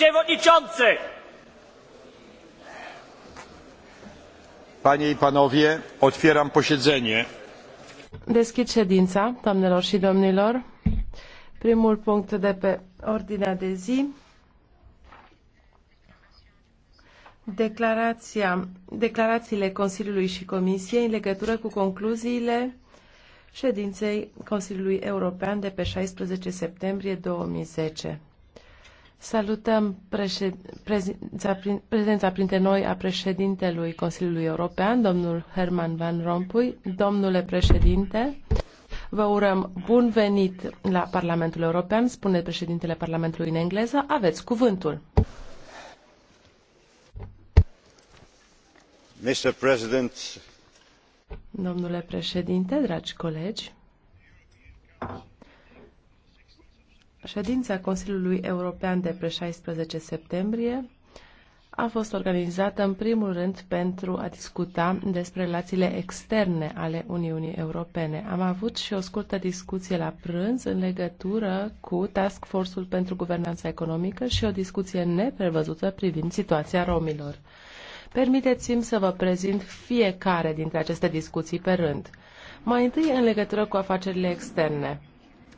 przewodniczący! Panie i panowie, otwieram posiedzenie. Deschid ședința, doamnelor și domnilor. Primul punct de pe ordinea de zi. Declarația, declarațiile Consiliului și Comisiei în legătură cu concluziile ședinței Consiliului European de pe 16 septembrie 2010. Salutăm prezența, prezența printre noi a președintelui Consiliului European, domnul Herman Van Rompuy. Domnule președinte, vă urăm bun venit la Parlamentul European, spune președintele Parlamentului în engleză. Aveți cuvântul. Mr. President. Domnule președinte, dragi colegi, Ședința Consiliului European de pe 16 septembrie a fost organizată în primul rând pentru a discuta despre relațiile externe ale Uniunii Europene. Am avut și o scurtă discuție la prânz în legătură cu Task Force-ul pentru Guvernanța Economică și o discuție neprevăzută privind situația romilor. Permiteți-mi să vă prezint fiecare dintre aceste discuții pe rând. Mai întâi în legătură cu afacerile externe.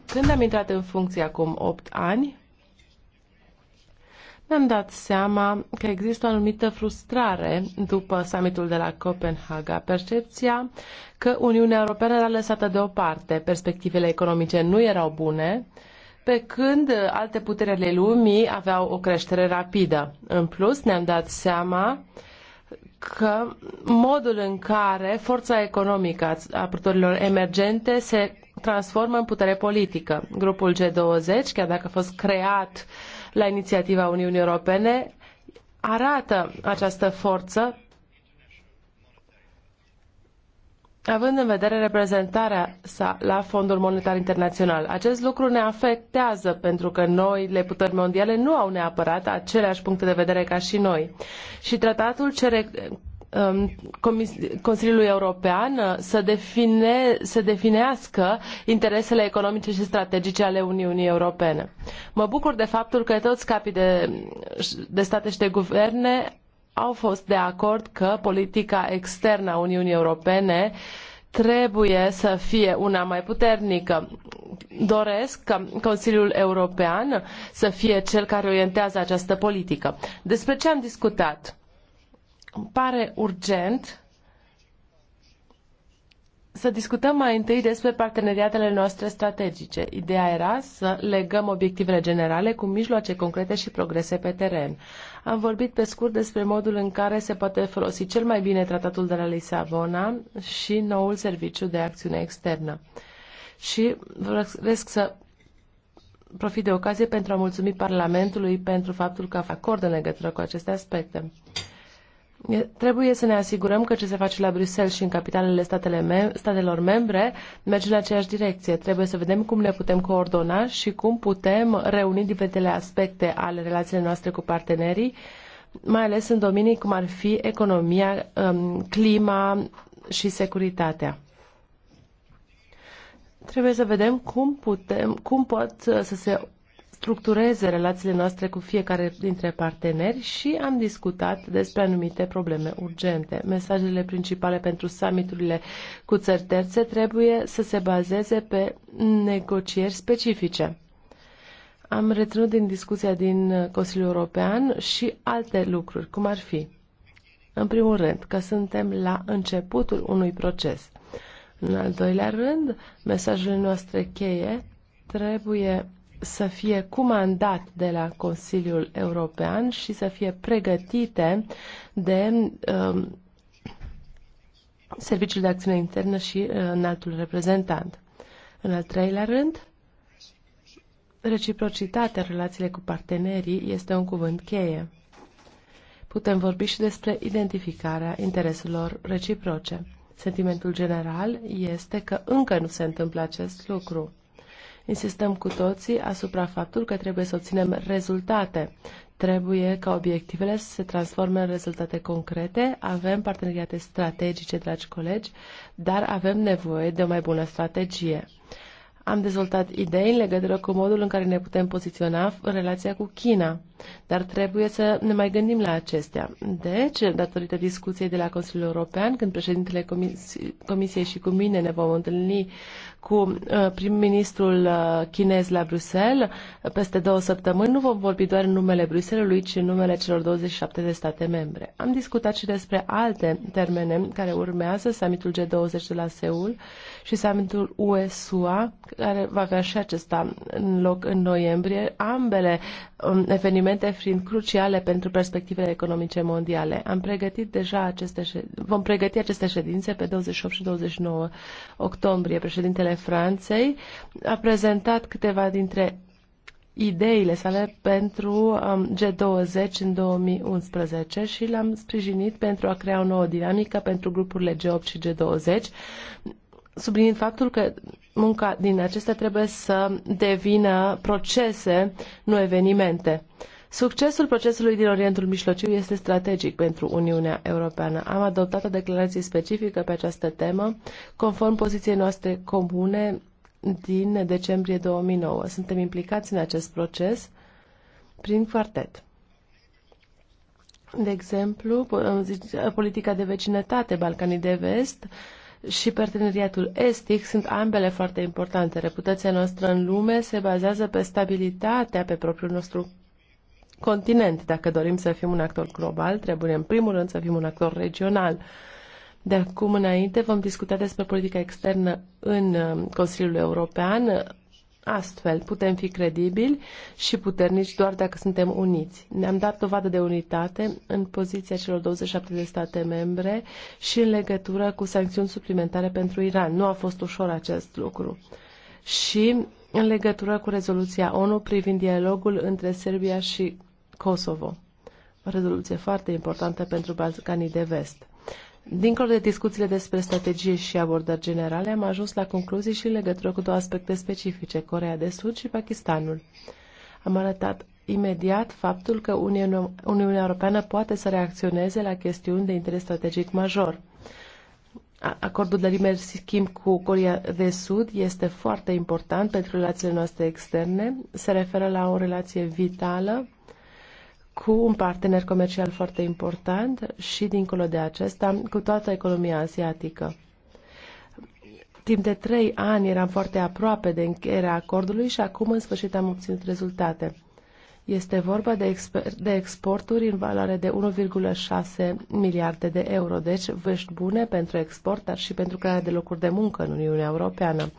Când am intrat în funcție acum 8 ani, mi-am dat seama că există o anumită frustrare după summitul de la Copenhaga, percepția că Uniunea Europeană era lăsată deoparte, perspectivele economice nu erau bune, pe când alte puteri ale lumii aveau o creștere rapidă. În plus, ne-am dat seama că modul în care forța economică a producătorilor emergente se transformă în putere politică. Grupul G20, chiar dacă a fost creat la inițiativa Uniunii Europene, arată această forță având în vedere reprezentarea sa la Fondul Monetar Internațional. Acest lucru ne afectează pentru că le puteri mondiale nu au neapărat aceleași puncte de vedere ca și noi. Și tratatul cere Um, Consiliului European uh, să, define, să definească interesele economice și strategice ale Uniunii Europene. Mă bucur de faptul că toți capii de, de state și de guverne au fost de acord că politica externă a Uniunii Europene trebuie să fie una mai puternică. Doresc ca Consiliul European să fie cel care orientează această politică. Despre ce am discutat? Îmi pare urgent să discutăm mai întâi despre parteneriatele noastre strategice. Ideea era să legăm obiectivele generale cu mijloace concrete și progrese pe teren. Am vorbit pe scurt despre modul în care se poate folosi cel mai bine tratatul de la Lisabona și noul serviciu de acțiune externă. Și vreau să profit de ocazie pentru a mulțumi Parlamentului pentru faptul că a acord în legătură cu aceste aspecte. Trebuie să ne asigurăm că ce se face la Bruxelles și în capitalele statele mem- statelor membre merge în aceeași direcție. Trebuie să vedem cum ne putem coordona și cum putem reuni diferitele aspecte ale relațiilor noastre cu partenerii, mai ales în domenii cum ar fi economia, um, clima și securitatea. Trebuie să vedem cum, putem, cum pot să se structureze relațiile noastre cu fiecare dintre parteneri și am discutat despre anumite probleme urgente. Mesajele principale pentru summiturile cu țări terțe trebuie să se bazeze pe negocieri specifice. Am reținut din discuția din Consiliul European și alte lucruri, cum ar fi, în primul rând, că suntem la începutul unui proces. În al doilea rând, mesajele noastre cheie trebuie să fie comandat de la Consiliul European și să fie pregătite de um, Serviciul de Acțiune Internă și uh, înaltul reprezentant. În al treilea rând, reciprocitatea relațiile cu partenerii este un cuvânt cheie. Putem vorbi și despre identificarea intereselor reciproce. Sentimentul general este că încă nu se întâmplă acest lucru. Insistăm cu toții asupra faptului că trebuie să obținem rezultate. Trebuie ca obiectivele să se transforme în rezultate concrete. Avem parteneriate strategice, dragi colegi, dar avem nevoie de o mai bună strategie. Am dezvoltat idei în legătură cu modul în care ne putem poziționa în relația cu China, dar trebuie să ne mai gândim la acestea. Deci, datorită discuției de la Consiliul European, când președintele Comisiei și cu mine ne vom întâlni cu uh, prim-ministrul uh, chinez la Bruxelles peste două săptămâni. Nu vom vorbi doar în numele Bruxellesului, ci în numele celor 27 de state membre. Am discutat și despre alte termene care urmează, summitul G20 de la Seul, și summitul USUA, care va avea și acesta în loc în noiembrie, ambele um, evenimente fiind cruciale pentru perspectivele economice mondiale. Am pregătit deja aceste ședințe, vom pregăti aceste ședințe pe 28 și 29 octombrie. Președintele Franței a prezentat câteva dintre ideile sale pentru um, G20 în 2011 și l-am sprijinit pentru a crea o nouă dinamică pentru grupurile G8 și G20 subliniind faptul că munca din acestea trebuie să devină procese, nu evenimente. Succesul procesului din Orientul Mijlociu este strategic pentru Uniunea Europeană. Am adoptat o declarație specifică pe această temă, conform poziției noastre comune din decembrie 2009. Suntem implicați în acest proces prin quartet. De exemplu, politica de vecinătate Balcanii de Vest, și parteneriatul estic sunt ambele foarte importante. Reputația noastră în lume se bazează pe stabilitatea pe propriul nostru continent. Dacă dorim să fim un actor global, trebuie în primul rând să fim un actor regional. De acum înainte vom discuta despre politica externă în uh, Consiliul European Astfel, putem fi credibili și puternici doar dacă suntem uniți. Ne-am dat dovadă de unitate în poziția celor 27 de state membre și în legătură cu sancțiuni suplimentare pentru Iran. Nu a fost ușor acest lucru. Și în legătură cu rezoluția ONU privind dialogul între Serbia și Kosovo. O rezoluție foarte importantă pentru Balcanii de Vest. Dincolo de discuțiile despre strategie și abordări generale, am ajuns la concluzii și legătură cu două aspecte specifice, Corea de Sud și Pakistanul. Am arătat imediat faptul că Uniunea Europeană poate să reacționeze la chestiuni de interes strategic major. Acordul de liber schimb cu Corea de Sud este foarte important pentru relațiile noastre externe. Se referă la o relație vitală cu un partener comercial foarte important și, dincolo de acesta, cu toată economia asiatică. Timp de trei ani eram foarte aproape de încheierea acordului și acum, în sfârșit, am obținut rezultate. Este vorba de, exper- de exporturi în valoare de 1,6 miliarde de euro, deci vești bune pentru export, dar și pentru crearea de locuri de muncă în Uniunea Europeană.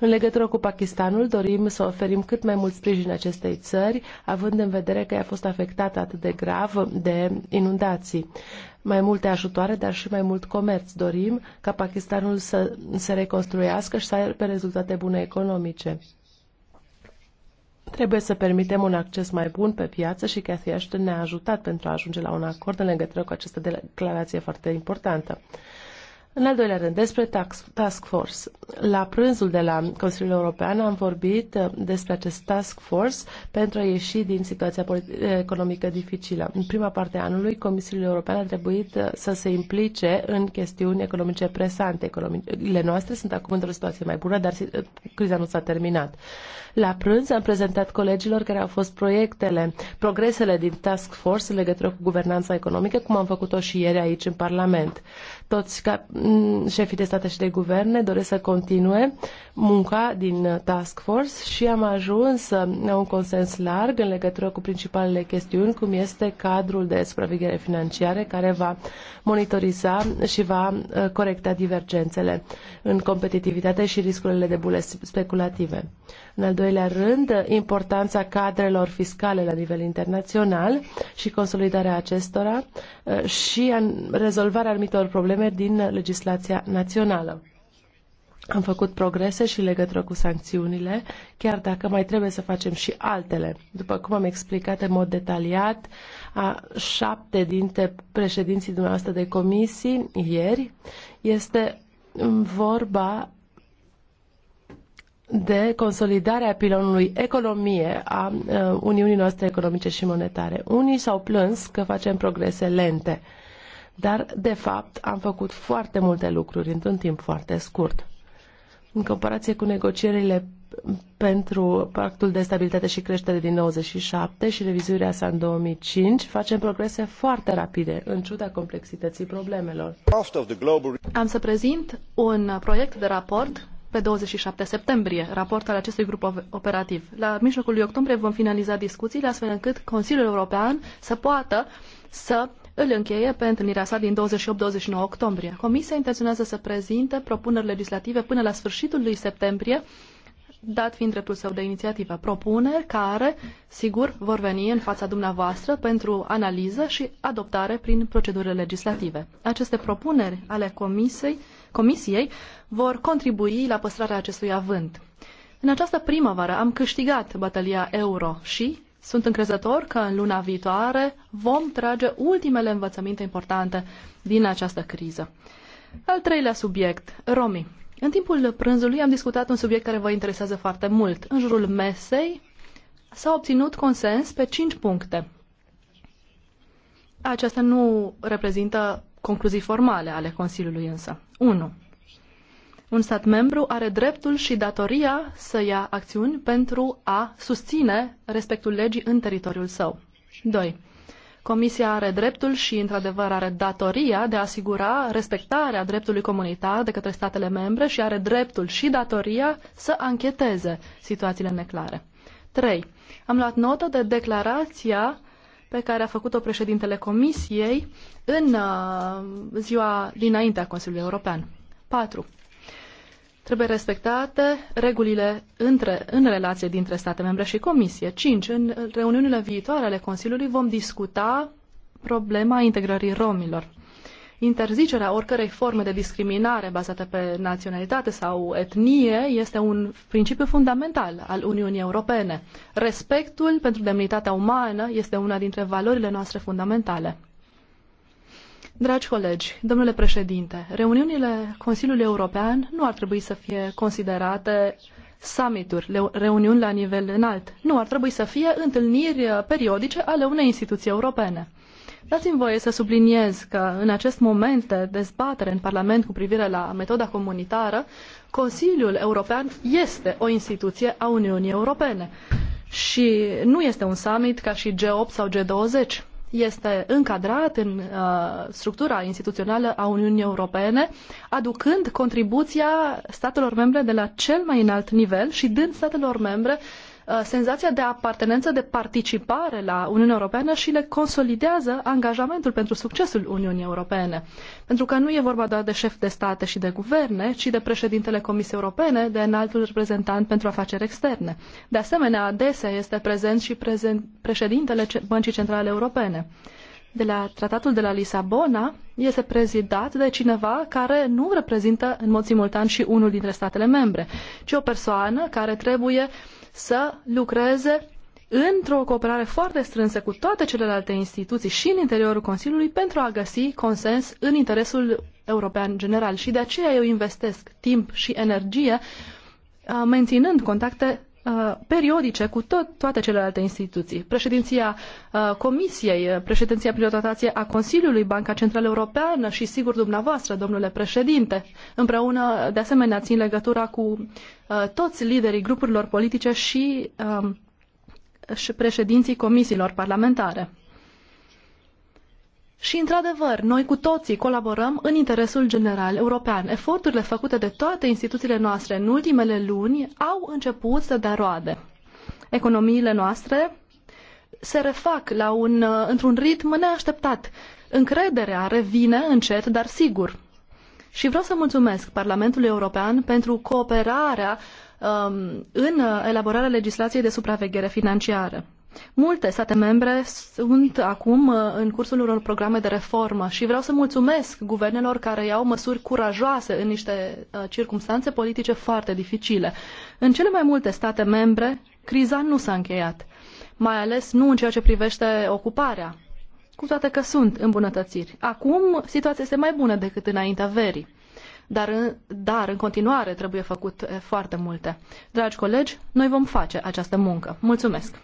În legătură cu Pakistanul, dorim să oferim cât mai mult sprijin acestei țări, având în vedere că ea a fost afectată atât de grav de inundații mai multe ajutoare, dar și mai mult comerț. Dorim ca Pakistanul să se reconstruiască și să aibă rezultate bune economice. Trebuie să permitem un acces mai bun pe piață și Cathy Ashton ne-a ajutat pentru a ajunge la un acord în legătură cu această declarație foarte importantă. În al doilea rând, despre tax, task force. La prânzul de la Consiliul European am vorbit uh, despre acest task force pentru a ieși din situația uh, economică dificilă. În prima parte a anului, Comisiul European a trebuit uh, să se implice în chestiuni economice presante. Economiile noastre sunt acum într-o situație mai bună, dar criza nu s-a terminat. La prânz am prezentat colegilor care au fost proiectele, progresele din Task Force în legătură cu guvernanța economică, cum am făcut-o și ieri aici în Parlament. Toți ca, șefii de state și de guverne doresc să continue munca din uh, task force și am ajuns uh, la un consens larg în legătură cu principalele chestiuni, cum este cadrul de supraveghere financiare care va monitoriza și va uh, corecta divergențele în competitivitate și riscurile de bule speculative. În al doilea rând, importanța cadrelor fiscale la nivel internațional și consolidarea acestora și rezolvarea anumitor probleme din legislația națională. Am făcut progrese și legătură cu sancțiunile, chiar dacă mai trebuie să facem și altele. După cum am explicat în mod detaliat a șapte dintre președinții dumneavoastră de comisii ieri, este vorba de consolidarea pilonului economie a Uniunii noastre economice și monetare. Unii s-au plâns că facem progrese lente, dar, de fapt, am făcut foarte multe lucruri într-un timp foarte scurt în comparație cu negocierile pentru Pactul de Stabilitate și Creștere din 97 și revizuirea sa în 2005, facem progrese foarte rapide, în ciuda complexității problemelor. Am să prezint un proiect de raport pe 27 septembrie, raport al acestui grup operativ. La mijlocul lui octombrie vom finaliza discuțiile astfel încât Consiliul European să poată să îl încheie pe întâlnirea sa din 28-29 octombrie. Comisia intenționează să prezinte propuneri legislative până la sfârșitul lui septembrie, dat fiind dreptul său de inițiativă. Propuneri care, sigur, vor veni în fața dumneavoastră pentru analiză și adoptare prin procedurile legislative. Aceste propuneri ale comisiei, comisiei vor contribui la păstrarea acestui avânt. În această primăvară am câștigat bătălia euro și sunt încrezător că în luna viitoare vom trage ultimele învățăminte importante din această criză. Al treilea subiect, romi. În timpul prânzului am discutat un subiect care vă interesează foarte mult. În jurul mesei s-a obținut consens pe cinci puncte. Acestea nu reprezintă concluzii formale ale Consiliului însă. 1. Un stat membru are dreptul și datoria să ia acțiuni pentru a susține respectul legii în teritoriul său. 2. Comisia are dreptul și, într-adevăr, are datoria de a asigura respectarea dreptului comunitar de către statele membre și are dreptul și datoria să ancheteze situațiile neclare. 3. Am luat notă de declarația pe care a făcut-o președintele Comisiei în uh, ziua dinaintea Consiliului European. 4. Trebuie respectate regulile între, în relație dintre state membre și Comisie. 5. În reuniunile viitoare ale Consiliului vom discuta problema integrării romilor. Interzicerea oricărei forme de discriminare bazată pe naționalitate sau etnie este un principiu fundamental al Uniunii Europene. Respectul pentru demnitatea umană este una dintre valorile noastre fundamentale. Dragi colegi, domnule președinte, reuniunile Consiliului European nu ar trebui să fie considerate summituri, reuniuni la nivel înalt. Nu, ar trebui să fie întâlniri periodice ale unei instituții europene. Dați-mi voie să subliniez că în acest moment de dezbatere în Parlament cu privire la metoda comunitară, Consiliul European este o instituție a Uniunii Europene și nu este un summit ca și G8 sau G20 este încadrat în uh, structura instituțională a Uniunii Europene, aducând contribuția statelor membre de la cel mai înalt nivel și dând statelor membre uh, Uh, senzația de apartenență, de participare la Uniunea Europeană și le consolidează angajamentul pentru succesul Uniunii Europene. Pentru că nu e vorba doar de șef de state și de guverne, ci de președintele Comisiei Europene, de înaltul reprezentant pentru afaceri externe. De asemenea, adesea este prezent și prezent președintele Băncii Centrale Europene de la tratatul de la Lisabona este prezidat de cineva care nu reprezintă în mod simultan și unul dintre statele membre, ci o persoană care trebuie uh, să lucreze într-o cooperare foarte strânsă cu toate celelalte instituții și în interiorul Consiliului pentru a găsi consens în interesul european general. Și de aceea eu investesc timp și energie uh, menținând contacte Uh, periodice cu tot, toate celelalte instituții. Președinția uh, Comisiei, uh, președinția prin a Consiliului, Banca Centrală Europeană și, sigur, dumneavoastră, domnule președinte. Împreună, de asemenea, țin legătura cu toți liderii grupurilor politice și, um, și președinții comisiilor parlamentare. Și, într-adevăr, noi cu toții colaborăm în interesul general european. Eforturile făcute de toate instituțiile noastre în ultimele luni au început să dea roade. Economiile noastre se refac la un, uh, într-un ritm neașteptat. Încrederea revine încet, dar sigur. Și vreau să mulțumesc Parlamentului European pentru cooperarea um, în uh, elaborarea legislației de supraveghere financiară. Multe state membre sunt acum uh, în cursul unor programe de reformă și vreau să mulțumesc guvernelor care iau măsuri curajoase în niște uh, circunstanțe politice foarte dificile. În cele mai multe state membre, criza nu s-a încheiat, mai ales nu în ceea ce privește ocuparea, cu toate că sunt îmbunătățiri. Acum situația este mai bună decât înaintea verii. Dar, dar în continuare trebuie făcut eh, foarte multe. Dragi colegi, noi vom face această muncă. Mulțumesc!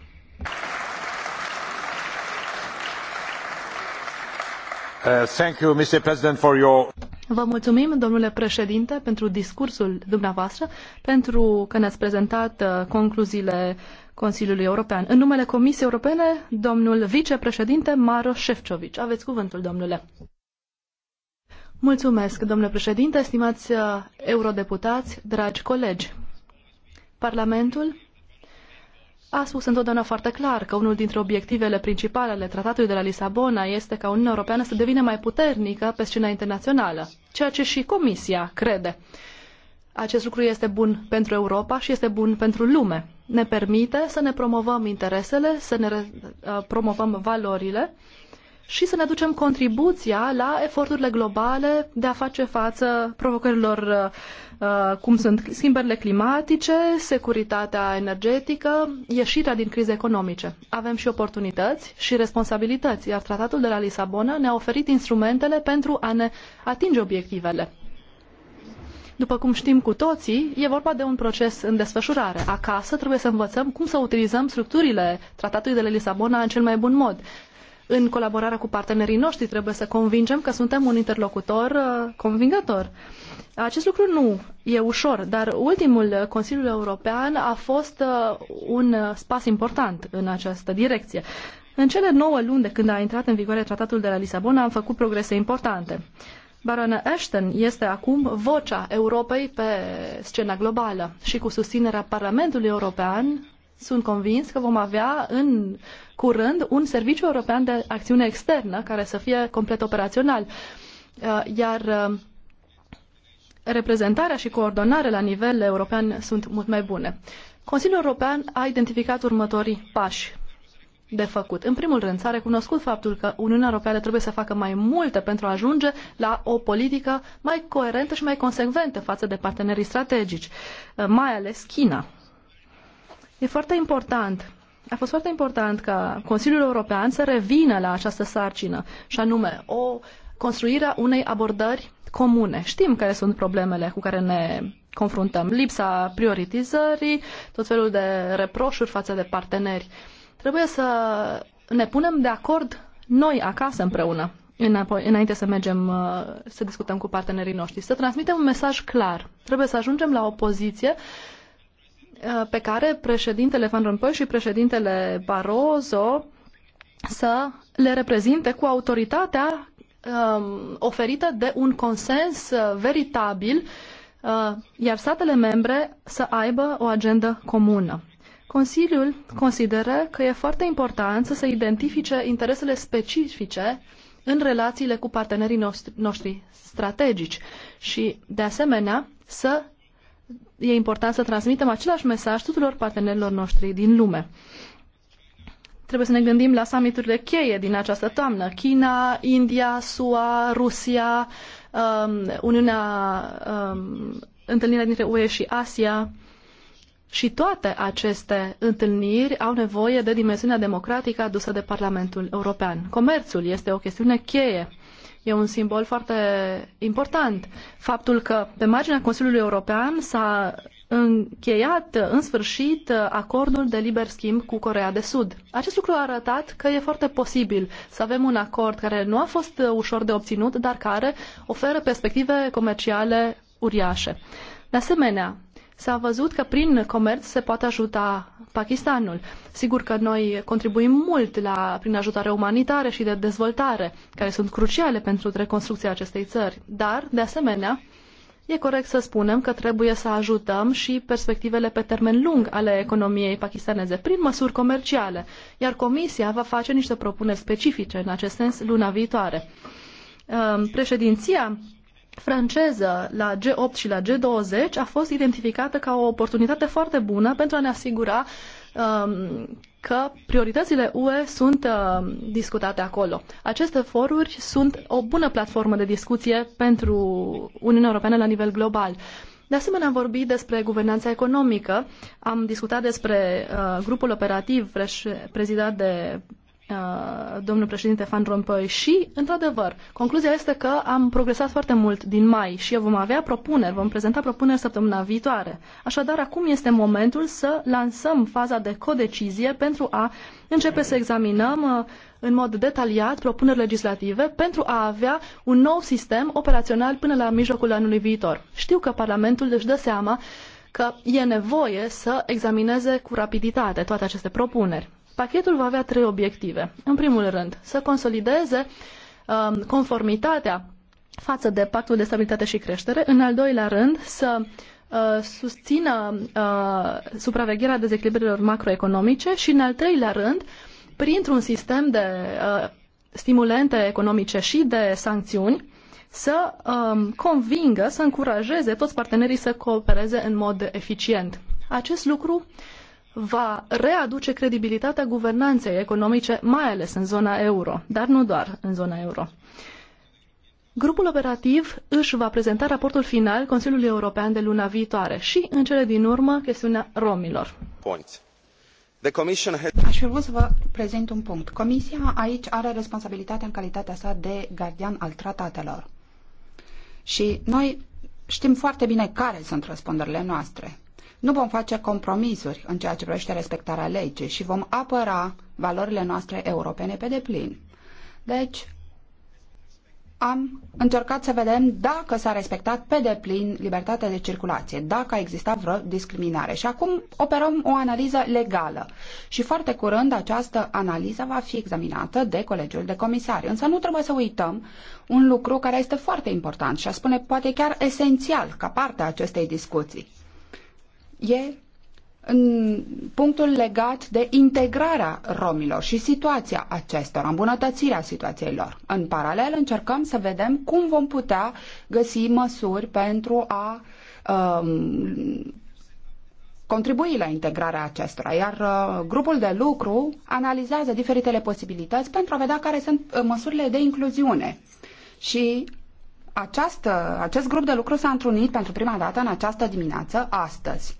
Uh, thank you, Mr. President, for your... Vă mulțumim, domnule președinte, pentru discursul dumneavoastră, pentru că ne-ați prezentat uh, concluziile Consiliului European. În numele Comisiei Europene, domnul vicepreședinte Maro Șefcovici. Aveți cuvântul, domnule. Mulțumesc, domnule președinte, stimați uh, eurodeputați, dragi colegi. Parlamentul a spus întotdeauna foarte clar că unul dintre obiectivele principale ale Tratatului de la Lisabona este ca Uniunea Europeană să devină mai puternică pe scena internațională, ceea ce și Comisia crede. Acest lucru este bun pentru Europa și este bun pentru lume. Ne permite să ne promovăm interesele, să ne uh, promovăm valorile și să ne aducem contribuția la eforturile globale de a face față provocărilor uh, uh, cum sunt schimbările climatice, securitatea energetică, ieșirea din crize economice. Avem și oportunități și responsabilități, iar tratatul de la Lisabona ne-a oferit instrumentele pentru a ne atinge obiectivele. După cum știm cu toții, e vorba de un proces în desfășurare. Acasă trebuie să învățăm cum să utilizăm structurile tratatului de la Lisabona în cel mai bun mod în colaborarea cu partenerii noștri trebuie să convingem că suntem un interlocutor uh, convingător. Acest lucru nu e ușor, dar ultimul Consiliu European a fost uh, un uh, spas important în această direcție. În cele nouă luni de când a intrat în vigoare tratatul de la Lisabona am făcut progrese importante. Baroana Ashton este acum vocea Europei pe scena globală și cu susținerea Parlamentului European sunt convins că vom avea în curând un serviciu european de acțiune externă care să fie complet operațional. Uh, iar uh, reprezentarea și coordonarea la nivel european sunt mult mai bune. Consiliul European a identificat următorii pași de făcut. În primul rând, s-a recunoscut faptul că Uniunea Europeană trebuie să facă mai multe pentru a ajunge la o politică mai coerentă și mai consecventă față de partenerii strategici, uh, mai ales China. E foarte important. A fost foarte important ca Consiliul European să revină la această sarcină, și anume o construirea unei abordări comune. Știm care sunt problemele cu care ne confruntăm. Lipsa prioritizării, tot felul de reproșuri față de parteneri. Trebuie să ne punem de acord noi acasă împreună, înainte să mergem uh, să discutăm cu partenerii noștri, să transmitem un mesaj clar. Trebuie să ajungem la o poziție Uh, pe care președintele Van Rompuy și președintele Barroso să le reprezinte cu autoritatea um, oferită de un consens uh, veritabil, uh, iar statele membre să aibă o agendă comună. Consiliul consideră că e foarte important să se identifice interesele specifice în relațiile cu partenerii noștri, noștri strategici și, de asemenea, să e important să transmitem același mesaj tuturor partenerilor noștri din lume. Trebuie să ne gândim la summiturile cheie din această toamnă. China, India, SUA, Rusia, um, Uniunea, um, întâlnirea dintre UE și Asia. Și toate aceste întâlniri au nevoie de dimensiunea democratică adusă de Parlamentul European. Comerțul este o chestiune cheie E un simbol foarte important. Faptul că pe marginea Consiliului European s-a încheiat în sfârșit acordul de liber schimb cu Corea de Sud. Acest lucru a arătat că e foarte posibil să avem un acord care nu a fost ușor de obținut, dar care oferă perspective comerciale uriașe. De asemenea, s-a văzut că prin comerț se poate ajuta Pakistanul. Sigur că noi contribuim mult la, prin ajutare umanitară și de dezvoltare, care sunt cruciale pentru reconstrucția acestei țări, dar, de asemenea, e corect să spunem că trebuie să ajutăm și perspectivele pe termen lung ale economiei pakistaneze prin măsuri comerciale, iar Comisia va face niște propuneri specifice în acest sens luna viitoare. Ehm, președinția franceză la G8 și la G20 a fost identificată ca o oportunitate foarte bună pentru a ne asigura um, că prioritățile UE sunt uh, discutate acolo. Aceste foruri sunt o bună platformă de discuție pentru Uniunea Europeană la nivel global. De asemenea, am vorbit despre guvernanța economică, am discutat despre uh, grupul operativ prezidat de Uh, domnul președinte Van Rompuy și, într-adevăr, concluzia este că am progresat foarte mult din mai și vom avea propuneri, vom prezenta propuneri săptămâna viitoare. Așadar, acum este momentul să lansăm faza de codecizie pentru a începe să examinăm uh, în mod detaliat propuneri legislative pentru a avea un nou sistem operațional până la mijlocul anului viitor. Știu că Parlamentul își dă seama că e nevoie să examineze cu rapiditate toate aceste propuneri. Pachetul va avea trei obiective. În primul rând, să consolideze um, conformitatea față de Pactul de Stabilitate și Creștere. În al doilea rând, să uh, susțină uh, supravegherea dezechilibrelor macroeconomice și, în al treilea rând, printr-un sistem de uh, stimulente economice și de sancțiuni, să um, convingă, să încurajeze toți partenerii să coopereze în mod eficient. Acest lucru uh, va readuce credibilitatea guvernanței economice, mai ales în zona euro, dar nu doar în zona euro. Grupul operativ își va prezenta raportul final Consiliului European de luna viitoare și, în cele din urmă, chestiunea romilor. Points. The commission has... Aș fi vrut să vă prezint un punct. Comisia aici are responsabilitatea în calitatea sa de gardian al tratatelor. Și noi știm foarte bine care sunt răspunderile noastre. Nu vom face compromisuri în ceea ce privește respectarea legii și vom apăra valorile noastre europene pe deplin. Deci, am încercat să vedem dacă s-a respectat pe deplin libertatea de circulație, dacă a existat vreo discriminare. Și acum operăm o analiză legală. Și foarte curând această analiză va fi examinată de Colegiul de Comisari. Însă nu trebuie să uităm un lucru care este foarte important și a spune poate chiar esențial ca parte a acestei discuții e în punctul legat de integrarea romilor și situația acestora, îmbunătățirea situației lor. În paralel, încercăm să vedem cum vom putea găsi măsuri pentru a um, contribui la integrarea acestora, iar uh, grupul de lucru analizează diferitele posibilități pentru a vedea care sunt uh, măsurile de incluziune. Și această, acest grup de lucru s-a întrunit pentru prima dată în această dimineață, astăzi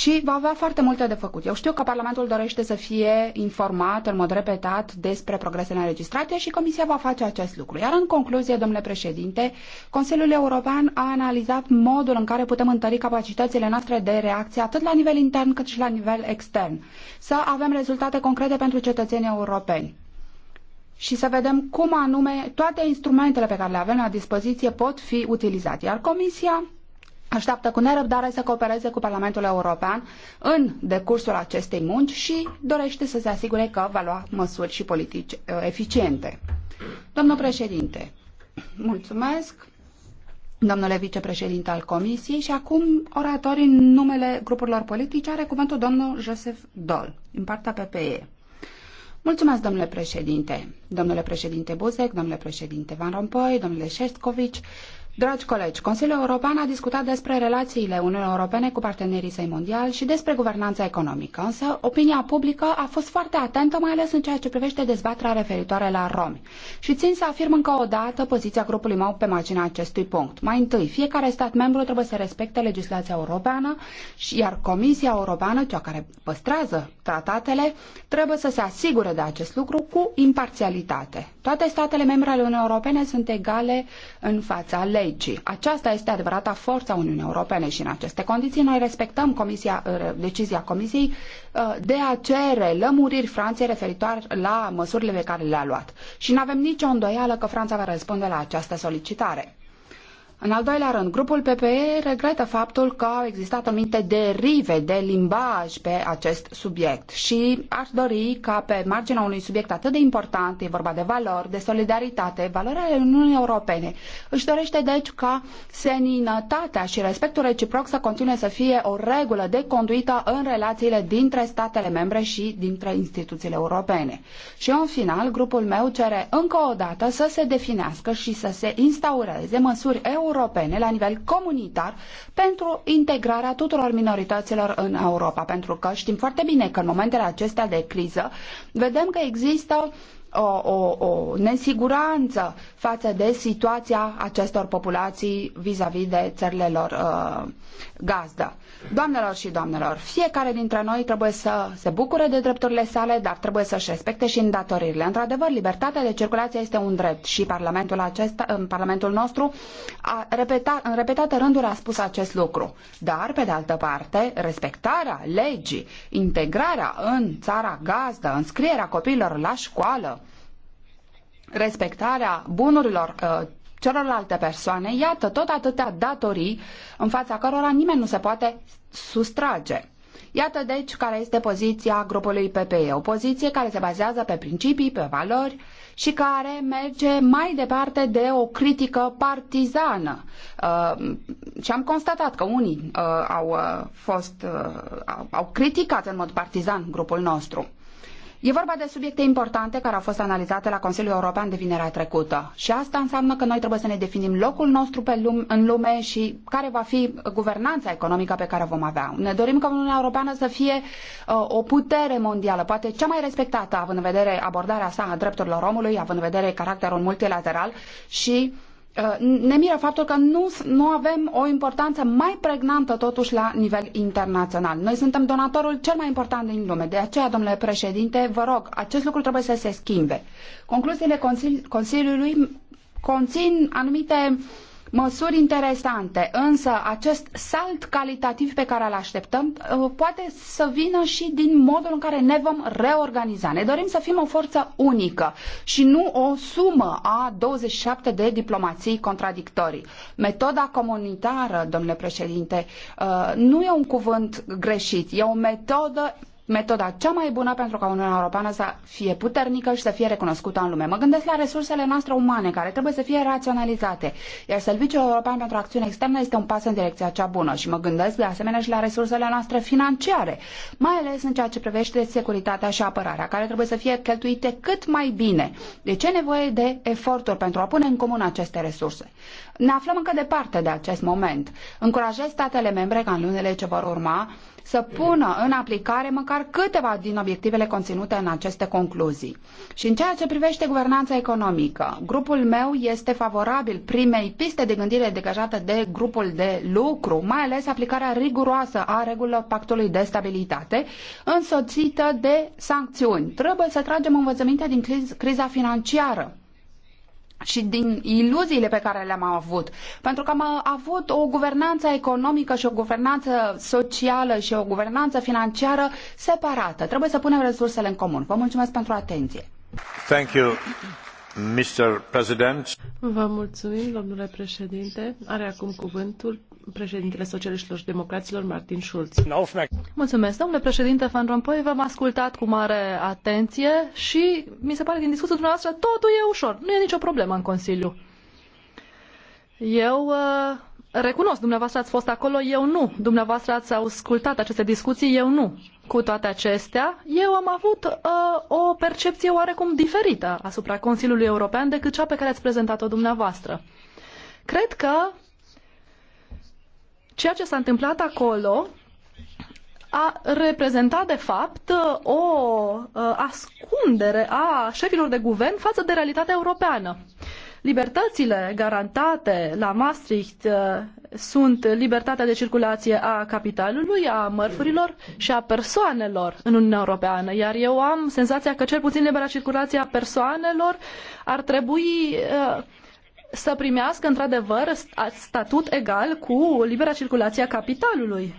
și va avea foarte multe de făcut. Eu știu că Parlamentul dorește să fie informat în mod repetat despre progresele înregistrate și Comisia va face acest lucru. Iar în concluzie, domnule președinte, Consiliul European a analizat modul în care putem întări capacitățile noastre de reacție atât la nivel intern cât și la nivel extern. Să avem rezultate concrete pentru cetățenii europeni și să vedem cum anume toate instrumentele pe care le avem la dispoziție pot fi utilizate. Iar Comisia așteaptă cu nerăbdare să coopereze cu Parlamentul European în decursul acestei munci și dorește să se asigure că va lua măsuri și politici uh, eficiente. Domnul președinte, mulțumesc. Domnule vicepreședinte al Comisiei și acum oratorii în numele grupurilor politice are cuvântul domnul Joseph Dol, din partea PPE. Mulțumesc, domnule președinte. Domnule președinte Buzek, domnule președinte Van Rompuy, domnule Șescovici, Dragi colegi, Consiliul European a discutat despre relațiile Uniunii Europene cu partenerii săi mondiali și despre guvernanța economică, însă opinia publică a fost foarte atentă, mai ales în ceea ce privește dezbaterea referitoare la romi. Și țin să afirm încă o dată poziția grupului meu pe marginea acestui punct. Mai întâi, fiecare stat membru trebuie să respecte legislația europeană, iar Comisia Europeană, cea care păstrează tratatele, trebuie să se asigure de acest lucru cu imparțialitate. Toate statele membre ale Uniunii Europene sunt egale în fața legii legii. Aceasta este adevărata forța Uniunii Europene și în aceste condiții noi respectăm comisia, uh, decizia Comisiei uh, de a cere lămuriri Franței referitor la măsurile pe care le-a luat. Și nu avem nicio îndoială că Franța va răspunde la această solicitare. În al doilea rând, grupul PPE regretă faptul că au existat anumite derive de limbaj pe acest subiect și aș dori ca pe marginea unui subiect atât de important, e vorba de valori, de solidaritate, valorile Uniunii Europene, își dorește deci ca seninătatea și respectul reciproc să continue să fie o regulă de conduită în relațiile dintre statele membre și dintre instituțiile europene. Și în final, grupul meu cere încă o dată să se definească și să se instaureze măsuri europene europene, la nivel comunitar, pentru integrarea tuturor minorităților în Europa. Pentru că știm foarte bine că în momentele acestea de criză vedem că există o, o, o nesiguranță față de situația acestor populații vis-a-vis de țările lor uh, gazdă. Doamnelor și domnilor, fiecare dintre noi trebuie să se bucure de drepturile sale, dar trebuie să-și respecte și îndatoririle. Într-adevăr, libertatea de circulație este un drept și Parlamentul, acesta, Parlamentul nostru a repetat în repetate rânduri a spus acest lucru. Dar, pe de altă parte, respectarea legii, integrarea în țara gazdă, înscrierea copiilor la școală, respectarea bunurilor uh, celorlalte persoane, iată, tot atâtea datorii în fața cărora nimeni nu se poate sustrage. Iată deci care este poziția grupului PPE, o poziție care se bazează pe principii, pe valori și care merge mai departe de o critică partizană. Uh, și am constatat că unii uh, au uh, fost uh, au, au criticat în mod partizan grupul nostru. E vorba de subiecte importante care au fost analizate la Consiliul European de vinerea trecută. Și asta înseamnă că noi trebuie să ne definim locul nostru pe lume, în lume și care va fi guvernanța economică pe care o vom avea. Ne dorim ca Uniunea Europeană să fie uh, o putere mondială, poate cea mai respectată, având în vedere abordarea sa a drepturilor omului, având în vedere caracterul multilateral și uh, Uh, ne miră faptul că nu, nu avem o importanță mai pregnantă totuși la nivel internațional. Noi suntem donatorul cel mai important din lume. De aceea, domnule președinte, vă rog, acest lucru trebuie să se schimbe. Concluziile Consili Consiliului conțin anumite uh, măsuri interesante, însă acest salt calitativ pe care îl așteptăm uh, poate să vină și din modul în care ne vom reorganiza. Ne dorim să fim o forță unică și nu o sumă a 27 de diplomații contradictorii. Metoda comunitară, domnule președinte, uh, nu e un cuvânt greșit, e o metodă metoda cea mai bună pentru ca Uniunea Europeană să fie puternică și să fie recunoscută în lume. Mă gândesc la resursele noastre umane, care trebuie să fie raționalizate, iar Serviciul European pentru Acțiune Externă este un pas în direcția cea bună și mă gândesc de asemenea și la resursele noastre financiare, mai ales în ceea ce privește securitatea și apărarea, care trebuie să fie cheltuite cât mai bine. De deci ce nevoie de eforturi pentru a pune în comun aceste resurse? Ne aflăm încă departe de acest moment. Încurajez statele membre ca în lunile ce vor urma să pună în aplicare măcar câteva din obiectivele conținute în aceste concluzii. Și în ceea ce privește guvernanța economică, grupul meu este favorabil primei piste de gândire degajată de grupul de lucru, mai ales aplicarea riguroasă a regulilor pactului de stabilitate, însoțită de sancțiuni. Trebuie să tragem învățămintea din criza financiară și din iluziile pe care le-am avut. Pentru că am avut o guvernanță economică și o guvernanță socială și o guvernanță financiară separată. Trebuie să punem resursele în comun. Vă mulțumesc pentru atenție. Thank you. Mr. President. Vă mulțumim, domnule președinte. Are acum cuvântul președintele socialiștilor și democraților, Martin Schulz. Mulțumesc, domnule președinte Van Rompuy, v-am ascultat cu mare atenție și mi se pare din discuția dumneavoastră totul e ușor, nu e nicio problemă în Consiliu. Eu uh, recunosc, dumneavoastră ați fost acolo, eu nu. Dumneavoastră ați ascultat aceste discuții, eu nu. Cu toate acestea, eu am avut uh, o percepție oarecum diferită asupra Consiliului European decât cea pe care ați prezentat-o dumneavoastră. Cred că Ceea ce s-a întâmplat acolo a reprezentat, de fapt, o uh, ascundere a șefilor de guvern față de realitatea europeană. Libertățile garantate la Maastricht uh, sunt libertatea de circulație a capitalului, a mărfurilor și a persoanelor în Uniunea Europeană, iar eu am senzația că cel puțin libera circulație a persoanelor ar trebui uh, să primească într-adevăr statut egal cu libera circulație a capitalului.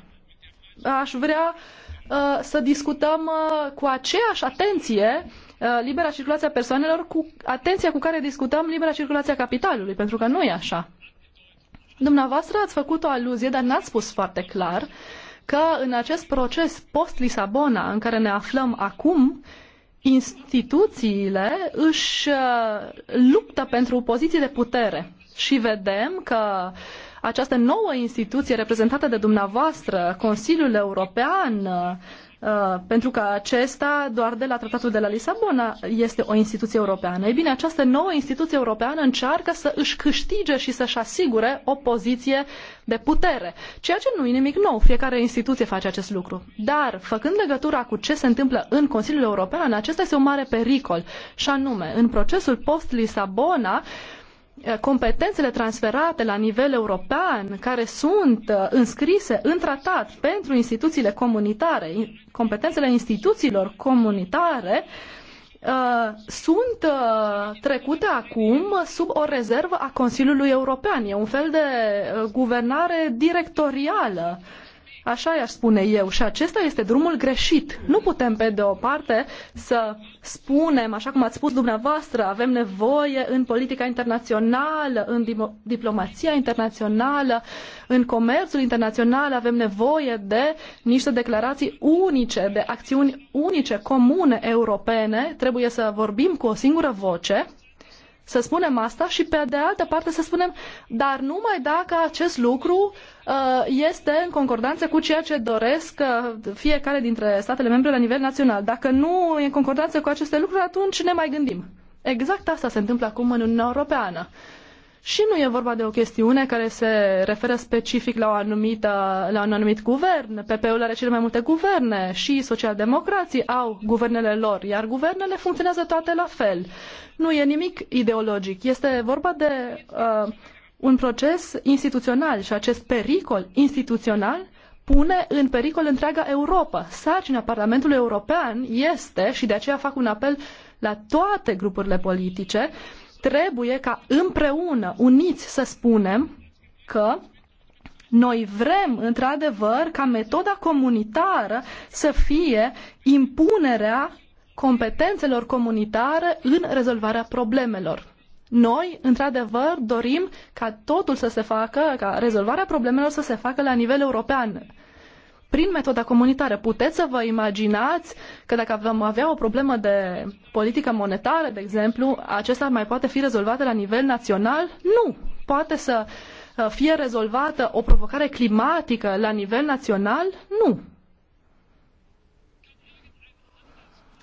Aș vrea uh, să discutăm uh, cu aceeași atenție uh, libera circulație a persoanelor cu atenția cu care discutăm libera circulație a capitalului, pentru că nu e așa. Dumneavoastră ați făcut o aluzie, dar n-ați spus foarte clar că în acest proces post-Lisabona în care ne aflăm acum, uh, instituțiile își uh, luptă pentru poziție de putere și vedem că această nouă instituție reprezentată de dumneavoastră, Consiliul European, uh, Uh, pentru că acesta, doar de la Tratatul de la Lisabona, este o instituție europeană. Ei bine, această nouă instituție europeană încearcă să își câștige și să-și asigure o poziție de putere, ceea ce nu e nimic nou, fiecare instituție face acest lucru. Dar, făcând legătura cu ce se întâmplă în Consiliul European, acesta este un mare pericol, și anume, în procesul post-Lisabona, uh, competențele transferate la nivel european, care sunt uh, înscrise în tratat pentru instituțiile comunitare, competențele instituțiilor comunitare, uh, sunt uh, trecute acum sub o rezervă a Consiliului European. E un fel de guvernare directorială Așa i-aș spune eu și acesta este drumul greșit. Nu putem, pe de o parte, să spunem, așa cum ați spus dumneavoastră, avem nevoie în politica internațională, în diplomația internațională, în comerțul internațional, avem nevoie de niște declarații unice, de acțiuni unice, comune, europene. Trebuie să vorbim cu o singură voce să spunem asta și pe de altă parte să spunem, dar numai dacă acest lucru uh, este în concordanță cu ceea ce doresc uh, fiecare dintre statele membre la nivel național. Dacă nu e în concordanță cu aceste lucruri, atunci ne mai gândim. Exact asta se întâmplă acum în Uniunea Europeană. Și nu e vorba de o chestiune care se referă specific la, o anumită, la un anumit guvern. PP-ul are cele mai multe guverne și socialdemocrații au guvernele lor, iar guvernele funcționează toate la fel. Nu e nimic ideologic. Este vorba de uh, un proces instituțional și acest pericol instituțional pune în pericol întreaga Europa. Sarcina Parlamentului European este, și de aceea fac un apel la toate grupurile politice, uh, Trebuie ca împreună, uniți, să spunem că noi vrem, într-adevăr, ca metoda comunitară să fie impunerea competențelor comunitare în rezolvarea problemelor. Noi, într-adevăr, dorim ca totul să se facă, ca rezolvarea problemelor să se facă la nivel european prin metoda comunitară. Puteți să vă imaginați că dacă vom avea o problemă de politică monetară, de exemplu, acesta mai poate fi rezolvată la nivel național? Nu! Poate să uh, fie rezolvată o provocare climatică la nivel național? Nu!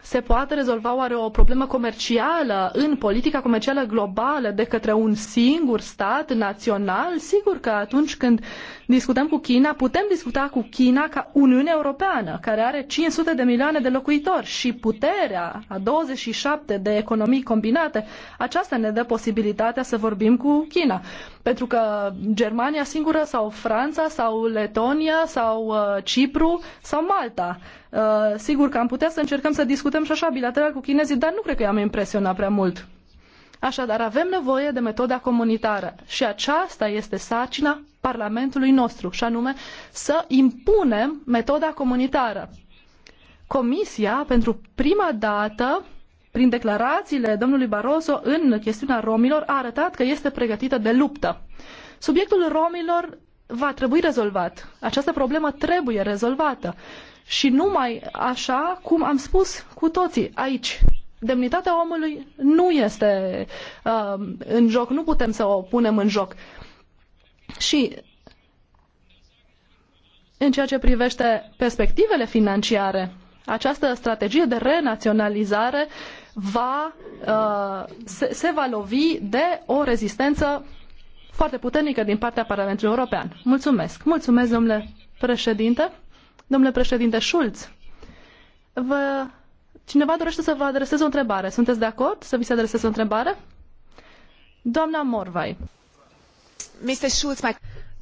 se poate rezolva oare o problemă comercială în politica comercială globală de către un singur stat național? Sigur că atunci când discutăm cu China, putem discuta cu China ca Uniune Europeană, care are 500 de milioane de locuitori și puterea a 27 de economii combinate, aceasta ne dă posibilitatea să vorbim cu China. Pentru că Germania singură sau Franța sau Letonia sau uh, Cipru sau Malta. Uh, sigur că am putea să încercăm să discutăm și așa bilateral cu chinezii, dar nu cred că i-am impresionat prea mult. Așadar, avem nevoie de metoda comunitară și aceasta este sarcina Parlamentului nostru, și anume să impunem metoda comunitară. Comisia, pentru prima dată, prin declarațiile domnului Barroso în chestiunea romilor, a arătat că este pregătită de luptă. Subiectul romilor va trebui rezolvat. Această problemă trebuie rezolvată. Și numai așa cum am spus cu toții aici. Demnitatea omului nu este uh, în joc, nu putem să o punem în joc. Uh, și în ceea ce privește perspectivele financiare, această strategie de renaționalizare va, uh, se, se va lovi de o rezistență foarte puternică din partea Parlamentului European. Mulțumesc. Mulțumesc, domnule președinte. Domnule președinte Schulz, vă... cineva dorește să vă adreseze o întrebare. Sunteți de acord să vi se adreseze o întrebare? Doamna Morvai.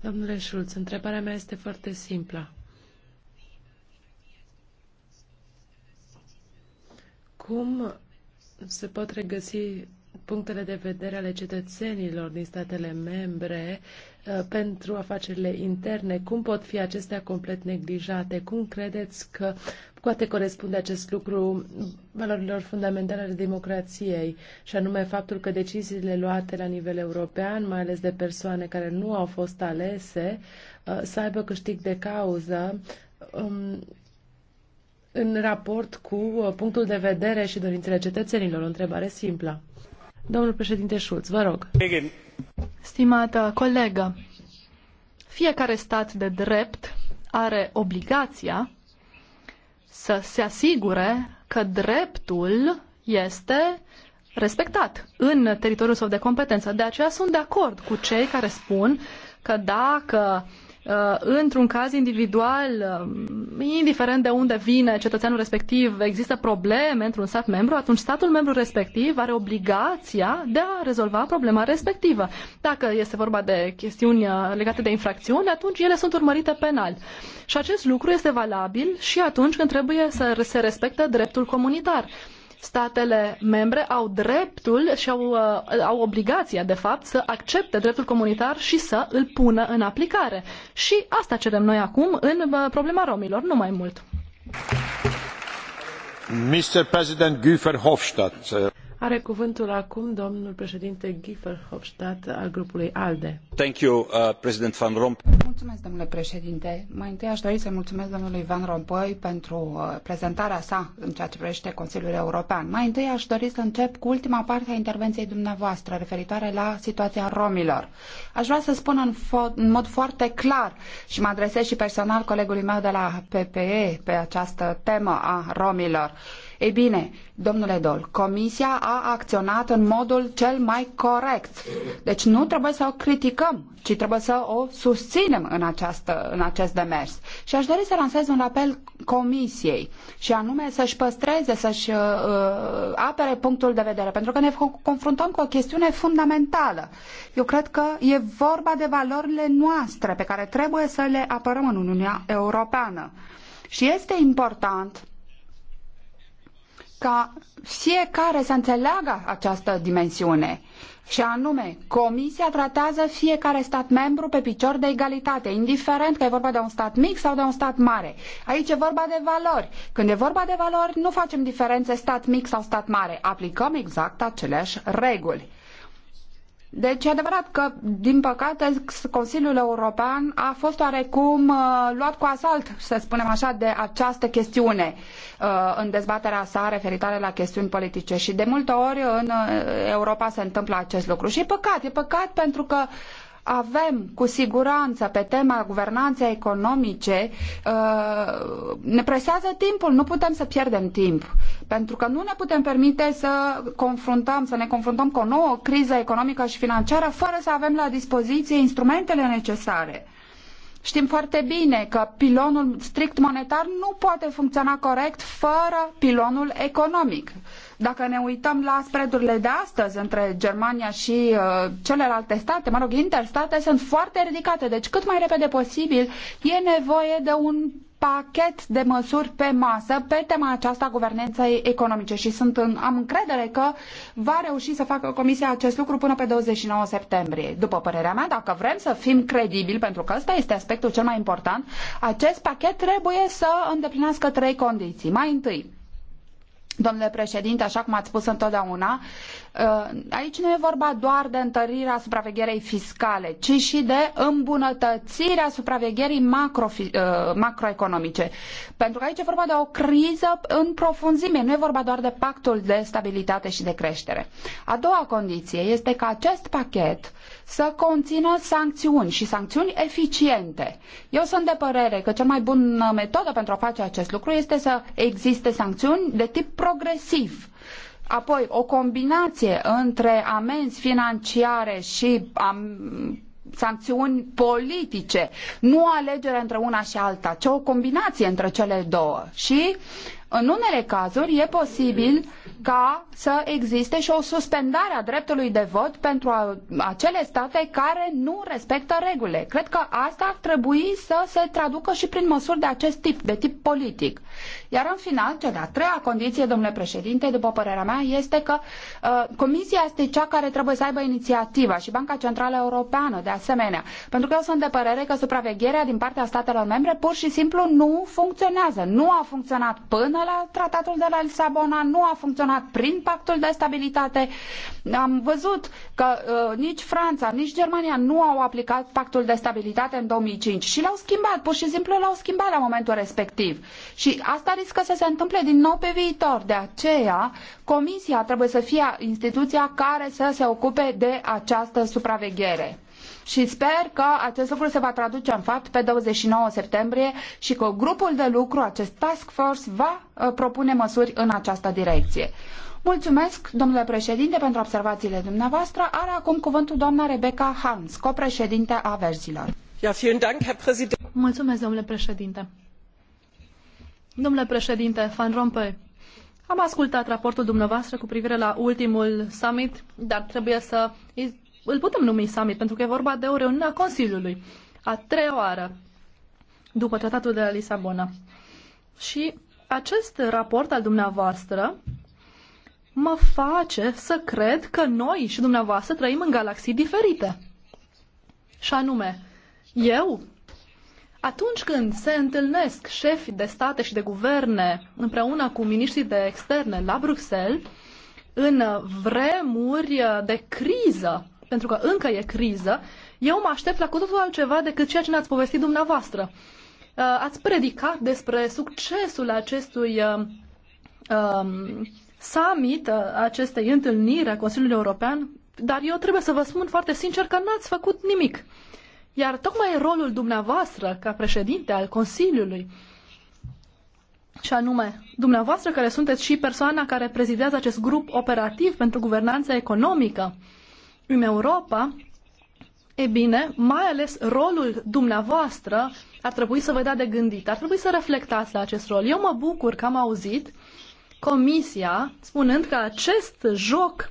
Domnule Schulz, întrebarea mea este foarte simplă. Cum se pot regăsi punctele de vedere ale cetățenilor din statele membre uh, pentru afacerile interne, cum pot fi acestea complet neglijate, cum credeți că poate corespunde acest lucru valorilor fundamentale ale democrației, și anume faptul că deciziile luate la nivel european, mai ales de persoane care nu au fost alese, uh, să aibă câștig de cauză um, în raport cu uh, punctul de vedere și dorințele cetățenilor. O întrebare simplă. Domnul președinte Schulz, vă rog. Stimată colegă, fiecare stat de drept are obligația să se asigure că dreptul este respectat în teritoriul său de competență. De aceea sunt de acord cu cei care spun că dacă Uh, într-un caz individual, um, indiferent de unde vine cetățeanul respectiv, există probleme într-un stat membru, atunci statul membru respectiv are obligația de a rezolva problema respectivă. Dacă este vorba de chestiuni uh, legate de infracțiuni, atunci ele sunt urmărite penal. Și acest lucru este valabil și atunci când trebuie să se respecte dreptul comunitar statele membre au dreptul și au, uh, au obligația, de fapt, să accepte dreptul comunitar și să îl pună în aplicare. Și asta cerem noi acum în uh, problema romilor, nu mai mult. Mr. President Güfer Hofstadt. Uh, are cuvântul acum domnul președinte Giefer Hofstadt al grupului ALDE. Thank you, uh, President Van Rompuy. Mulțumesc, domnule președinte. Mai întâi aș dori să mulțumesc domnului Van Rompuy pentru uh, prezentarea sa în ceea ce privește Consiliul European. Mai întâi aș dori să încep cu ultima parte a intervenției dumneavoastră referitoare la situația romilor. Aș vrea să spun în, fo- în mod foarte clar și mă adresez și personal colegului meu de la PPE pe această temă a romilor. Uh, ei bine, domnule Dol, Comisia a acționat în modul cel mai corect. Deci nu trebuie să o criticăm, ci trebuie să o susținem în, această, în acest demers. Și aș dori să lansez un apel Comisiei și anume să-și păstreze, să-și uh, uh apere punctul de vedere, pentru că ne confruntăm cu o chestiune fundamentală. Eu cred că e vorba de valorile noastre pe care trebuie să le apărăm în Uniunea Europeană. Și este important ca fiecare să înțeleagă această dimensiune. Și anume, Comisia tratează fiecare stat membru pe picior de egalitate, indiferent că e vorba de un stat mic sau de un stat mare. Aici e vorba de valori. Când e vorba de valori, nu facem diferențe stat mic sau stat mare. Aplicăm exact aceleași reguli. Deci e adevărat că, din păcate, Consiliul European a fost oarecum uh, luat cu asalt, să spunem așa, de această chestiune uh, în dezbaterea sa referitoare la chestiuni politice și de multe ori în uh, Europa se întâmplă acest lucru. Și e păcat, e păcat pentru că avem cu siguranță pe tema guvernanței economice, uh, ne presează timpul, nu putem să pierdem timp, pentru că nu ne putem permite să confruntăm, să ne confruntăm cu o nouă criză economică și financiară fără să avem la dispoziție instrumentele necesare. Știm foarte bine că pilonul strict monetar nu poate funcționa corect fără pilonul economic. Dacă ne uităm la spreadurile de astăzi între Germania și uh, celelalte state, mă rog, interstate, sunt foarte ridicate. Deci cât mai repede posibil e nevoie de un pachet de măsuri pe masă pe tema aceasta a guvernanței economice și sunt în, am încredere că va reuși să facă Comisia acest lucru până pe 29 septembrie. După părerea mea, dacă vrem să fim credibili, pentru că ăsta este aspectul cel mai important, acest pachet trebuie să îndeplinească trei condiții. Mai întâi, domnule președinte, așa cum ați spus întotdeauna, Uh, aici nu e vorba doar de întărirea supravegherei fiscale, ci și de îmbunătățirea supravegherii macro, uh, macroeconomice. Pentru că aici e vorba de o criză în profunzime, nu e vorba doar de pactul de stabilitate și de creștere. A doua condiție este ca acest pachet să conțină sancțiuni și sancțiuni eficiente. Eu sunt de părere că cea mai bună metodă pentru a face acest lucru este să existe sancțiuni de tip progresiv Apoi, o combinație între amenzi financiare și am, sancțiuni politice, nu alegere între una și alta, ci o combinație între cele două. Și în unele cazuri e posibil ca să existe și o suspendare a dreptului de vot pentru acele state care nu respectă regulile. Cred că asta ar trebui să se traducă și prin măsuri de acest tip, de tip politic. Iar în final, cea de-a treia condiție, domnule președinte, după părerea mea, este că uh, Comisia este cea care trebuie să aibă inițiativa și Banca Centrală Europeană, de asemenea. Pentru că eu sunt de părere că supravegherea din partea statelor membre pur și simplu nu funcționează. Nu a funcționat până la tratatul de la Lisabona, nu a funcționat prin pactul de stabilitate. Am văzut că uh, nici Franța, nici Germania nu au aplicat pactul de stabilitate în 2005 și l-au schimbat, pur și simplu l-au schimbat la momentul respectiv. Și asta riscă să se întâmple din nou pe viitor. De aceea, Comisia trebuie să fie instituția care să se ocupe de această supraveghere și sper că acest lucru se va traduce în fapt pe 29 septembrie și că grupul de lucru, acest task force, va uh, propune măsuri în această direcție. Mulțumesc, domnule președinte, pentru observațiile dumneavoastră. Are acum cuvântul doamna Rebecca Hans, copreședinte a Verzilor. Mulțumesc, domnule președinte. Domnule președinte Van Rompuy, am ascultat raportul dumneavoastră cu privire la ultimul summit, dar trebuie să îl putem numi summit, pentru că e vorba de o reuniune a Consiliului, a treia oară după tratatul de la Lisabona. Și acest raport al dumneavoastră mă face să cred că noi și dumneavoastră trăim în galaxii diferite. Și anume, eu, atunci când se întâlnesc șefi de state și de guverne împreună cu miniștrii de externe la Bruxelles, în vremuri de criză, pentru că încă e criză, eu mă aștept la cu totul altceva decât ceea ce ne-ați povestit dumneavoastră. Uh, ați predicat despre succesul acestui uh, um, summit, uh, acestei întâlniri a Consiliului European, dar eu trebuie să vă spun foarte sincer că n-ați făcut nimic. Iar tocmai rolul dumneavoastră ca președinte al Consiliului, și anume, dumneavoastră care sunteți și persoana care prezidează acest grup operativ pentru guvernanța economică în Europa, e bine, mai ales rolul dumneavoastră ar trebui să vă dea de gândit, ar trebui să reflectați la acest rol. Eu mă bucur că am auzit uh, Comisia, spunând că acest joc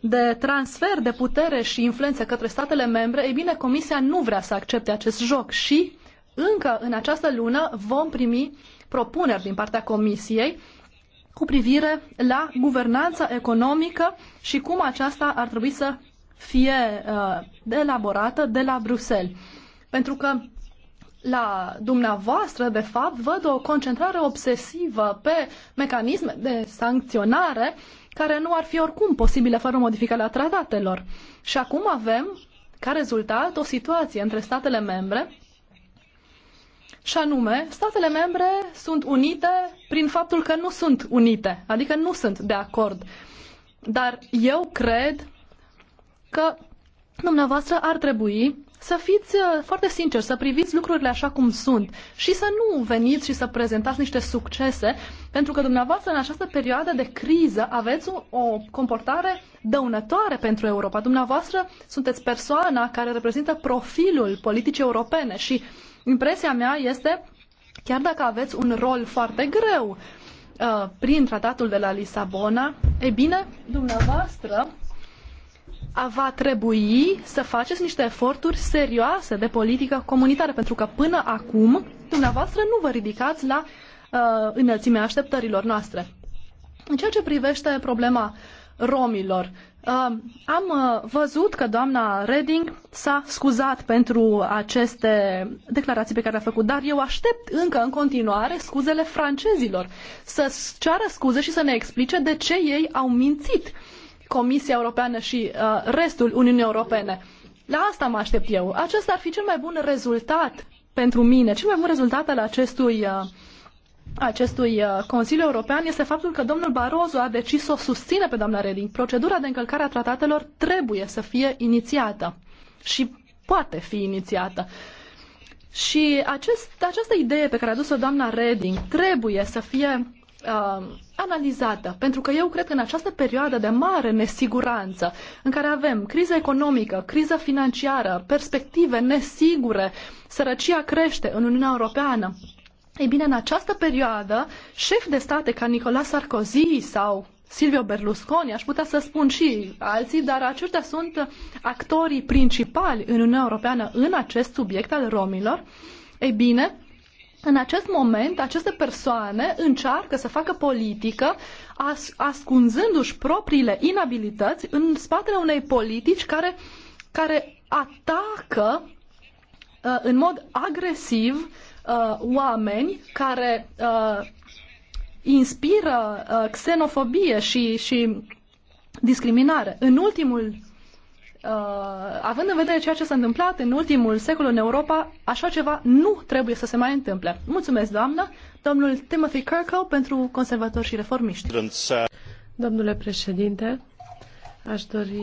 de transfer de putere și influență către statele membre, ei bine, Comisia nu vrea să accepte acest joc și încă în această lună vom primi propuneri din partea Comisiei cu privire la guvernanța economică și cum aceasta ar trebui să fie uh, elaborată de la Bruxelles. Pentru că la dumneavoastră, de fapt, văd o concentrare obsesivă pe mecanisme de sancționare care nu ar fi oricum posibile fără modificarea tratatelor. Și acum avem, ca rezultat, o situație între statele membre și anume, statele membre sunt unite prin faptul că nu sunt unite, adică nu sunt de acord. Dar eu cred că dumneavoastră ar trebui să fiți uh, foarte sinceri, să priviți lucrurile așa cum sunt și să nu veniți și să prezentați niște succese, pentru că dumneavoastră în această perioadă de criză aveți o comportare dăunătoare pentru Europa. Dumneavoastră sunteți persoana care reprezintă profilul politicii europene și impresia mea este, chiar dacă aveți un rol foarte greu, uh, prin tratatul de la Lisabona, e bine, dumneavoastră va trebui să faceți niște eforturi serioase de politică comunitară, pentru că până acum dumneavoastră nu vă ridicați la uh, înălțimea așteptărilor noastre. În ceea ce privește problema romilor, uh, am uh, văzut că doamna Reding s-a scuzat pentru aceste declarații pe care le-a făcut, dar eu aștept încă în continuare scuzele francezilor să ceară scuze și să ne explice de ce ei au mințit Comisia Europeană și uh, restul Uniunii Europene. La asta mă aștept eu. Acesta ar fi cel mai bun rezultat pentru mine. Cel mai bun rezultat al acestui, uh, acestui uh, Consiliu European este faptul că domnul Barroso a decis să o susține pe doamna Reding. Procedura de încălcare a tratatelor trebuie să fie inițiată și poate fi inițiată. Și acest, această idee pe care a dus-o doamna Reding trebuie să fie uh, analizată, pentru că eu cred că în această perioadă de mare nesiguranță, în care avem criză economică, criză financiară, perspective nesigure, sărăcia crește în Uniunea Europeană, ei bine, în această perioadă, șefi de state ca Nicolas Sarkozy sau Silvio Berlusconi, aș putea să spun și alții, dar aceștia sunt actorii principali în Uniunea Europeană în acest subiect al romilor. Ei bine, în acest moment, aceste persoane încearcă să facă politică as- ascunzându-și propriile inabilități în spatele unei politici care, care atacă uh, în mod agresiv uh, oameni care uh, inspiră uh, xenofobie și, și discriminare. În ultimul uh, având în vedere ceea ce s-a întâmplat în ultimul secol în Europa, așa ceva nu trebuie să se mai întâmple. Mulțumesc, doamnă, domnul Timothy Kirkhope pentru conservatori și reformiști. Domnule președinte, aș dori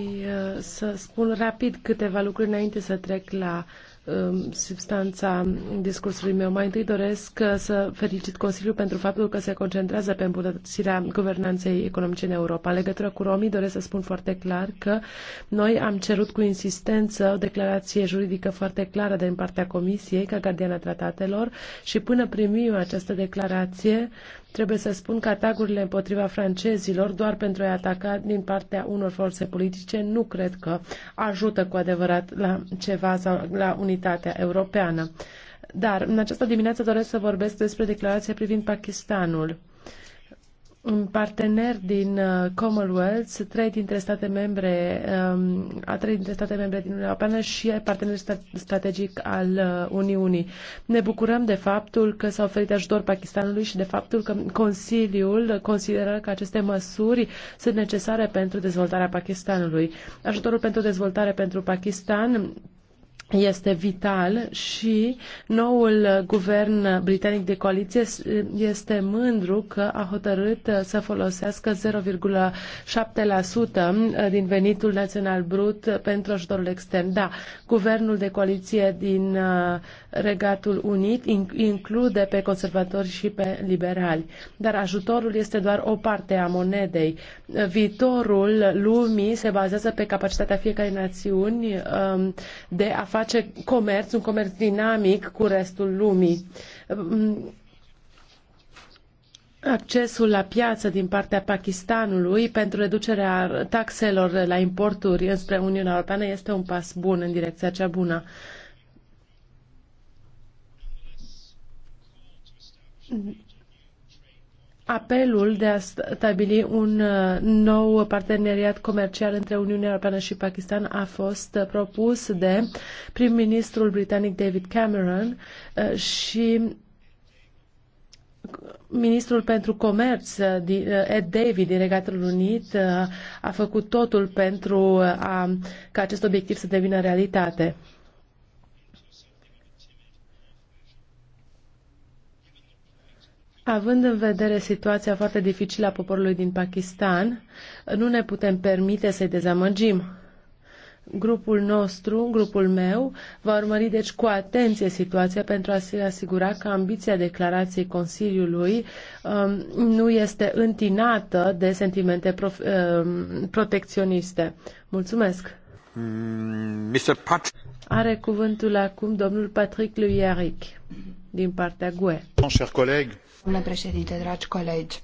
uh, să spun rapid câteva lucruri înainte să trec la uh, Um, substanța discursului meu. Mai întâi doresc uh, să felicit Consiliul pentru faptul că se concentrează pe îmbunătățirea guvernanței economice în Europa. În legătură cu romii doresc să spun foarte clar că noi am cerut cu insistență o declarație juridică foarte clară din partea Comisiei ca gardiană tratatelor și până primim această declarație Trebuie să spun că atacurile împotriva francezilor, doar pentru a-i ataca din partea unor forțe politice, nu cred că ajută cu adevărat la ceva sau la unitatea europeană. Dar în această dimineață doresc să vorbesc despre declarația privind Pakistanul un partener din uh, Commonwealth, trei dintre state membre, um, a trei dintre state membre din Uniunea Europeană și partener strategic al uh, Uniunii. Ne bucurăm de faptul că s-a oferit ajutor Pakistanului și de faptul că Consiliul consideră că aceste măsuri sunt necesare pentru dezvoltarea Pakistanului. Ajutorul pentru dezvoltare pentru Pakistan este vital și noul guvern britanic de coaliție este mândru că a hotărât să folosească 0,7% din venitul național brut pentru ajutorul extern. Da, guvernul de coaliție din uh, Regatul Unit include pe conservatori și pe liberali, dar ajutorul este doar o parte a monedei. Viitorul lumii se bazează pe capacitatea fiecărei națiuni um, de a face face comerț, un comerț dinamic cu restul lumii. Accesul la piață din partea Pakistanului pentru reducerea taxelor la importuri înspre Uniunea Europeană este un pas bun în direcția cea bună apelul de a stabili un uh, nou parteneriat comercial între Uniunea Europeană și Pakistan a fost uh, propus de prim-ministrul britanic David Cameron uh, și ministrul pentru comerț, Ed David, din Regatul Unit, a făcut totul pentru a, ca acest obiectiv să devină realitate. Având în vedere situația foarte dificilă a poporului din Pakistan, nu ne putem permite să-i dezamăgim. Grupul nostru, grupul meu, va urmări deci cu atenție situația pentru a se asigura că ambiția declarației Consiliului um, nu este întinată de sentimente prof, um, protecționiste. Mulțumesc! Mr. Mm, Pat- Are cuvântul acum domnul Patrick Luieric din partea GUE. Chers cher coleg, domnule președinte, dragi colegi.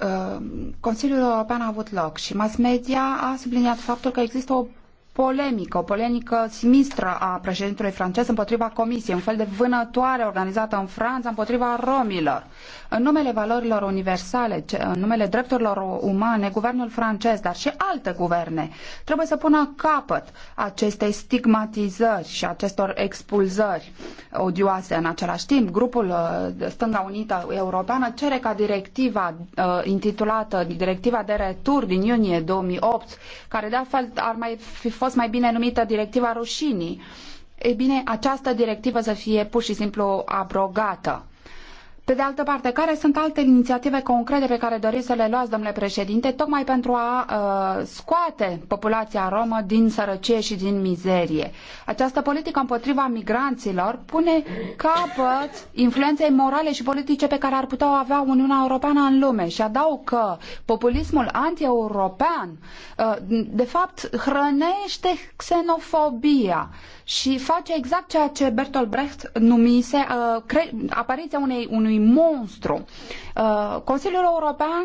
Uh, Consiliul European a avut loc și mass media a subliniat faptul că există o polemică, o polemică sinistră a președintelui francez împotriva Comisiei, un fel de vânătoare organizată în Franța împotriva romilor. În numele valorilor universale, în numele drepturilor umane, guvernul francez, dar și alte guverne, trebuie să pună capăt acestei stigmatizări și acestor expulzări odioase. În același timp, grupul uh, Stânga Unită Europeană cere ca directiva uh, intitulată Directiva de Retur din iunie 2008, care de altfel ar mai fi fost mai bine numită directiva rușinii. Ei bine, această directivă să fie pur și simplu abrogată. Pe de altă parte, care sunt alte inițiative concrete pe care doriți să le luați, domnule președinte, tocmai pentru a uh, scoate populația romă din sărăcie și din mizerie? Această politică împotriva migranților pune capăt influenței morale și politice pe care ar putea o avea Uniunea Europeană în lume și adaug că populismul anti-european uh, de fapt hrănește xenofobia și face exact ceea ce Bertolt Brecht numise uh, apariția unei, unui monstru. Uh, Consiliul European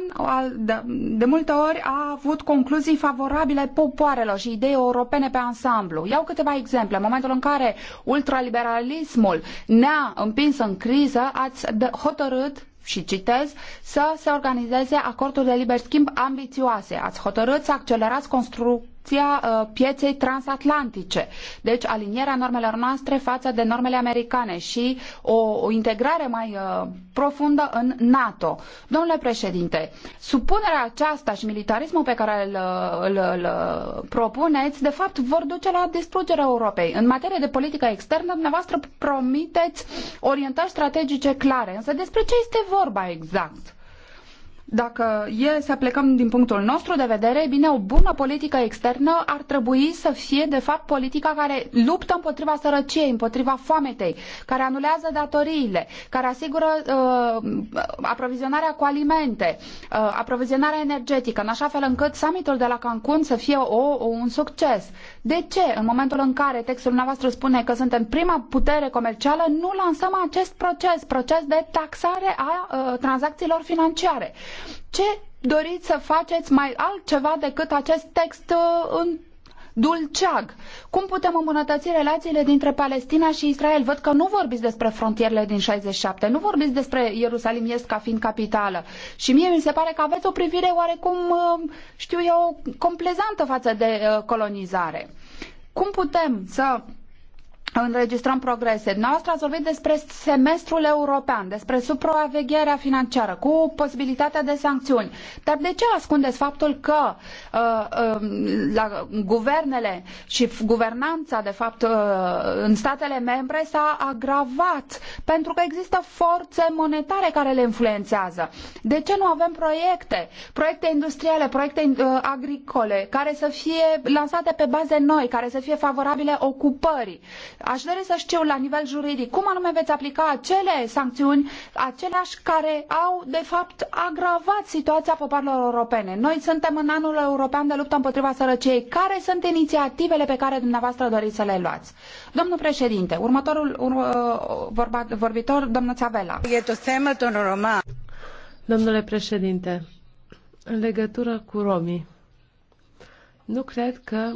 de multe ori a avut concluzii favorabile popoarelor și idei europene pe ansamblu. Iau câteva exemple. În momentul în care ultraliberalismul ne-a împins în criză, ați hotărât și citez, să se organizeze acorduri de liber schimb ambițioase. Ați hotărât să accelerați construcția protecția uh, pieței transatlantice. Deci alinierea normelor noastre față de normele americane și o, integrare mai uh, profundă în NATO. Domnule președinte, supunerea aceasta și militarismul pe care îl, uh, îl, îl propuneți, de fapt, vor duce la distrugerea Europei. În materie de politică externă, dumneavoastră promiteți orientări strategice clare. Însă despre ce este vorba exact? Dacă e să plecăm din punctul nostru de vedere, e bine, o bună politică externă ar trebui să fie, de fapt, politica care luptă împotriva sărăciei, împotriva foametei, care anulează datoriile, care asigură uh, aprovizionarea cu alimente, uh, aprovizionarea energetică, în așa fel încât summitul de la Cancun să fie o, o, un succes. De ce, în momentul în care textul dumneavoastră spune că suntem prima putere comercială, nu lansăm acest proces, proces de taxare a uh, tranzacțiilor financiare? Ce doriți să faceți mai altceva decât acest text uh, în Dulceag. Cum putem îmbunătăți relațiile dintre Palestina și Israel? Văd că nu vorbiți despre frontierele din 67, nu vorbiți despre Ierusalim Est ca fiind capitală. Și mie mi se pare că aveți o privire oarecum, uh, știu eu, complezantă față de uh, colonizare. Cum putem să înregistrăm progrese. Noastră ați vorbit despre semestrul european, despre supravegherea financiară cu posibilitatea de sancțiuni. Dar de ce ascundeți faptul că uh, uh, la guvernele și guvernanța, de fapt, uh, în statele membre s-a agravat? Pentru că există forțe monetare care le influențează. De ce nu avem proiecte, proiecte industriale, proiecte uh, agricole, care să fie lansate pe baze noi, care să fie favorabile ocupării? Aș dori să știu la nivel juridic cum anume veți aplica acele sancțiuni, aceleași care au de fapt agravat situația popoarelor europene. Noi suntem în anul european de luptă împotriva sărăciei. Care sunt inițiativele pe care dumneavoastră doriți să le luați? Domnul președinte, următorul ur, vorba, vorbitor, domnul Țavela. Domnule președinte, în legătură cu romii, nu cred că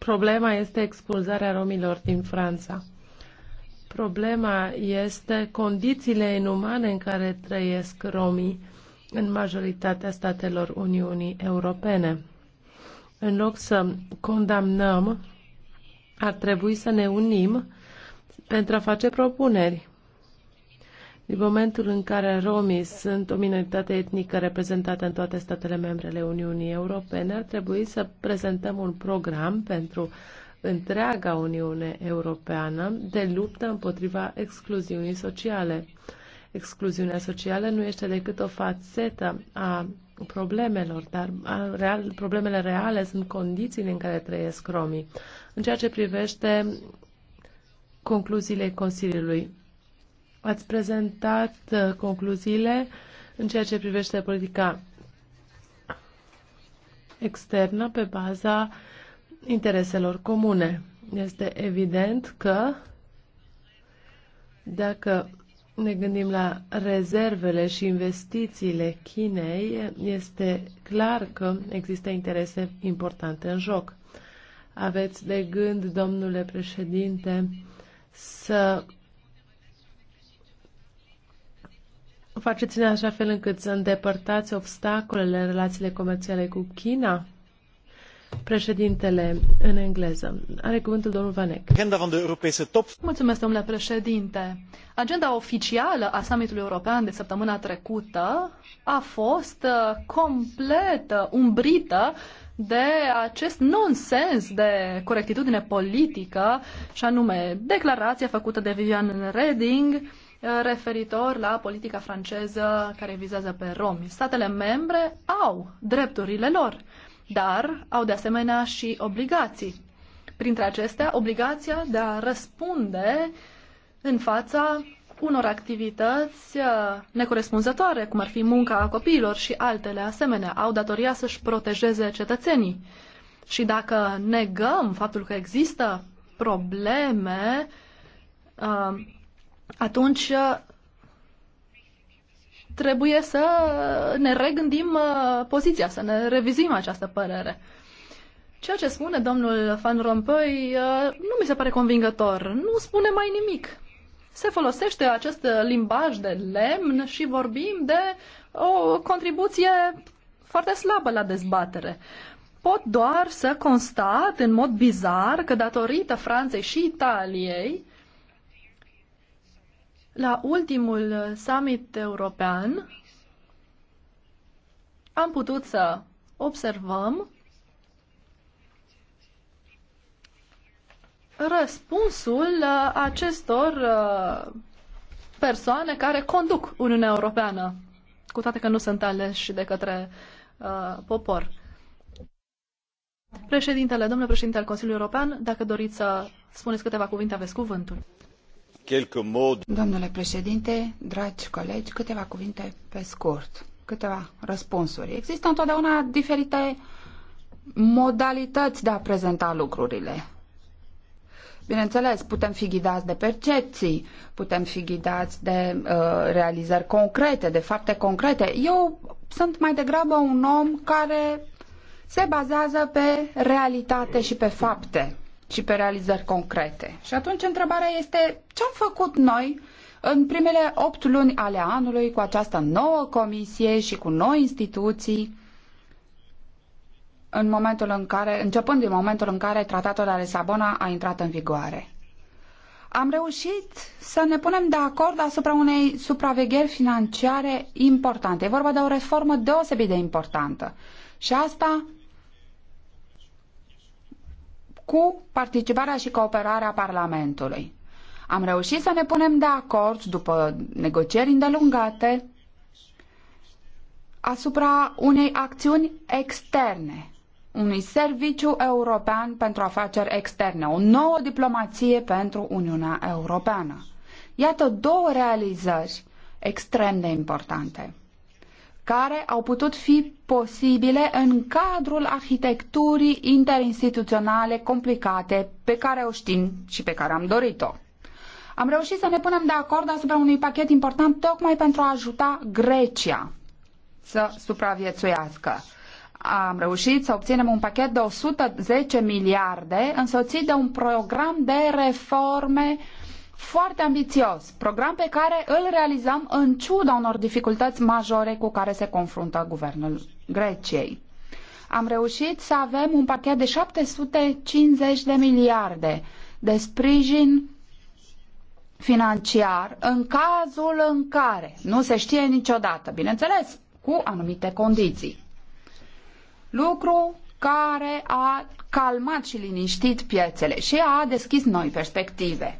problema este expulzarea romilor din Franța. Problema este condițiile inumane în care trăiesc romii în majoritatea statelor Uniunii Europene. În loc să condamnăm, ar trebui să ne unim pentru a face propuneri din momentul în care romii sunt o minoritate etnică reprezentată în toate statele membre ale Uniunii Europene, ar trebui să prezentăm un program pentru întreaga Uniune Europeană de luptă împotriva excluziunii sociale. Excluziunea socială nu este decât o fațetă a problemelor, dar real, problemele reale sunt condițiile în care trăiesc romii. În ceea ce privește concluziile Consiliului, Ați prezentat uh, concluziile în ceea ce privește politica externă pe baza intereselor comune. Este evident că dacă ne gândim la rezervele și investițiile Chinei, este clar că există interese importante în joc. Aveți de gând, domnule președinte, să Faceți în așa fel încât să îndepărtați obstacolele în relațiile comerciale cu China? Președintele, în engleză. Are cuvântul domnul Vanek. Agenda van de top. Mulțumesc, domnule președinte. Agenda oficială a summitului european de săptămâna trecută a fost uh, complet uh, umbrită de acest nonsens de corectitudine politică, și anume declarația făcută de Vivian Reding, referitor la politica franceză care vizează pe romi. Statele membre au drepturile lor, dar au de asemenea și obligații. Printre acestea, obligația de a răspunde în fața unor activități uh, necorespunzătoare, cum ar fi munca a copiilor și altele asemenea. Au datoria să-și protejeze cetățenii. Și dacă negăm faptul că există probleme uh, atunci uh, trebuie să ne regândim uh, poziția, să ne revizim această părere. Ceea ce spune domnul Van Rompuy uh, nu mi se pare convingător. Nu spune mai nimic. Se folosește acest limbaj de lemn și vorbim de o contribuție foarte slabă la dezbatere. Pot doar să constat în mod bizar că datorită Franței și Italiei, la ultimul summit european am putut să observăm răspunsul uh, acestor uh, persoane care conduc Uniunea Europeană, cu toate că nu sunt aleși de către uh, popor. Președintele, domnule președinte al Consiliului European, dacă doriți să spuneți câteva cuvinte, aveți cuvântul. Domnule președinte, dragi colegi, câteva cuvinte pe scurt, câteva răspunsuri. Există întotdeauna diferite modalități de a prezenta lucrurile. Bineînțeles, putem fi ghidați de percepții, putem fi ghidați de uh, realizări concrete, de fapte concrete. Eu sunt mai degrabă un om care se bazează pe realitate și pe fapte și pe realizări concrete. Și atunci întrebarea este ce am făcut noi în primele opt luni ale anului cu această nouă comisie și cu noi instituții în momentul în care, începând din momentul în care tratatul de la Lisabona a intrat în vigoare. Am reușit să ne punem de acord asupra unei supravegheri financiare importante. E vorba de o reformă deosebit de importantă. Și asta cu participarea și cooperarea Parlamentului. Am reușit să ne punem de acord, după negocieri îndelungate, asupra unei acțiuni externe, unui serviciu european pentru afaceri externe, o nouă diplomație pentru Uniunea Europeană. Iată două realizări extrem de importante care au putut fi posibile în cadrul arhitecturii interinstituționale complicate pe care o știm și pe care am dorit-o. Am reușit să ne punem de acord asupra unui pachet important tocmai pentru a ajuta Grecia să supraviețuiască. Am reușit să obținem un pachet de 110 miliarde însoțit de un program de reforme uh, foarte ambițios, program pe care îl realizăm în ciuda unor dificultăți majore cu care se confruntă guvernul Greciei. Am reușit să avem un pachet de 750 de miliarde de sprijin financiar în cazul în care nu se știe niciodată, bineînțeles, cu anumite condiții. Lucru care a calmat și liniștit piețele și a deschis noi perspective.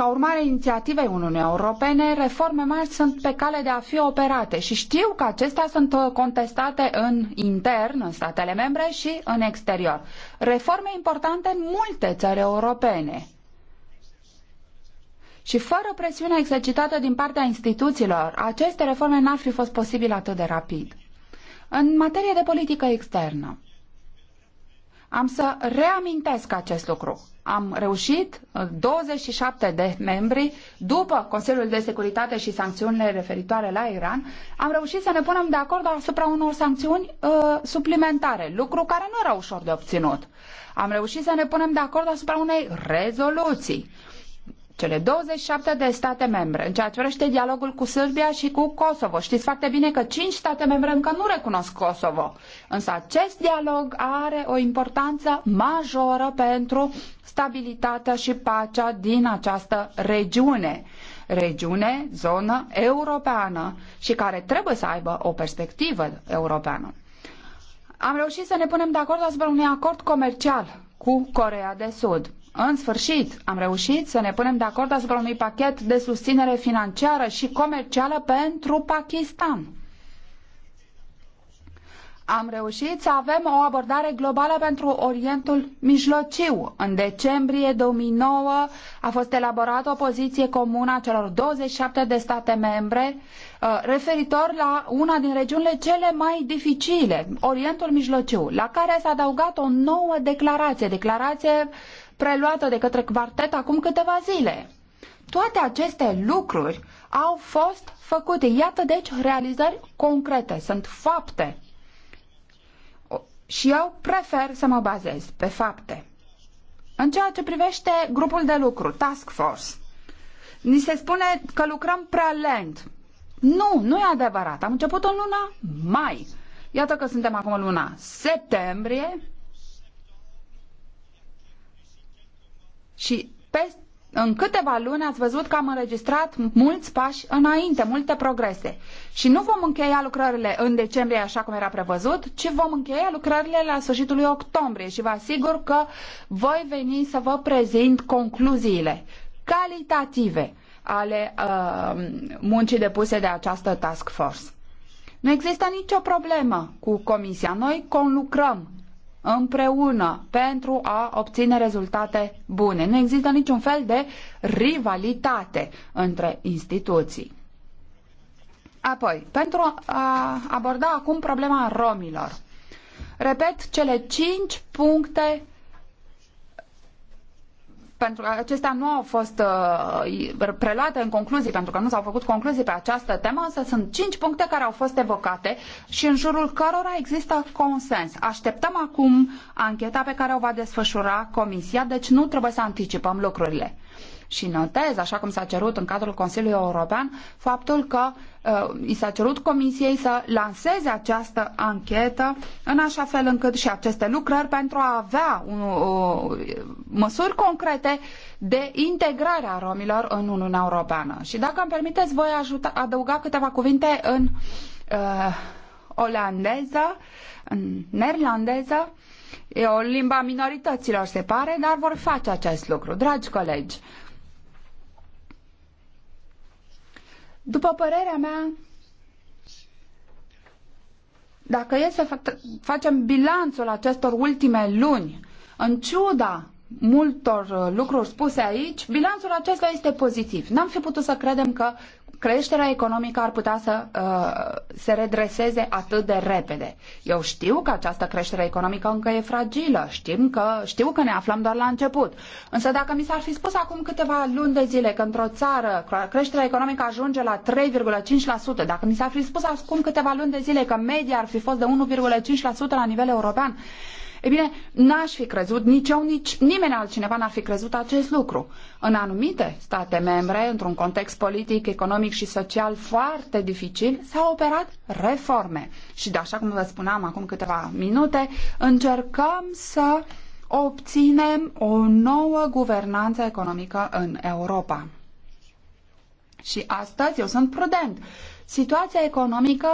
ca urmare a inițiativei Uniunii Europene, reforme mari sunt pe cale de a fi operate și știu că acestea sunt uh, contestate în intern, în statele membre și în exterior. Reforme importante în multe țări europene. Și fără presiunea exercitată din partea instituțiilor, aceste reforme n-ar fi fost posibile atât de rapid. În materie de politică externă, am să reamintesc acest lucru am reușit 27 uh, de membri, după Consiliul de Securitate și sancțiunile referitoare la Iran, am reușit să ne punem de acord asupra unor sancțiuni uh, suplimentare, lucru care nu era ușor de obținut. Am reușit să ne punem de acord asupra unei rezoluții, cele 27 de state membre în ceea ce privește dialogul cu Serbia și cu Kosovo. Știți foarte bine că 5 state membre încă nu recunosc Kosovo, însă acest dialog are o importanță majoră pentru stabilitatea și pacea din această regiune regiune, zonă europeană și care trebuie să aibă o perspectivă europeană. Am reușit să ne punem de acord asupra unui acord comercial cu Coreea de Sud în sfârșit, am reușit să ne punem de acord asupra unui pachet de susținere financiară și comercială pentru Pakistan. Am reușit să avem o abordare globală pentru Orientul Mijlociu. În decembrie 2009 a fost elaborată o poziție comună a celor 27 de state membre uh, referitor la una din regiunile cele mai dificile, Orientul Mijlociu, la care s-a adăugat o nouă declarație, declarație uh, preluată de către quartet acum câteva zile. Toate aceste lucruri au fost făcute. Iată deci realizări concrete, sunt fapte. Și eu prefer să mă bazez pe fapte. În ceea ce privește grupul de lucru, Task Force, ni se spune că lucrăm prea lent. Nu, nu e adevărat. Am început în luna mai. Iată că suntem acum în luna septembrie Și pe, în câteva luni ați văzut că am înregistrat mulți pași înainte, multe progrese. Și nu vom încheia lucrările în decembrie, așa cum era prevăzut, ci vom încheia lucrările la sfârșitul lui octombrie și vă asigur că voi veni să vă prezint concluziile calitative ale uh, muncii depuse de această task force. Nu există nicio problemă cu Comisia. Noi conlucrăm împreună pentru a obține rezultate bune. Nu există niciun fel de rivalitate între instituții. Apoi, pentru a aborda acum problema romilor. Repet, cele cinci puncte pentru că acestea nu au fost uh, preluate în concluzii, pentru că nu s-au făcut concluzii pe această temă, însă sunt cinci puncte care au fost evocate și în jurul cărora există consens. Așteptăm acum ancheta pe care o va desfășura Comisia, deci nu trebuie să anticipăm lucrurile și notez, așa cum s-a cerut în cadrul Consiliului European, faptul că uh, i s-a cerut Comisiei să lanseze această anchetă în așa fel încât și aceste lucrări pentru a avea un, o, măsuri concrete de integrare a romilor în Uniunea Europeană. Și dacă îmi permiteți, voi ajuta, adăuga câteva cuvinte în uh, olandeză, în neerlandeză, E o limba minorităților, se pare, dar vor face acest lucru. Dragi colegi, După părerea mea, dacă e să facem bilanțul acestor ultime luni, în ciuda multor uh, lucruri spuse aici, bilanțul acesta este pozitiv. N-am fi putut să credem că creșterea economică ar putea să uh, se redreseze atât de repede. Eu știu că această creștere economică încă e fragilă, știm că, știu că ne aflăm doar la început. Însă dacă mi s-ar fi spus acum câteva luni de zile că într-o țară creșterea economică ajunge la 3,5%, dacă mi s-ar fi spus acum câteva luni de zile că media ar fi fost de 1,5% la nivel european, E bine, n-aș fi crezut, nici eu, nici nimeni altcineva n-ar fi crezut acest lucru. În anumite state membre, într-un context politic, economic și social foarte dificil, s-au operat reforme. Și de așa cum vă spuneam acum câteva minute, încercăm să obținem o nouă guvernanță economică în Europa. Și astăzi eu sunt prudent. Situația economică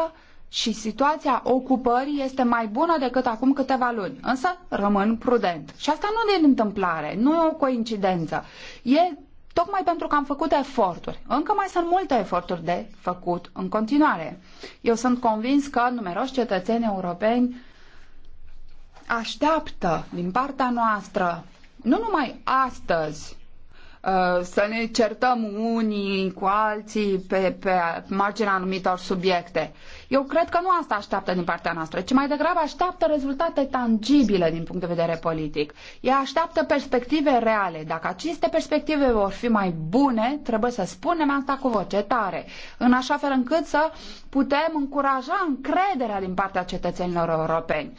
și situația ocupării este mai bună decât acum câteva luni. Însă rămân prudent. Și asta nu din întâmplare, nu e o coincidență. E tocmai pentru că am făcut eforturi. Încă mai sunt multe eforturi de făcut în continuare. Eu sunt convins că numeroși cetățeni europeni așteaptă din partea noastră, nu numai astăzi, Uh, să ne certăm unii cu alții pe, pe marginea anumitor subiecte. Eu cred că nu asta așteaptă din partea noastră, ci mai degrabă așteaptă rezultate tangibile din punct de vedere politic. Ea așteaptă perspective reale. Dacă aceste perspective vor fi mai bune, trebuie să spunem asta cu voce tare, în așa fel încât să putem încuraja încrederea din partea cetățenilor europeni.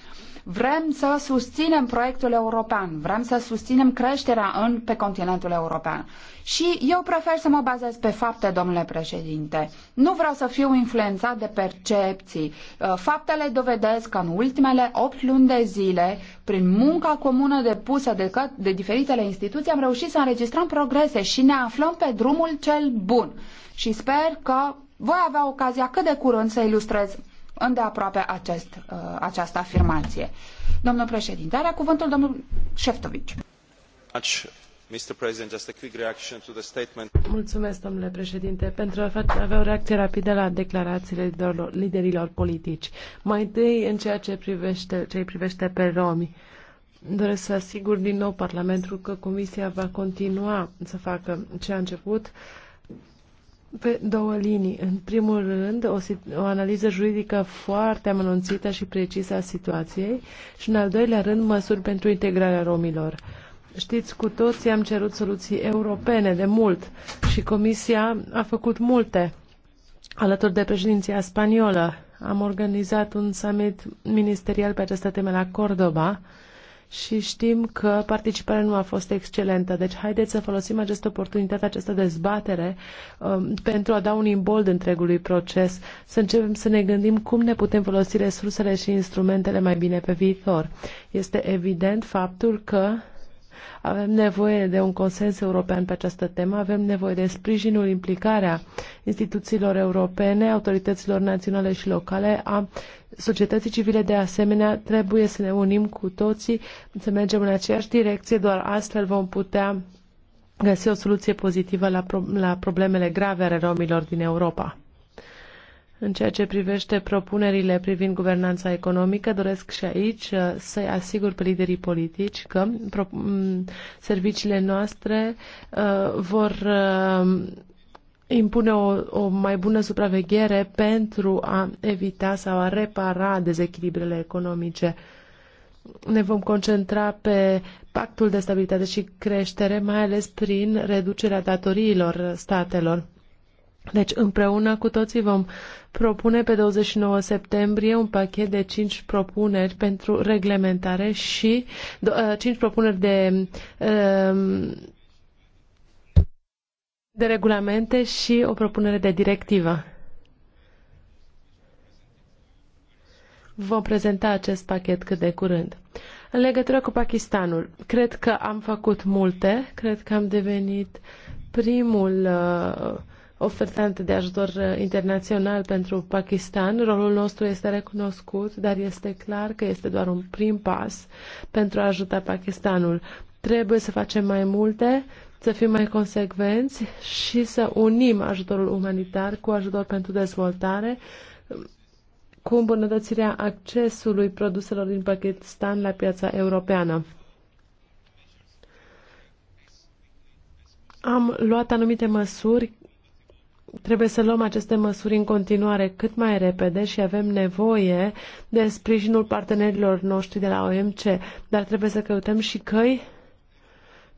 Vrem să susținem proiectul european, vrem să susținem creșterea în, pe continentul european. Și eu prefer să mă bazez pe fapte, domnule președinte. Nu vreau să fiu influențat de percepții. Uh, faptele dovedesc că în ultimele 8 luni de zile, prin munca comună depusă de, că, de diferitele instituții, am reușit să înregistrăm progrese și ne aflăm pe drumul cel bun. Și sper că voi avea ocazia cât de curând să ilustrez îndeaproape acest, uh, această afirmație. Domnul președinte, are cuvântul domnul Șeftovici. Mulțumesc, domnule președinte, pentru a avea o reacție rapidă la declarațiile liderilor politici. Mai întâi, în ceea ce privește, ce privește pe romi, doresc să asigur din nou Parlamentul că Comisia va continua să facă ce a început uh, pe două linii. În primul rând, o, o analiză juridică foarte amănunțită și precisă a situației și, în al doilea rând, măsuri pentru integrarea romilor. Știți, cu toții am cerut soluții europene de mult și Comisia a făcut multe. Alături de președinția spaniolă am organizat un summit ministerial pe această temă la Cordoba, și știm că participarea nu a fost excelentă. Deci haideți să folosim această oportunitate, această dezbatere um, pentru a da un imbold întregului proces, să începem să ne gândim cum ne putem folosi resursele și instrumentele mai bine pe viitor. Este evident faptul că avem nevoie de un consens european pe această temă, avem nevoie de sprijinul, implicarea instituțiilor europene, autorităților naționale și locale, a societății civile de asemenea. Trebuie să ne unim cu toții, să mergem în aceeași direcție, doar astfel vom putea găsi o soluție pozitivă la, pro- la problemele grave ale romilor din Europa. În ceea ce privește propunerile privind guvernanța economică, doresc și aici uh, să-i asigur pe liderii politici că serviciile noastre uh, vor uh, impune o, o mai bună supraveghere pentru a evita sau a repara dezechilibrele economice. Ne vom concentra pe pactul de stabilitate și creștere, mai ales prin reducerea datoriilor statelor deci împreună cu toții vom propune pe 29 septembrie un pachet de 5 propuneri pentru reglementare și 5 uh, propuneri de um, de regulamente și o propunere de directivă. Vom prezenta acest pachet cât de curând. În legătură cu Pakistanul, cred că am făcut multe, cred că am devenit primul uh, ofertant de ajutor uh, internațional pentru Pakistan. Rolul nostru este recunoscut, dar este clar că este doar un prim pas pentru a ajuta Pakistanul. Trebuie să facem mai multe, să fim mai consecvenți și să unim ajutorul umanitar cu ajutor pentru dezvoltare, cu îmbunătățirea accesului produselor din Pakistan la piața europeană. Am luat anumite măsuri trebuie să luăm aceste măsuri în continuare cât mai repede și avem nevoie de sprijinul partenerilor noștri de la OMC, dar trebuie să căutăm și căi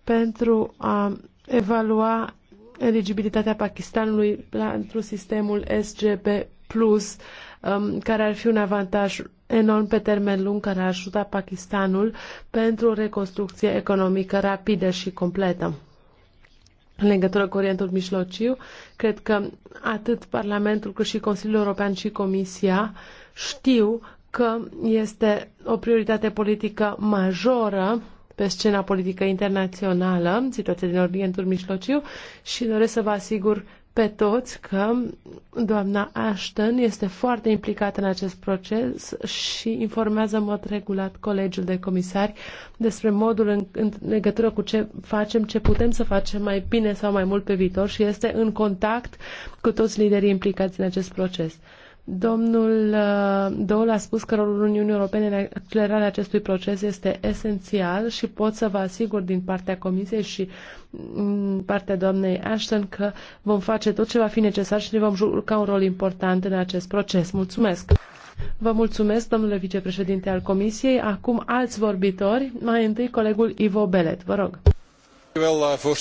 pentru a evalua eligibilitatea Pakistanului pentru sistemul SGP+, plus, um, care ar fi un avantaj enorm pe termen lung care ar ajuta Pakistanul pentru o reconstrucție economică rapidă și completă în legătură cu Orientul Mijlociu. Cred că atât Parlamentul cât și Consiliul European și Comisia știu că este o prioritate politică majoră pe scena politică internațională, situația din Orientul Mijlociu și doresc să vă asigur pe toți că doamna Ashton este foarte implicată în acest proces și informează în mod regulat colegiul de comisari despre modul în, în legătură cu ce facem, ce putem să facem mai bine sau mai mult pe viitor și este în contact cu toți liderii implicați în acest proces. Domnul uh, Doul a spus că rolul Uniunii Europene în accelerarea acestui proces este esențial și pot să vă asigur din partea Comisiei și din partea doamnei Ashton că vom face tot ce va fi necesar și ne vom juca un rol important în acest proces. Mulțumesc! Vă mulțumesc, domnule vicepreședinte al Comisiei. Acum alți vorbitori, mai întâi colegul Ivo Belet. Vă rog. Eh,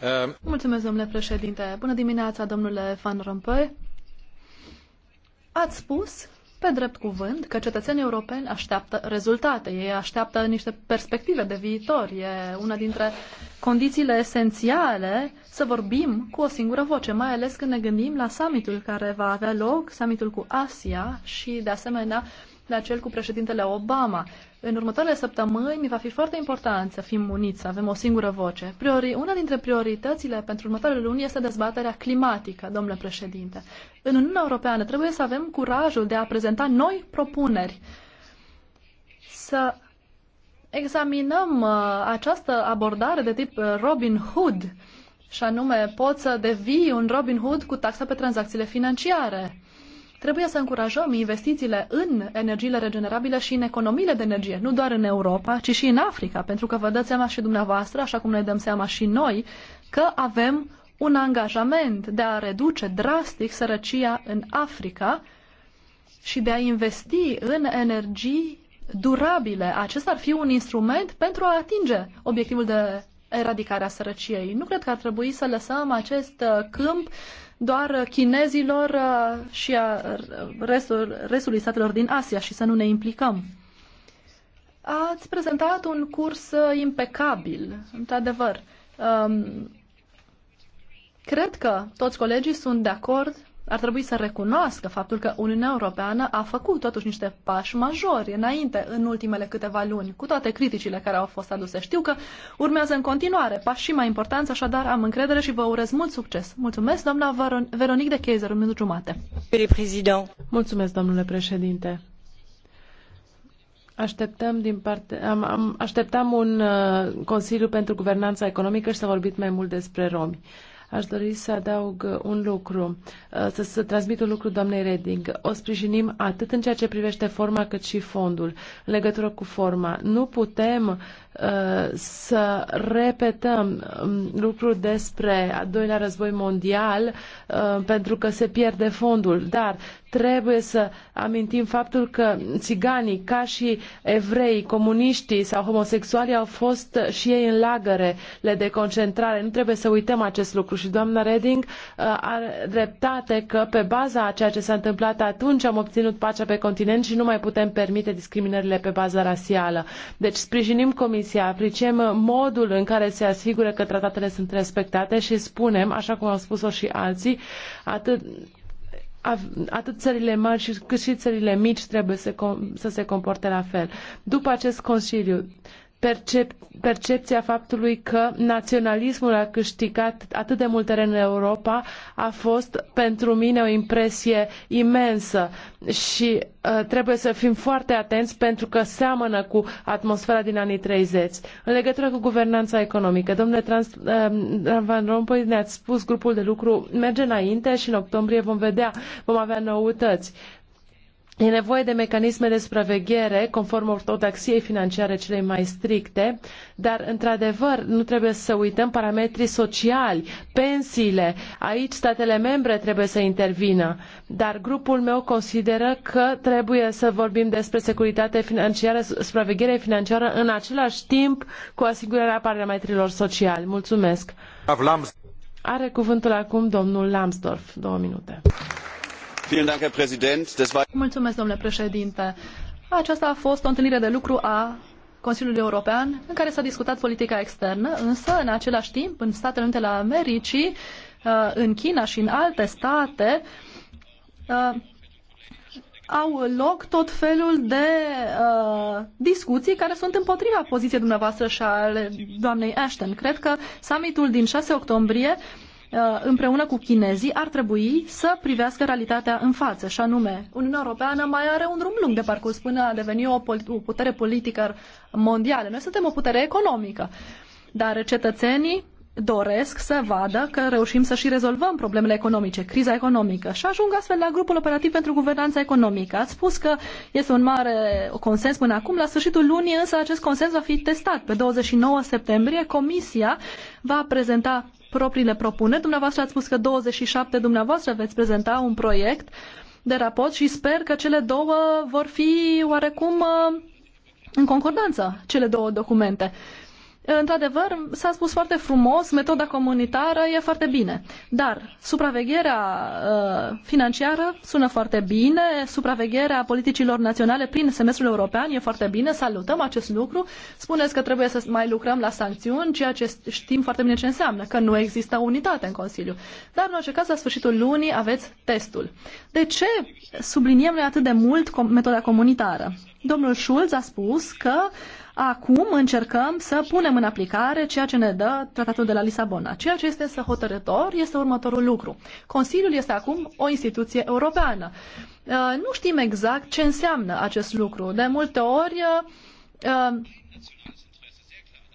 eh, mulțumesc, domnule președinte. Bună dimineața, domnule Van Rompuy. Ați spus, pe drept cuvânt, că cetățenii europeni așteaptă rezultate, ei așteaptă niște perspective de viitor. E una dintre condițiile esențiale să vorbim cu o singură voce, mai ales când ne gândim la summitul care va avea loc, summitul cu Asia și, de asemenea, la cel cu președintele Obama. În următoarele săptămâni va fi foarte important să fim uniți, să avem o singură voce. Priori, una dintre prioritățile pentru următoarele luni este dezbaterea climatică, domnule președinte. În Uniunea Europeană trebuie să avem curajul de a prezenta noi propuneri, să examinăm uh, această abordare de tip uh, Robin Hood, și anume poți să devii un Robin Hood cu taxa pe tranzacțiile financiare Trebuie să încurajăm investițiile în energiile regenerabile și în economiile de energie, nu doar în Europa, ci și în Africa, pentru că vă dați seama și dumneavoastră, așa cum ne dăm seama și noi, că avem un angajament de a reduce drastic sărăcia în Africa și de a investi în energii durabile. Acesta ar fi un instrument pentru a atinge obiectivul de eradicarea sărăciei. Nu cred că ar trebui să lăsăm acest uh, câmp doar uh, chinezilor uh, și a restul, restului statelor din Asia și să nu ne implicăm. Ați prezentat un curs impecabil, într-adevăr. Um, cred că toți colegii sunt de acord ar trebui să recunoască faptul că Uniunea Europeană a făcut totuși niște pași majori înainte în ultimele câteva luni, cu toate criticile care au fost aduse. Știu că urmează în continuare pași și mai importanți, așadar am încredere și vă urez mult succes. Mulțumesc, doamna Veron- Veronique de Kaiser, un minut jumate. Mulțumesc, domnule președinte. Așteptăm din parte, am, am, așteptam un uh, Consiliu pentru Guvernanța Economică și s-a vorbit mai mult despre romi. Uh, Aș dori să adaug un lucru, uh, să, să transmit un lucru doamnei Reding. O sprijinim atât în ceea ce privește forma cât și fondul. În legătură cu forma, nu putem Uh, să repetăm um, lucruri despre a doilea război mondial uh, pentru că se pierde fondul, dar trebuie să amintim faptul că țiganii, ca și evrei, comuniștii sau homosexualii au fost și ei în lagărele de concentrare. Nu trebuie să uităm acest lucru și doamna Reding uh, are dreptate că pe baza a ceea ce s-a întâmplat atunci am obținut pacea pe continent și nu mai putem permite discriminările pe baza rasială. Deci sprijinim comisia Comisia, apreciem modul în care se asigură că tratatele sunt respectate și spunem, așa cum au spus-o și alții, atât atât țările mari cât și țările mici trebuie să, să se comporte la fel. După acest Consiliu, percep- percepția faptului că naționalismul a câștigat atât de mult teren în Europa a fost pentru mine o impresie imensă și uh, trebuie să fim foarte atenți pentru că seamănă cu atmosfera din anii 30. În legătură cu guvernanța economică, domnule Trans, uh, Van Rompuy, ne-ați spus grupul de lucru merge înainte și în octombrie vom vedea, vom avea noutăți. Uh, E nevoie de mecanisme de supraveghere conform ortodoxiei financiare cele mai stricte, dar, într-adevăr, nu trebuie să uităm parametrii sociali, pensiile. Aici statele membre trebuie să intervină, dar grupul meu consideră că trebuie să vorbim despre securitate financiară, supraveghere financiară în același timp cu asigurarea parametrilor sociali. Mulțumesc! Are cuvântul acum domnul Lambsdorff. Două minute. Mulțumesc, domnule președinte. Aceasta a fost o întâlnire de lucru a Consiliului European în care s-a discutat politica externă, însă în același timp în Statele Unite ale Americii, uh, în China și în alte state uh, au loc tot felul de uh, discuții care sunt împotriva poziției dumneavoastră și ale doamnei Ashton. Cred că summitul din 6 octombrie Uh, împreună cu chinezii ar trebui să privească realitatea în față, și anume Uniunea Europeană mai are un drum lung de parcurs până a deveni o, o putere politică mondială. Noi suntem o putere economică, dar cetățenii doresc să vadă că reușim să și rezolvăm problemele economice, criza economică și ajung astfel la grupul operativ pentru guvernanța economică. Ați spus că este un mare consens până acum, la sfârșitul lunii însă acest consens va fi testat. Pe 29 septembrie Comisia va prezenta propriile propuneri. Dumneavoastră ați spus că 27 dumneavoastră veți prezenta un proiect de raport și sper că cele două vor fi oarecum uh, în concordanță, cele două documente. Într-adevăr, s-a spus foarte frumos, metoda comunitară e foarte bine, dar supravegherea uh, financiară sună foarte bine, supravegherea politicilor naționale prin semestrul european e foarte bine, salutăm acest lucru. Spuneți că trebuie să mai lucrăm la sancțiuni, ceea ce știm foarte bine ce înseamnă, că nu există unitate în Consiliu. Dar, în orice caz, la sfârșitul lunii aveți testul. De ce subliniem noi atât de mult metoda comunitară? Domnul Schulz a spus că acum încercăm să punem în aplicare ceea ce ne dă tratatul de la Lisabona. Ceea ce este să hotărător este următorul lucru. Consiliul este acum o instituție europeană. Uh, nu știm exact ce înseamnă acest lucru. De multe ori uh, uh,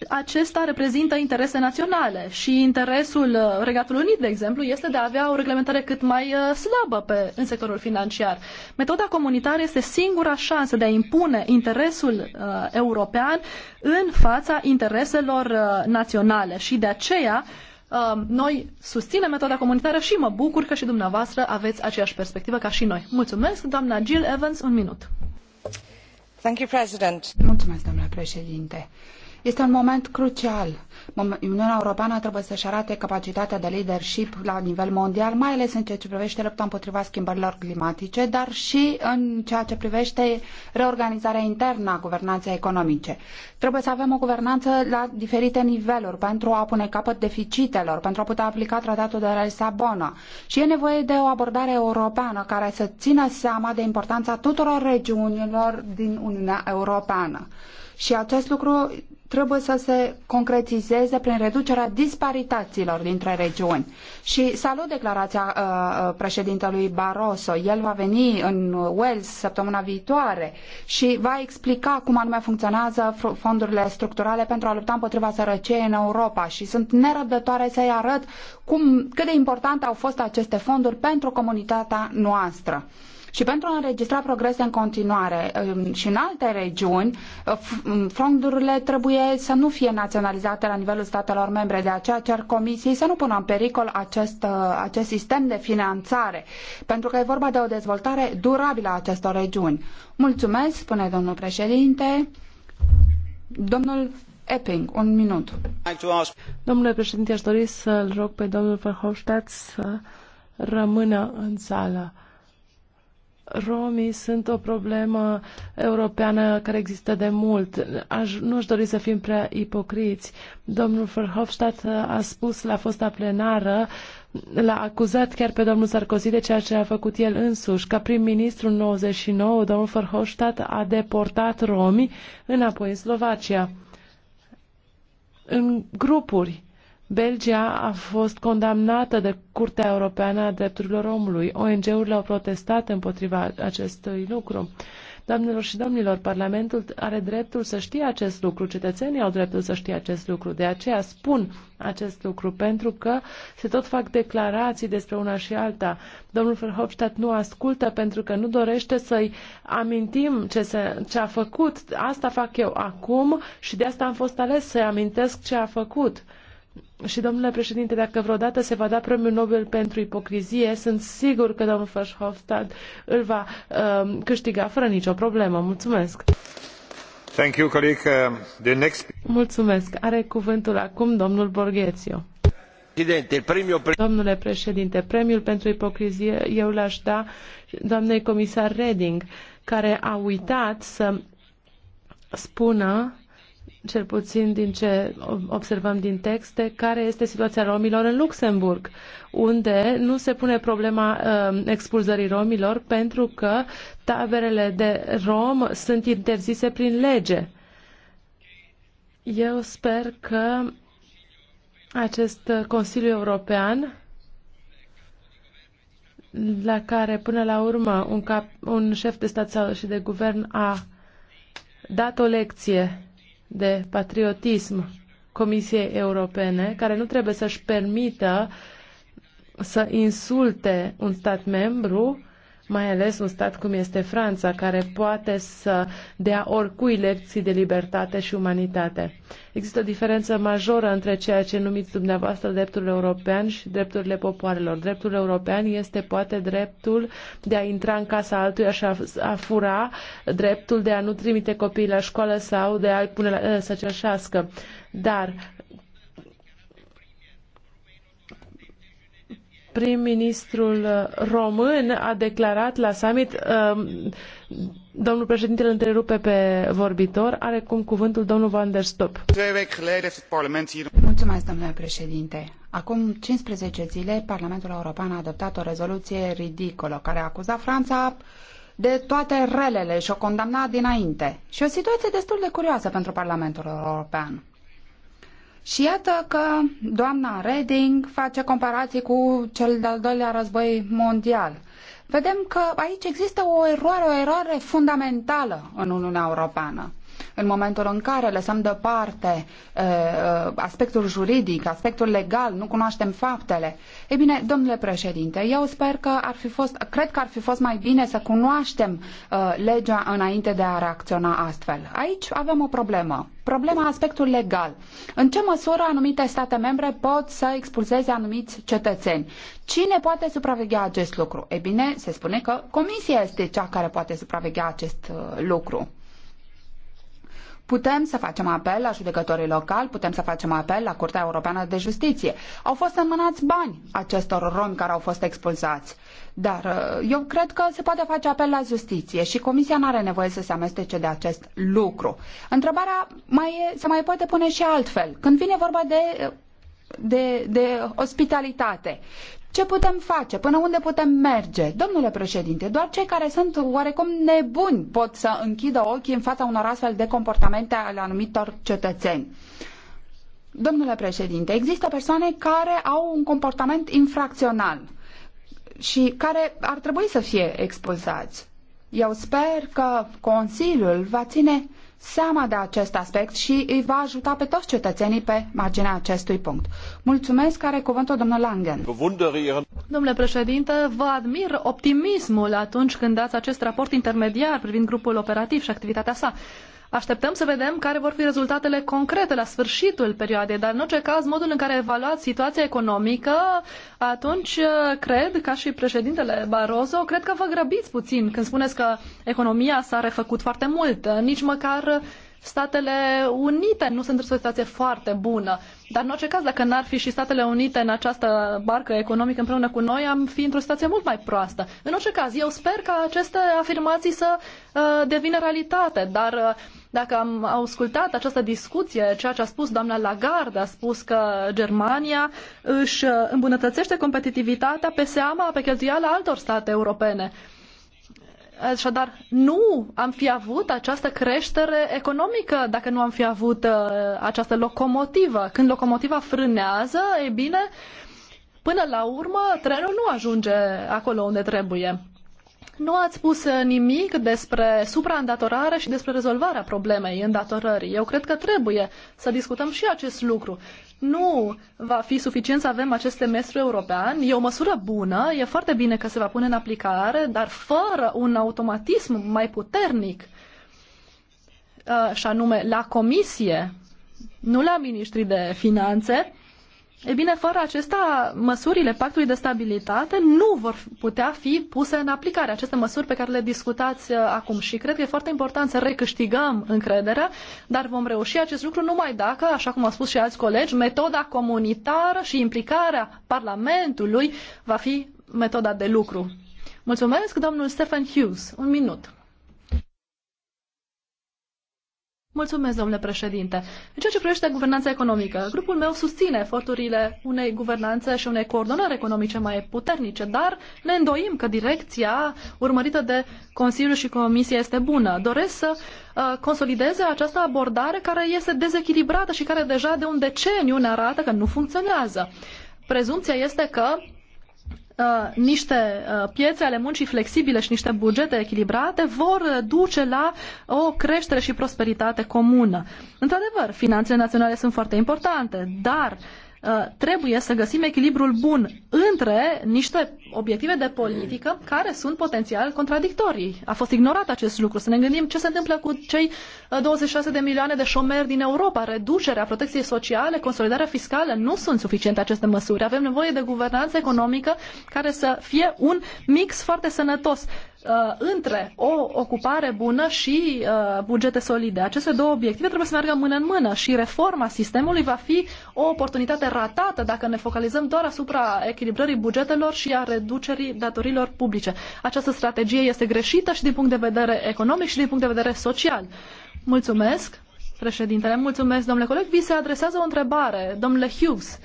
acesta reprezintă interese naționale și interesul uh, Regatului Unit, de exemplu, este de a avea o reglementare cât mai uh, slabă pe, în sectorul financiar. Metoda comunitară este singura șansă de a impune interesul uh, european în fața intereselor uh, naționale și de aceea uh, noi susținem metoda comunitară și mă bucur că și dumneavoastră aveți aceeași perspectivă ca și noi. Mulțumesc, doamna Jill Evans, un minut. Thank you, President. Mulțumesc, doamna președinte. Este un moment crucial. Uniunea Europeană trebuie să-și arate capacitatea de leadership la nivel mondial, mai ales în ceea ce privește lupta împotriva schimbărilor climatice, dar și în ceea ce privește reorganizarea internă a guvernanței economice. Trebuie să avem o guvernanță la diferite niveluri pentru a pune capăt deficitelor, pentru a putea aplica tratatul de la Lisabona. Și e nevoie de o abordare europeană care să țină seama de importanța tuturor regiunilor din Uniunea Europeană. Și acest lucru trebuie să se concretizeze prin reducerea disparităților dintre regiuni. Și salut declarația uh, uh președintelui Barroso. El va veni în Wales săptămâna viitoare și va explica cum anume funcționează fondurile structurale pentru a lupta împotriva sărăciei în Europa. Și sunt nerăbdătoare să-i arăt cum, cât de importante au fost aceste fonduri pentru comunitatea noastră. Și pentru a înregistra progrese în continuare și în alte regiuni, fondurile trebuie să nu fie naționalizate la nivelul statelor membre. De aceea cer comisiei să nu pună în pericol acest, uh, acest sistem de finanțare, pentru că e vorba de o dezvoltare durabilă a acestor regiuni. Mulțumesc, spune domnul președinte. Domnul Epping, un minut. Domnule președinte, aș dori să-l rog pe domnul Verhofstadt să rămână în sală. Romii sunt o problemă europeană care există de mult. Aș, nu aș dori să fim prea ipocriți. Domnul Verhofstadt a spus la fosta plenară, l-a acuzat chiar pe domnul Sarkozy de ceea ce a făcut el însuși. Ca prim-ministru în 99, domnul Verhofstadt a deportat romii înapoi în Slovacia. În grupuri Belgia a fost condamnată de Curtea Europeană a Drepturilor Omului. ONG-urile au protestat împotriva acestui lucru. Doamnelor și domnilor, Parlamentul are dreptul să știe acest lucru, cetățenii au dreptul să știe acest lucru, de aceea spun acest lucru, pentru că se tot fac declarații despre una și alta. Domnul Verhofstadt nu ascultă pentru că nu dorește să-i amintim ce, se, ce a făcut. Asta fac eu acum și de asta am fost ales să-i amintesc ce a făcut. Și, domnule președinte, dacă vreodată se va da premiul Nobel pentru ipocrizie, sunt sigur că domnul Verhofstadt îl va uh, câștiga fără nicio problemă. Mulțumesc! Thank you, colleague. Uh, the next... Mulțumesc. Are cuvântul acum domnul Borghețiu. Premiul... Domnule președinte, premiul pentru ipocrizie eu l-aș da doamnei comisar Reding, care a uitat să spună cel puțin din ce observăm din texte, care este situația romilor în Luxemburg, unde nu se pune problema um, expulzării romilor pentru că taberele de rom sunt interzise prin lege. Eu sper că acest Consiliu European la care până la urmă un, cap, un șef de stat sau și de guvern a dat o lecție de patriotism Comisiei Europene, care nu trebuie să-și permită să insulte un stat membru mai ales un stat cum este Franța, care poate să dea oricui lecții de libertate și umanitate. Există o diferență majoră între ceea ce numiți dumneavoastră dreptul european și drepturile popoarelor. Dreptul european este poate dreptul de a intra în casa altuia și a, a fura, dreptul de a nu trimite copiii la școală sau de a-i pune la, să cerșească. Dar prim-ministrul uh, român a declarat la summit, um, domnul președinte îl întrerupe pe vorbitor, are cum cuvântul domnul Van der Stop. Mulțumesc, domnule președinte. Acum 15 zile, Parlamentul European a adoptat o rezoluție ridicolă care a acuzat Franța de toate relele și o condamna dinainte. Și o situație destul de curioasă pentru Parlamentul European. Și iată că doamna Reding face comparații cu cel de-al doilea război mondial. Vedem că aici există o eroare, o eroare fundamentală în Uniunea Europeană în momentul în care lăsăm deoparte aspectul juridic, aspectul legal, nu cunoaștem faptele. Ei bine, domnule președinte, eu sper că ar fi fost, cred că ar fi fost mai bine să cunoaștem legea înainte de a reacționa astfel. Aici avem o problemă. Problema aspectul legal. În ce măsură anumite state membre pot să expulzeze anumiți cetățeni? Cine poate supraveghea acest lucru? Ei bine, se spune că Comisia este cea care poate supraveghea acest lucru. Putem să facem apel la judecătorii locali, putem să facem apel la Curtea Europeană de Justiție. Au fost înmânați bani acestor romi care au fost expulzați. Dar uh, eu cred că se poate face apel la justiție și Comisia nu are nevoie să se amestece de acest lucru. Întrebarea mai e, se mai poate pune și altfel. Când vine vorba de uh, de, de ospitalitate. Ce putem face? Până unde putem merge? Domnule președinte, doar cei care sunt oarecum nebuni pot să închidă ochii în fața unor astfel de comportamente ale anumitor cetățeni. Domnule președinte, există persoane care au un comportament infracțional și care ar trebui să fie expulsați. Eu sper că Consiliul va ține seama de acest aspect și îi va ajuta pe toți cetățenii pe marginea acestui punct. Mulțumesc, care cuvântul domnul Langen. Domnule președinte, vă admir optimismul atunci când dați acest raport intermediar privind grupul operativ și activitatea sa. Așteptăm să vedem care vor fi rezultatele concrete la sfârșitul perioadei, dar în orice caz, modul în care evaluați situația economică, atunci uh, cred, ca și președintele Barroso, cred că vă grăbiți puțin când spuneți că economia s-a refăcut foarte mult, uh, nici măcar Statele Unite nu sunt într-o situație foarte bună. Dar în orice caz, dacă n-ar fi și Statele Unite în această barcă economică împreună cu noi, am fi într-o situație mult mai proastă. În orice caz, eu sper ca aceste afirmații să uh, devină realitate, dar uh, dacă am ascultat această discuție, ceea ce a spus doamna Lagarde, a spus că Germania își uh, îmbunătățește competitivitatea pe seama, pe cheltuială altor state europene. Așadar, nu am fi avut această creștere economică dacă nu am fi avut uh, această locomotivă. Când locomotiva frânează, e bine, până la urmă, trenul nu ajunge acolo unde trebuie. Nu ați spus uh, nimic despre supraîndatorare și despre rezolvarea problemei îndatorării. Eu cred că trebuie să discutăm și acest lucru. Nu va fi suficient să avem acest semestru european. E o măsură bună, e foarte bine că se va pune în aplicare, dar fără un automatism mai puternic, uh, și anume la comisie, nu la ministrii de finanțe, E bine, fără acestea măsurile pactului de stabilitate nu vor putea fi puse în aplicare, aceste măsuri pe care le discutați uh, acum. Și cred că e foarte important să recâștigăm încrederea, dar vom reuși acest lucru numai dacă, așa cum au spus și alți colegi, metoda comunitară și implicarea Parlamentului va fi metoda de lucru. Mulțumesc, domnul Stephen Hughes. Un minut. Mulțumesc, domnule președinte. În ceea ce privește guvernanța economică, grupul meu susține eforturile unei guvernanțe și unei coordonări economice mai puternice, dar ne îndoim că direcția urmărită de Consiliu și Comisie este bună. Doresc să uh, consolideze această abordare care este dezechilibrată și care deja de un deceniu ne arată că nu funcționează. Prezumția este că Uh, niște uh, piețe ale muncii flexibile și niște bugete echilibrate vor uh, duce la o creștere și prosperitate comună. Într-adevăr, finanțele naționale sunt foarte importante, dar uh, Uh, trebuie să găsim echilibrul bun între niște obiective de politică care sunt potențial contradictorii. A fost ignorat acest lucru. Să ne gândim ce se întâmplă cu cei 26 uh, de milioane de șomeri din Europa. Reducerea protecției sociale, consolidarea fiscală, nu sunt suficiente aceste măsuri. Avem nevoie de guvernanță economică care să fie un mix foarte sănătos Uh, între o ocupare bună și uh, bugete solide. Aceste două obiective trebuie să meargă mână în mână și reforma sistemului va fi o oportunitate ratată dacă ne focalizăm doar asupra echilibrării bugetelor și a reducerii datorilor publice. Această strategie este greșită și din punct de vedere economic și din punct de vedere social. Mulțumesc! Președintele, mulțumesc, domnule coleg. Vi se adresează o întrebare. Domnule Hughes,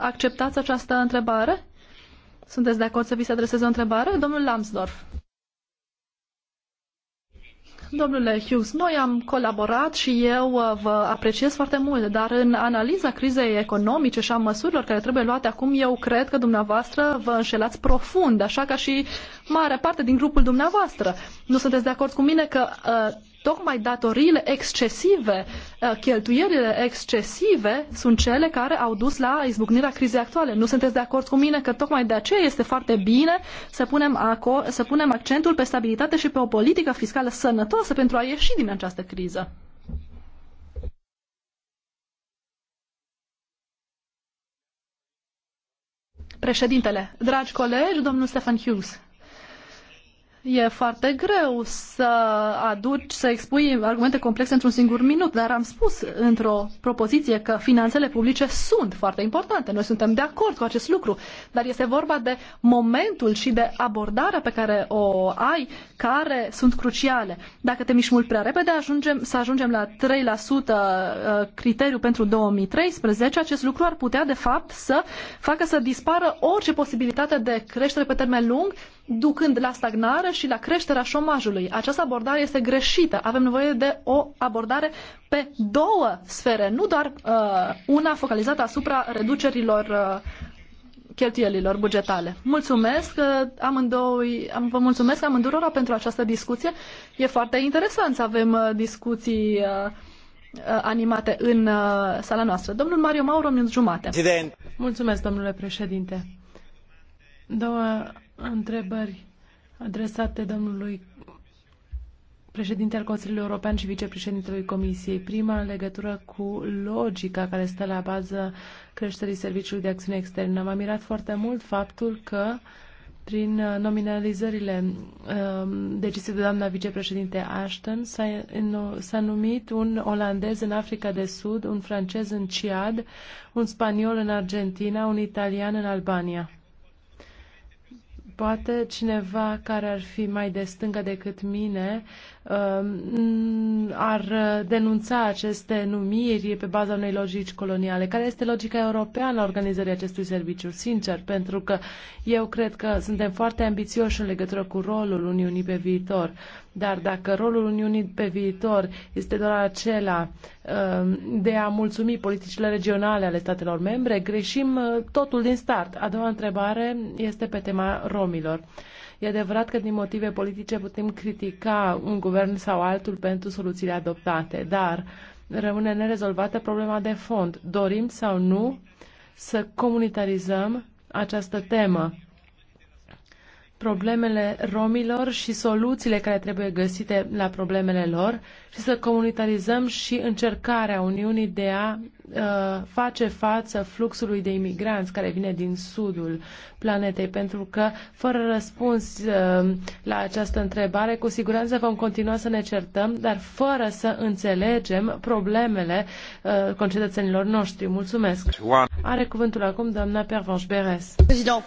acceptați această întrebare? Sunteți de acord să vi se adreseze o întrebare? Domnul Lambsdorff. Domnule Hughes, noi am colaborat și eu uh, vă apreciez foarte mult, dar în analiza crizei economice și a măsurilor care trebuie luate acum, eu cred că dumneavoastră vă înșelați profund, așa ca și mare parte din grupul dumneavoastră. Nu sunteți de acord cu mine că uh, tocmai datoriile excesive, uh, cheltuielile excesive sunt cele care au dus la izbucnirea crizei actuale. Nu sunteți de acord cu mine că tocmai de aceea este foarte bine să punem, să punem accentul pe stabilitate și pe o politică fiscală sănătoasă pentru a ieși din această criză? Președintele, dragi colegi, domnul Stefan Hughes. E foarte greu să aduci, să expui argumente complexe într-un singur minut, dar am spus într-o propoziție că finanțele publice sunt foarte importante. Noi suntem de acord cu acest lucru, dar este vorba de momentul și de abordarea pe care o ai, care sunt cruciale. Dacă te miști mult prea repede, ajungem, să ajungem la 3% uh, criteriu pentru 2013, acest lucru ar putea, de fapt, să facă să dispară orice posibilitate de creștere pe termen lung ducând la stagnare și la creșterea șomajului. Această abordare este greșită. Avem nevoie de o abordare pe două sfere, nu doar uh, una focalizată asupra reducerilor uh, cheltuielilor bugetale. Mulțumesc uh, amândoi, am, vă mulțumesc amândurora pentru această discuție. E foarte interesant să avem uh, discuții uh, uh animate în uh, sala noastră. Domnul Mario Mauro, minut jumate. Mulțumesc, domnule președinte. Două întrebări adresate domnului președinte al Consiliului European și vicepreședintelui Comisiei. Prima în legătură cu logica care stă la bază creșterii Serviciului de Acțiune Externă. M-a mirat foarte mult faptul că prin uh, nominalizările um, decise de doamna vicepreședinte Ashton s-a numit un olandez în Africa de Sud, un francez în Ciad, un spaniol în Argentina, un italian în Albania. Poate cineva care ar fi mai de stânga decât mine Ehm, ar denunța aceste numiri pe baza unei logici coloniale. Care este logica europeană a organizării acestui serviciu? Sincer, pentru că eu cred că suntem foarte ambițioși în legătură cu rolul Uniunii pe viitor. Dar dacă rolul Uniunii pe viitor este doar acela ehm, de a mulțumi politicile regionale ale statelor membre, greșim eh, totul din start. A doua întrebare este pe tema romilor. E adevărat că din motive politice putem critica un guvern sau altul pentru soluțiile adoptate, dar rămâne nerezolvată problema de fond. Dorim sau nu să comunitarizăm această temă problemele romilor și soluțiile care trebuie găsite la problemele lor și să comunitarizăm și încercarea Uniunii de a uh, face față fluxului de imigranți care vine din sudul planetei, pentru că fără răspuns uh, la această întrebare, cu siguranță vom continua să ne certăm, dar fără să înțelegem problemele uh, concetățenilor noștri. Mulțumesc! Are cuvântul acum doamna Pervanș Beres. Președinte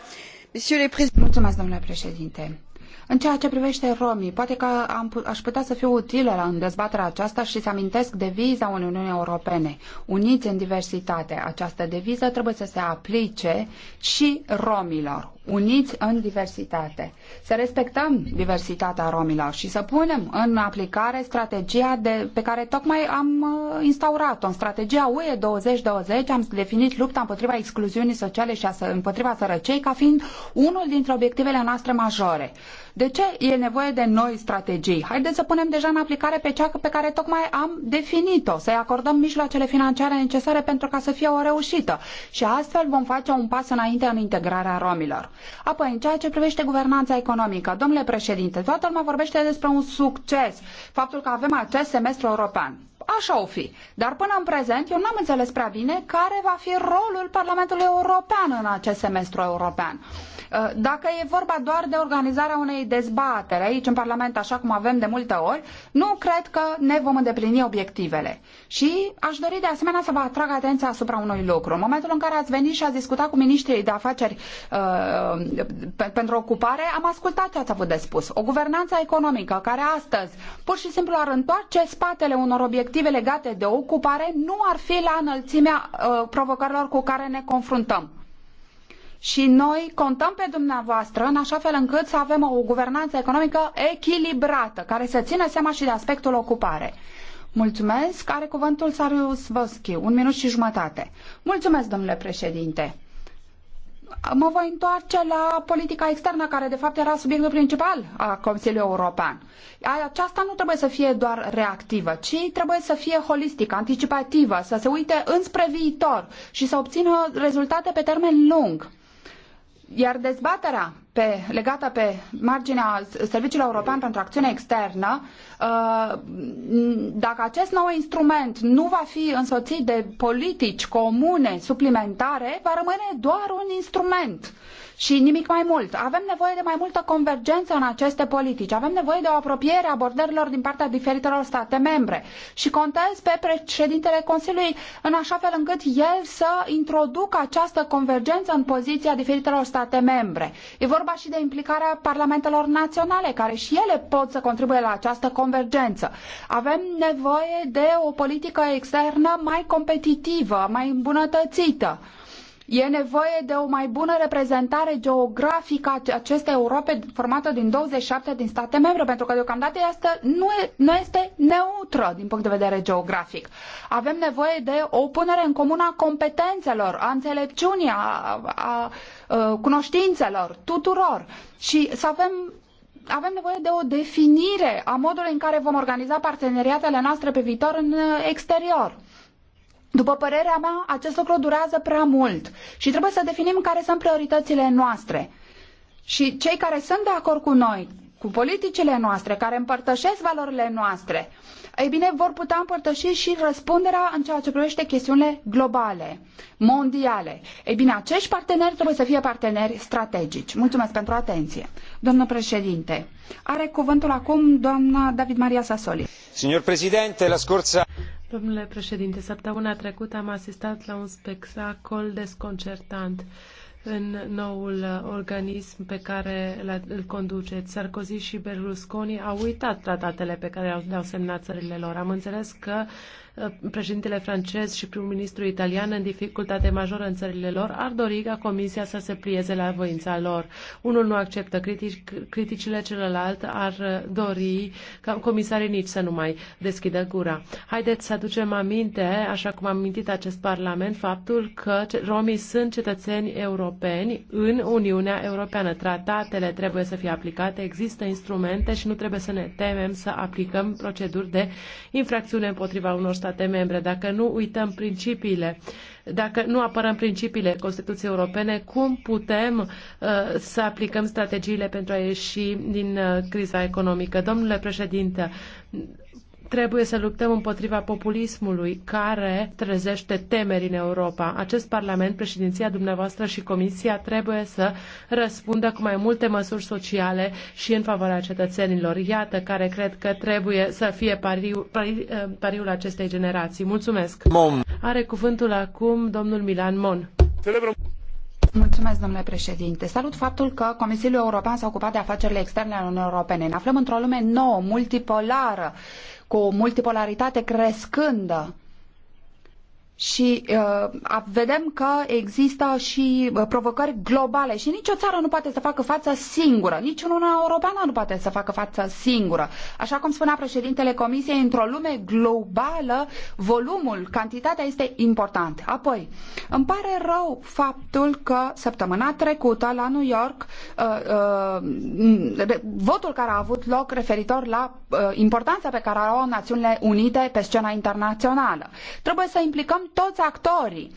domnule președinte. În ceea ce privește romii, poate că am, aș putea să fiu utilă la, în dezbaterea aceasta și să amintesc deviza Uniunii Europene. Uniți în diversitate. Această deviză trebuie să se aplice și romilor uniți în diversitate, să respectăm diversitatea romilor și să punem în aplicare strategia de, pe care tocmai am uh, instaurat-o. În strategia UE 2020 am definit lupta împotriva excluziunii sociale și a, împotriva sărăcei ca fiind unul dintre obiectivele noastre majore. De ce e nevoie de noi strategii? Haideți să punem deja în aplicare pe cea pe care tocmai am definit-o, să-i acordăm mijloacele financiare necesare pentru ca să fie o reușită. Și astfel vom face un pas înainte în integrarea romilor. Apoi, în ceea ce privește guvernanța economică, domnule președinte, toată lumea vorbește despre un succes, faptul că avem acest semestru european. Așa o fi. Dar până în prezent eu n-am înțeles prea bine care va fi rolul Parlamentului European în acest semestru european. Uh, dacă e vorba doar de organizarea unei dezbatere aici în Parlament, așa cum avem de multe ori, nu cred că ne vom îndeplini obiectivele. Și aș dori de asemenea să vă atrag atenția asupra unui lucru. În momentul în care ați venit și ați discutat cu ministrii de afaceri uh, pe, pentru ocupare, am ascultat ce ați avut de spus. O guvernanță economică care astăzi pur și simplu ar întoarce spatele unor obiective legate de ocupare nu ar fi la înălțimea uh, provocărilor cu care ne confruntăm și noi contăm pe dumneavoastră în așa fel încât să avem o guvernanță economică echilibrată, care să țină seama și de aspectul ocupare. Mulțumesc. Are cuvântul Sarius Voschi. Un minut și jumătate. Mulțumesc, domnule președinte. Mă voi întoarce la politica externă, care de fapt era subiectul principal al Consiliului European. Aceasta nu trebuie să fie doar reactivă, ci trebuie să fie holistică, anticipativă, să se uite înspre viitor și să obțină rezultate pe termen lung. Iar dezbaterea pe, legată pe marginea Serviciului European pentru Acțiune Externă, uh, dacă acest nou instrument nu va fi însoțit de politici comune suplimentare, va rămâne doar un instrument și nimic mai mult. Avem nevoie de mai multă convergență în aceste politici. Avem nevoie de o apropiere a abordărilor din partea diferitelor state membre. Și contez pe președintele Consiliului în așa fel încât el să introducă această convergență în poziția diferitelor state membre. E vorba și de implicarea parlamentelor naționale, care și ele pot să contribuie la această convergență. Avem nevoie de o politică externă mai competitivă, mai îmbunătățită. E nevoie de o mai bună reprezentare geografică a acestei Europe formată din 27 din state membre, pentru că deocamdată este, nu, e, nu este neutră din punct de vedere geografic. Avem nevoie de o punere în comun a competențelor, a înțelepciunii, a, a, a, a ă, cunoștințelor tuturor și să avem avem nevoie de o definire a modului în care vom organiza parteneriatele noastre pe viitor în ă, exterior. După părerea mea, acest lucru durează prea mult și trebuie să definim care sunt prioritățile noastre. Și cei care sunt de acord cu noi, cu politicile noastre, care împărtășesc valorile noastre, ei bine, vor putea împărtăși și răspunderea în ceea ce privește chestiunile globale, mondiale. Ei bine, acești parteneri trebuie să fie parteneri strategici. Mulțumesc pentru atenție. Domnul președinte, are cuvântul acum doamna David Maria Sassoli. Signor președinte, la scorsa... Domnule președinte, săptămâna trecută am asistat la un spectacol desconcertant în noul organism pe care îl conduceți. Sarkozy și Berlusconi au uitat tratatele pe care le-au semnat țările lor. Am înțeles că președintele francez și primul ministru italian în dificultate majoră în țările lor ar dori ca Comisia să se plieze la voința lor. Unul nu acceptă critic, criticile, celălalt ar dori ca comisarii nici să nu mai deschidă gura. Haideți să aducem aminte, așa cum am mintit acest Parlament, faptul că romii sunt cetățeni europeni în Uniunea Europeană. Tratatele trebuie să fie aplicate, există instrumente și nu trebuie să ne temem să aplicăm proceduri de infracțiune împotriva unor state membre, dacă nu uităm principiile, dacă nu apărăm principiile Constituției Europene, cum putem uh, să aplicăm strategiile pentru a ieși din uh, criza economică? Domnule președinte, Trebuie să luptăm împotriva populismului care trezește temeri în Europa. Acest Parlament, președinția dumneavoastră și Comisia trebuie să răspundă cu mai multe măsuri sociale și în favoarea cetățenilor. Iată care cred că trebuie să fie pariu, eh, pariul acestei generații. Mulțumesc! Mon Are cuvântul acum domnul Milan Mon. Celebrăm. Mulțumesc, domnule președinte. Salut faptul că Consiliul European s-a ocupat de afacerile externe ale Uniunii Europene. Ne aflăm într-o lume nouă, multipolară, cu o multipolaritate crescândă și uh, vedem că există și uh, provocări globale și nicio țară nu poate să facă față singură, nici Uniunea Europeană nu poate să facă față singură. Așa cum spunea președintele Comisiei, într-o lume globală, volumul, cantitatea este important. Apoi, îmi pare rău faptul că săptămâna trecută la New York uh, uh, votul care a avut loc referitor la uh, importanța pe care o au Națiunile Unite pe scena internațională. Trebuie să implicăm toți actorii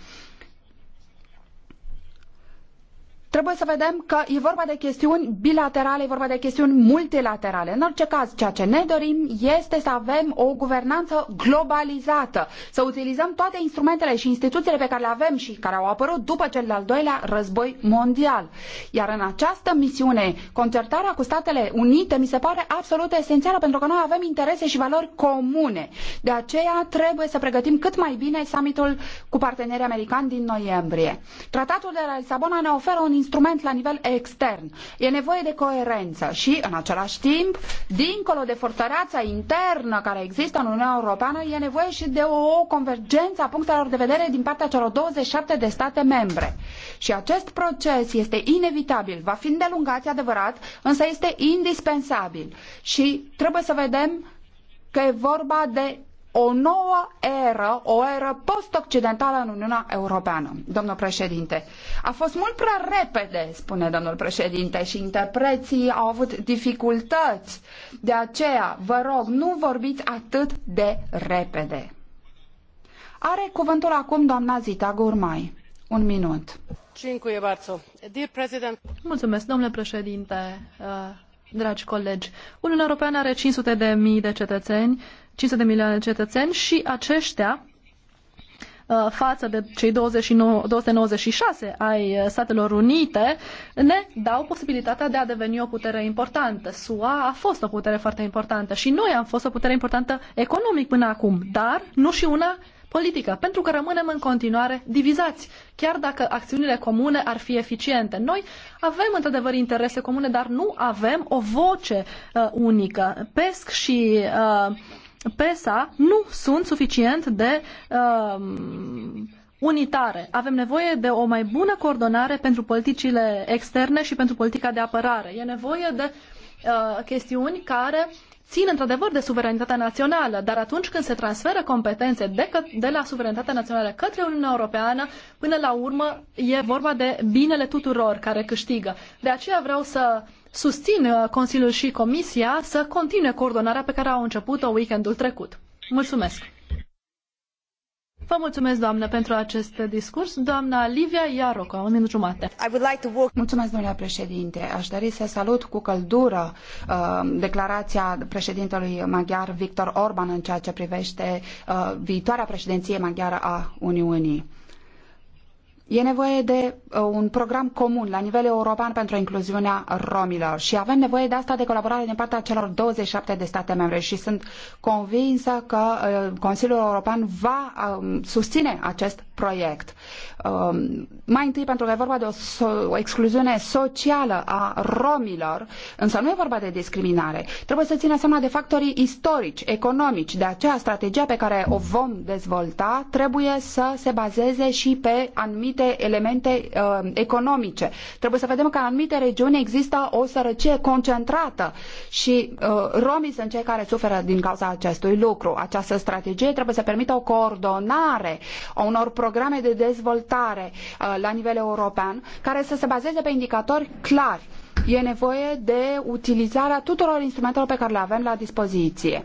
Trebuie să vedem că e vorba de chestiuni bilaterale, e vorba de chestiuni multilaterale. În orice caz, ceea ce ne dorim este să avem o guvernanță globalizată, să utilizăm toate instrumentele și instituțiile pe care le avem și care au apărut după cel de-al doilea război mondial. Iar în această misiune, concertarea cu Statele Unite mi se pare absolut esențială pentru că noi avem interese și valori comune. De aceea trebuie să pregătim cât mai bine summitul cu partenerii americani din noiembrie. Tratatul de la Lisabona ne oferă un instrument la nivel extern. E nevoie de coerență și, în același timp, dincolo de fortăreața internă care există în Uniunea Europeană, e nevoie și de o convergență a punctelor de vedere din partea celor 27 de state membre. Și acest proces este inevitabil, va fi îndelungat, adevărat, însă este indispensabil. Și trebuie să vedem că e vorba de o nouă eră, o eră post-occidentală în Uniunea Europeană, domnul președinte. A fost mult prea repede, spune domnul președinte, și interpreții au avut dificultăți. De aceea, vă rog, nu vorbiți atât de repede. Are cuvântul acum doamna Zita Gurmai. Un minut. Mulțumesc, domnule președinte, dragi colegi. Uniunea Europeană are 500 de mii de cetățeni, 500 de milioane de cetățeni și aceștia uh, față de cei 29, 296 ai uh, Statelor Unite, ne dau posibilitatea de a deveni o putere importantă. SUA a fost o putere foarte importantă și noi am fost o putere importantă economic până acum, dar nu și una politică, pentru că rămânem în continuare divizați, chiar dacă acțiunile comune ar fi eficiente. Noi avem într-adevăr interese comune, dar nu avem o voce uh, unică. PESC și uh, PESA nu sunt suficient de uh, unitare. Avem nevoie de o mai bună coordonare pentru politicile externe și pentru politica de apărare. E nevoie de uh, chestiuni care țin într-adevăr de suveranitatea națională, dar atunci când se transferă competențe de, că, de la suveranitatea națională către Uniunea Europeană, până la urmă e vorba de binele tuturor care câștigă. De aceea vreau să uh, susțin uh, Consiliul și Comisia să continue coordonarea pe care au început-o weekendul trecut. Mulțumesc! Vă mulțumesc, doamnă, pentru acest discurs. Doamna Livia Iaroca, un minut jumate. Mulțumesc, domnule președinte. Aș dori să salut cu căldură uh, declarația președintelui maghiar Victor Orban în ceea ce privește uh, viitoarea președinție maghiară a Uniunii. E nevoie de uh, un program comun la nivel european pentru incluziunea romilor și avem nevoie de asta de colaborare din partea celor 27 de state membre și sunt convinsă că uh, Consiliul European va uh, susține acest proiect. Um, mai întâi pentru că e vorba de o, so- o excluziune socială a romilor, însă nu e vorba de discriminare. Trebuie să ținem seama de factorii istorici, economici. De aceea strategia pe care o vom dezvolta trebuie să se bazeze și pe anumite elemente uh, economice. Trebuie să vedem că în anumite regiuni există o sărăcie concentrată și uh, romii sunt cei care suferă din cauza acestui lucru. Această strategie trebuie să permită o coordonare a unor programe de dezvoltare uh, la nivel european care să se bazeze pe indicatori clari. E nevoie de utilizarea tuturor instrumentelor pe care le avem la dispoziție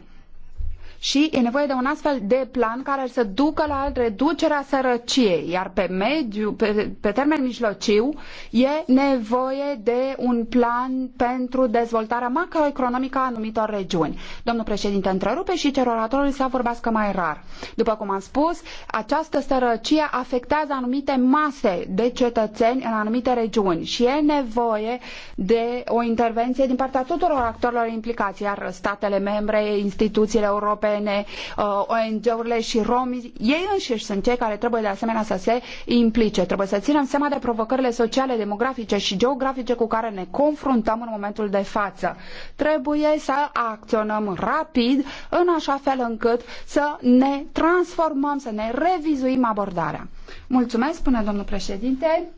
și e nevoie de un astfel de plan care să ducă la reducerea sărăciei, iar pe, mediu, pe, pe termen mijlociu e nevoie de un plan pentru dezvoltarea macroeconomică a anumitor regiuni. Domnul președinte întrerupe și cer oratorului să vorbească mai rar. După cum am spus, această sărăcie afectează anumite mase de cetățeni în anumite regiuni și e nevoie de o intervenție din partea tuturor actorilor implicați, iar statele membre, instituțiile europene, Europene, uh, ONG-urile și romii, ei înșiși sunt cei care trebuie de asemenea să se implice. Trebuie să ținem seama de provocările sociale, demografice și geografice cu care ne confruntăm în momentul de față. Trebuie să acționăm rapid în așa fel încât să ne transformăm, să ne revizuim abordarea. Mulțumesc, spune domnul președinte.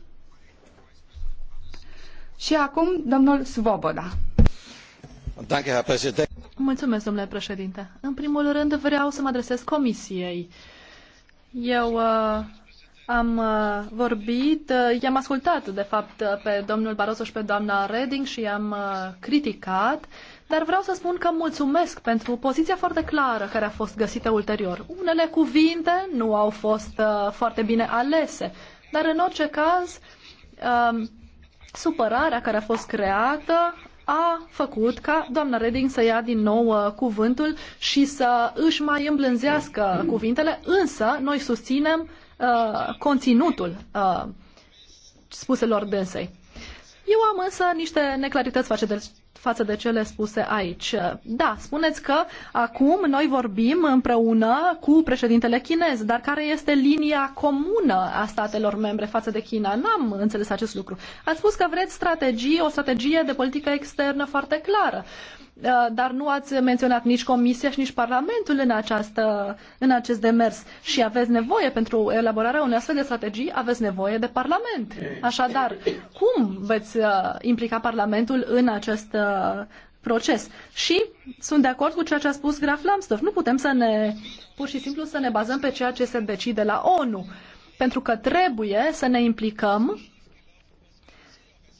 Și acum domnul Svoboda. Mulțumesc, domnule președinte. În primul rând vreau să mă adresez comisiei. Eu uh, am uh, vorbit, uh, i-am ascultat, de fapt, uh, pe domnul Barroso și pe doamna Reding și i-am uh, criticat, dar vreau să spun că mulțumesc pentru poziția foarte clară care a fost găsită ulterior. Unele cuvinte nu au fost uh, foarte bine alese, dar în orice caz, uh, supărarea care a fost creată a făcut ca doamna Reding să ia din nou uh, cuvântul și să își mai îmblânzească cuvintele, însă noi susținem uh, conținutul uh, spuselor dânsei. Eu am însă niște neclarități face de față de cele spuse aici. Da, spuneți că acum noi vorbim împreună cu președintele chinez, dar care este linia comună a statelor membre față de China? N-am înțeles acest lucru. Ați spus că vreți strategii, o strategie de politică externă foarte clară. Uh, Uh, dar nu ați menționat nici Comisia și nici Parlamentul în, această, în acest demers. Și aveți nevoie pentru elaborarea unei astfel de strategii, aveți nevoie de Parlament. Așadar, cum veți uh, implica Parlamentul în acest uh, proces. Și sunt de acord cu ceea ce a spus Graf Lambsdorff. Nu putem să ne, pur și simplu, să ne bazăm pe ceea ce se decide la ONU. Pentru că trebuie să ne implicăm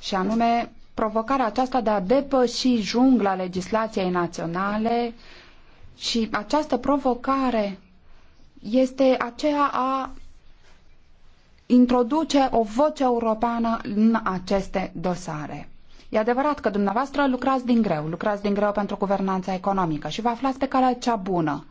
și anume provocarea aceasta de a depăși jungla legislației naționale și această provocare este aceea a introduce o voce europeană în aceste dosare. E adevărat că dumneavoastră lucrați din greu, lucrați din greu pentru guvernanța economică și vă aflați pe calea cea bună.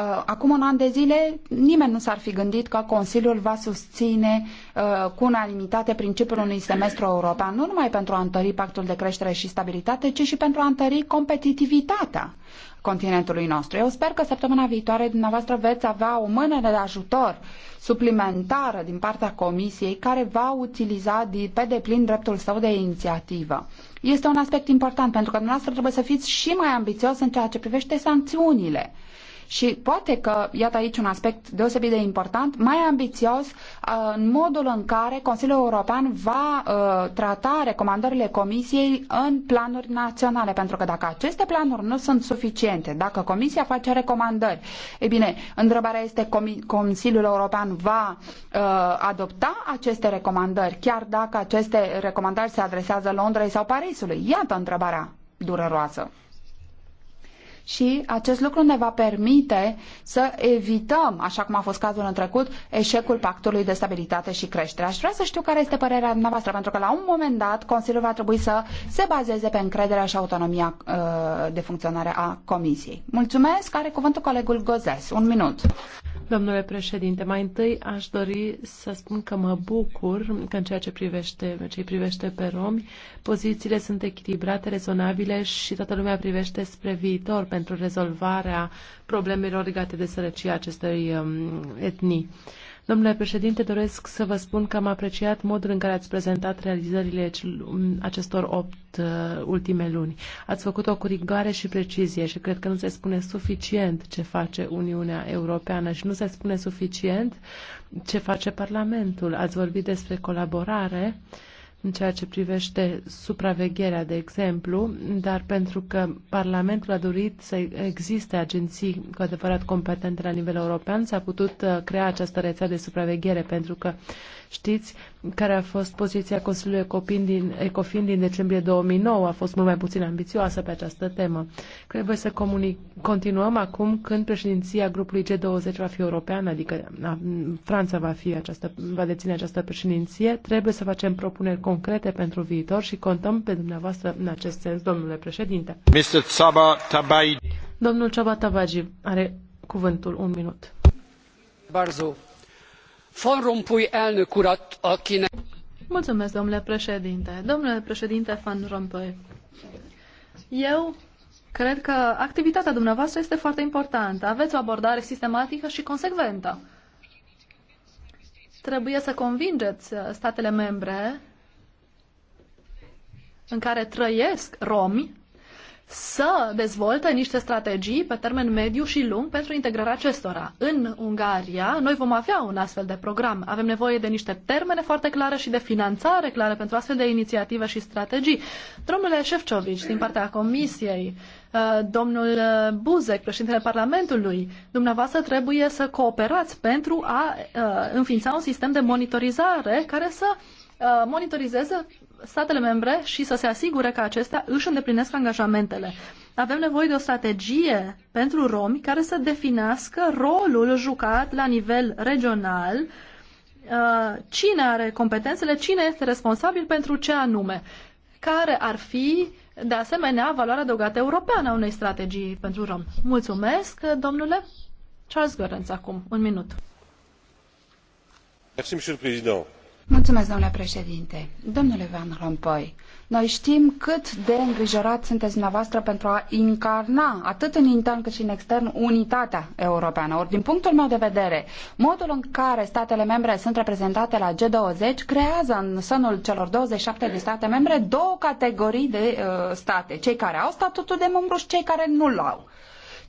Uh, acum un an de zile nimeni nu s-ar fi gândit că Consiliul va susține uh, cu unanimitate principiul unui semestru european, nu numai pentru a întări pactul de creștere și stabilitate, ci și pentru a întări competitivitatea continentului nostru. Eu sper că săptămâna viitoare dumneavoastră veți avea o mână de ajutor suplimentară din partea Comisiei care va utiliza pe deplin dreptul său de inițiativă. Este un aspect important pentru că dumneavoastră trebuie să fiți și mai ambițios în ceea ce privește sancțiunile și poate că, iată aici un aspect deosebit de important, mai ambițios uh, în modul în care Consiliul European va uh, trata recomandările Comisiei în planuri naționale. Pentru că dacă aceste planuri nu sunt suficiente, dacă Comisia face recomandări, e bine, întrebarea este Consiliul European va uh, adopta aceste recomandări, chiar dacă aceste recomandări se adresează Londrei sau Parisului. Iată întrebarea dureroasă și acest lucru ne va permite să evităm, așa cum a fost cazul în trecut, eșecul pactului de stabilitate și creștere. Aș vrea să știu care este părerea dumneavoastră, pentru că la un moment dat Consiliul va trebui să se bazeze pe încrederea și autonomia uh, de funcționare a Comisiei. Mulțumesc, are cuvântul colegul Gozes. Un minut. Domnule președinte, mai întâi aș dori să spun că mă bucur că în ceea ce privește, ce privește pe romi, pozițiile sunt echilibrate, rezonabile și toată lumea privește spre viitor pentru rezolvarea problemelor legate de sărăcia acestei um, etnii. Domnule președinte, doresc să vă spun că am apreciat modul în care ați prezentat realizările acestor opt uh, ultime luni. Ați făcut-o cu rigoare și precizie și cred că nu se spune suficient ce face Uniunea Europeană și nu se spune suficient ce face Parlamentul. Ați vorbit despre colaborare. Uh, în ceea ce privește supravegherea, de exemplu, dar pentru că Parlamentul a dorit să existe agenții cu adevărat competente la nivel european, s-a putut uh, crea această rețea de supraveghere, pentru că Știți care a fost poziția Consiliului Ecofin din, Ecofin din decembrie 2009? A fost mult mai puțin ambițioasă pe această temă. Trebuie să comunic, continuăm acum când președinția grupului G20 va fi europeană, adică Franța va, fi această, va deține această președinție. Trebuie să facem propuneri concrete pentru viitor și contăm pe dumneavoastră în acest sens, domnule președinte. Mr. Domnul Ceaba Tabagi are cuvântul un minut. Barzo Van Rompuy elnök urat, akinek... domnule președinte. Domnule președinte Van Rompuy, eu cred că activitatea dumneavoastră este foarte importantă. Aveți o abordare sistematică și consecventă. Trebuie să convingeți statele membre în care trăiesc romi să dezvoltă niște strategii pe termen mediu și lung pentru integrarea acestora. În Ungaria, noi vom avea un astfel de program. Avem nevoie de niște termene foarte clare și de finanțare clară pentru astfel de inițiative și strategii. Domnule Șefcovici, din partea Comisiei, uh, domnul uh, Buzek, președintele Parlamentului, dumneavoastră trebuie să cooperați pentru a uh, înființa un sistem de monitorizare care să Uh, monitorizeze statele membre și să se asigure că acestea își îndeplinesc angajamentele. Avem nevoie de o strategie pentru romi care să definească rolul jucat la nivel regional, uh, cine are competențele, cine este responsabil pentru ce anume, care ar fi de asemenea valoarea adăugată europeană a unei strategii pentru rom. Mulțumesc, domnule. Charles Gorenț, acum, un minut. Merci, monsieur le président Mulțumesc, domnule președinte. Domnule Van Rompuy, noi știm cât de îngrijorat sunteți dumneavoastră pentru a incarna, atât în intern cât și în extern, unitatea europeană. Ori, din punctul meu de vedere, modul în care statele membre sunt reprezentate la G20 creează în sânul celor 27 de state membre două categorii de uh, state. Cei care au statutul de membru și cei care nu-l au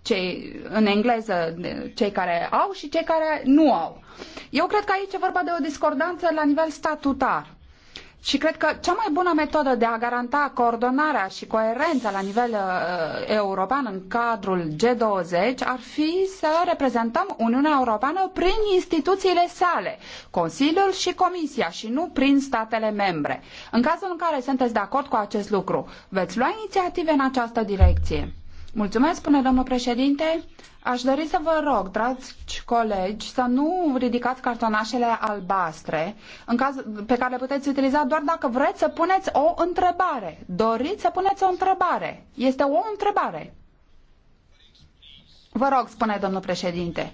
cei în engleză, cei care au și cei care nu au. Eu cred că aici e vorba de o discordanță la nivel statutar. Și cred că cea mai bună metodă de a garanta coordonarea și coerența la nivel uh, european în cadrul G20 ar fi să reprezentăm Uniunea Europeană prin instituțiile sale, Consiliul și Comisia, și nu prin statele membre. În cazul în care sunteți de acord cu acest lucru, veți lua inițiative în această direcție. Mulțumesc, spune domnul președinte. Aș dori să vă rog, dragi colegi, să nu ridicați cartonașele albastre în caz, pe care le puteți utiliza doar dacă vreți să puneți o întrebare. Doriți să puneți o întrebare. Este o întrebare. Vă rog, spune domnul președinte.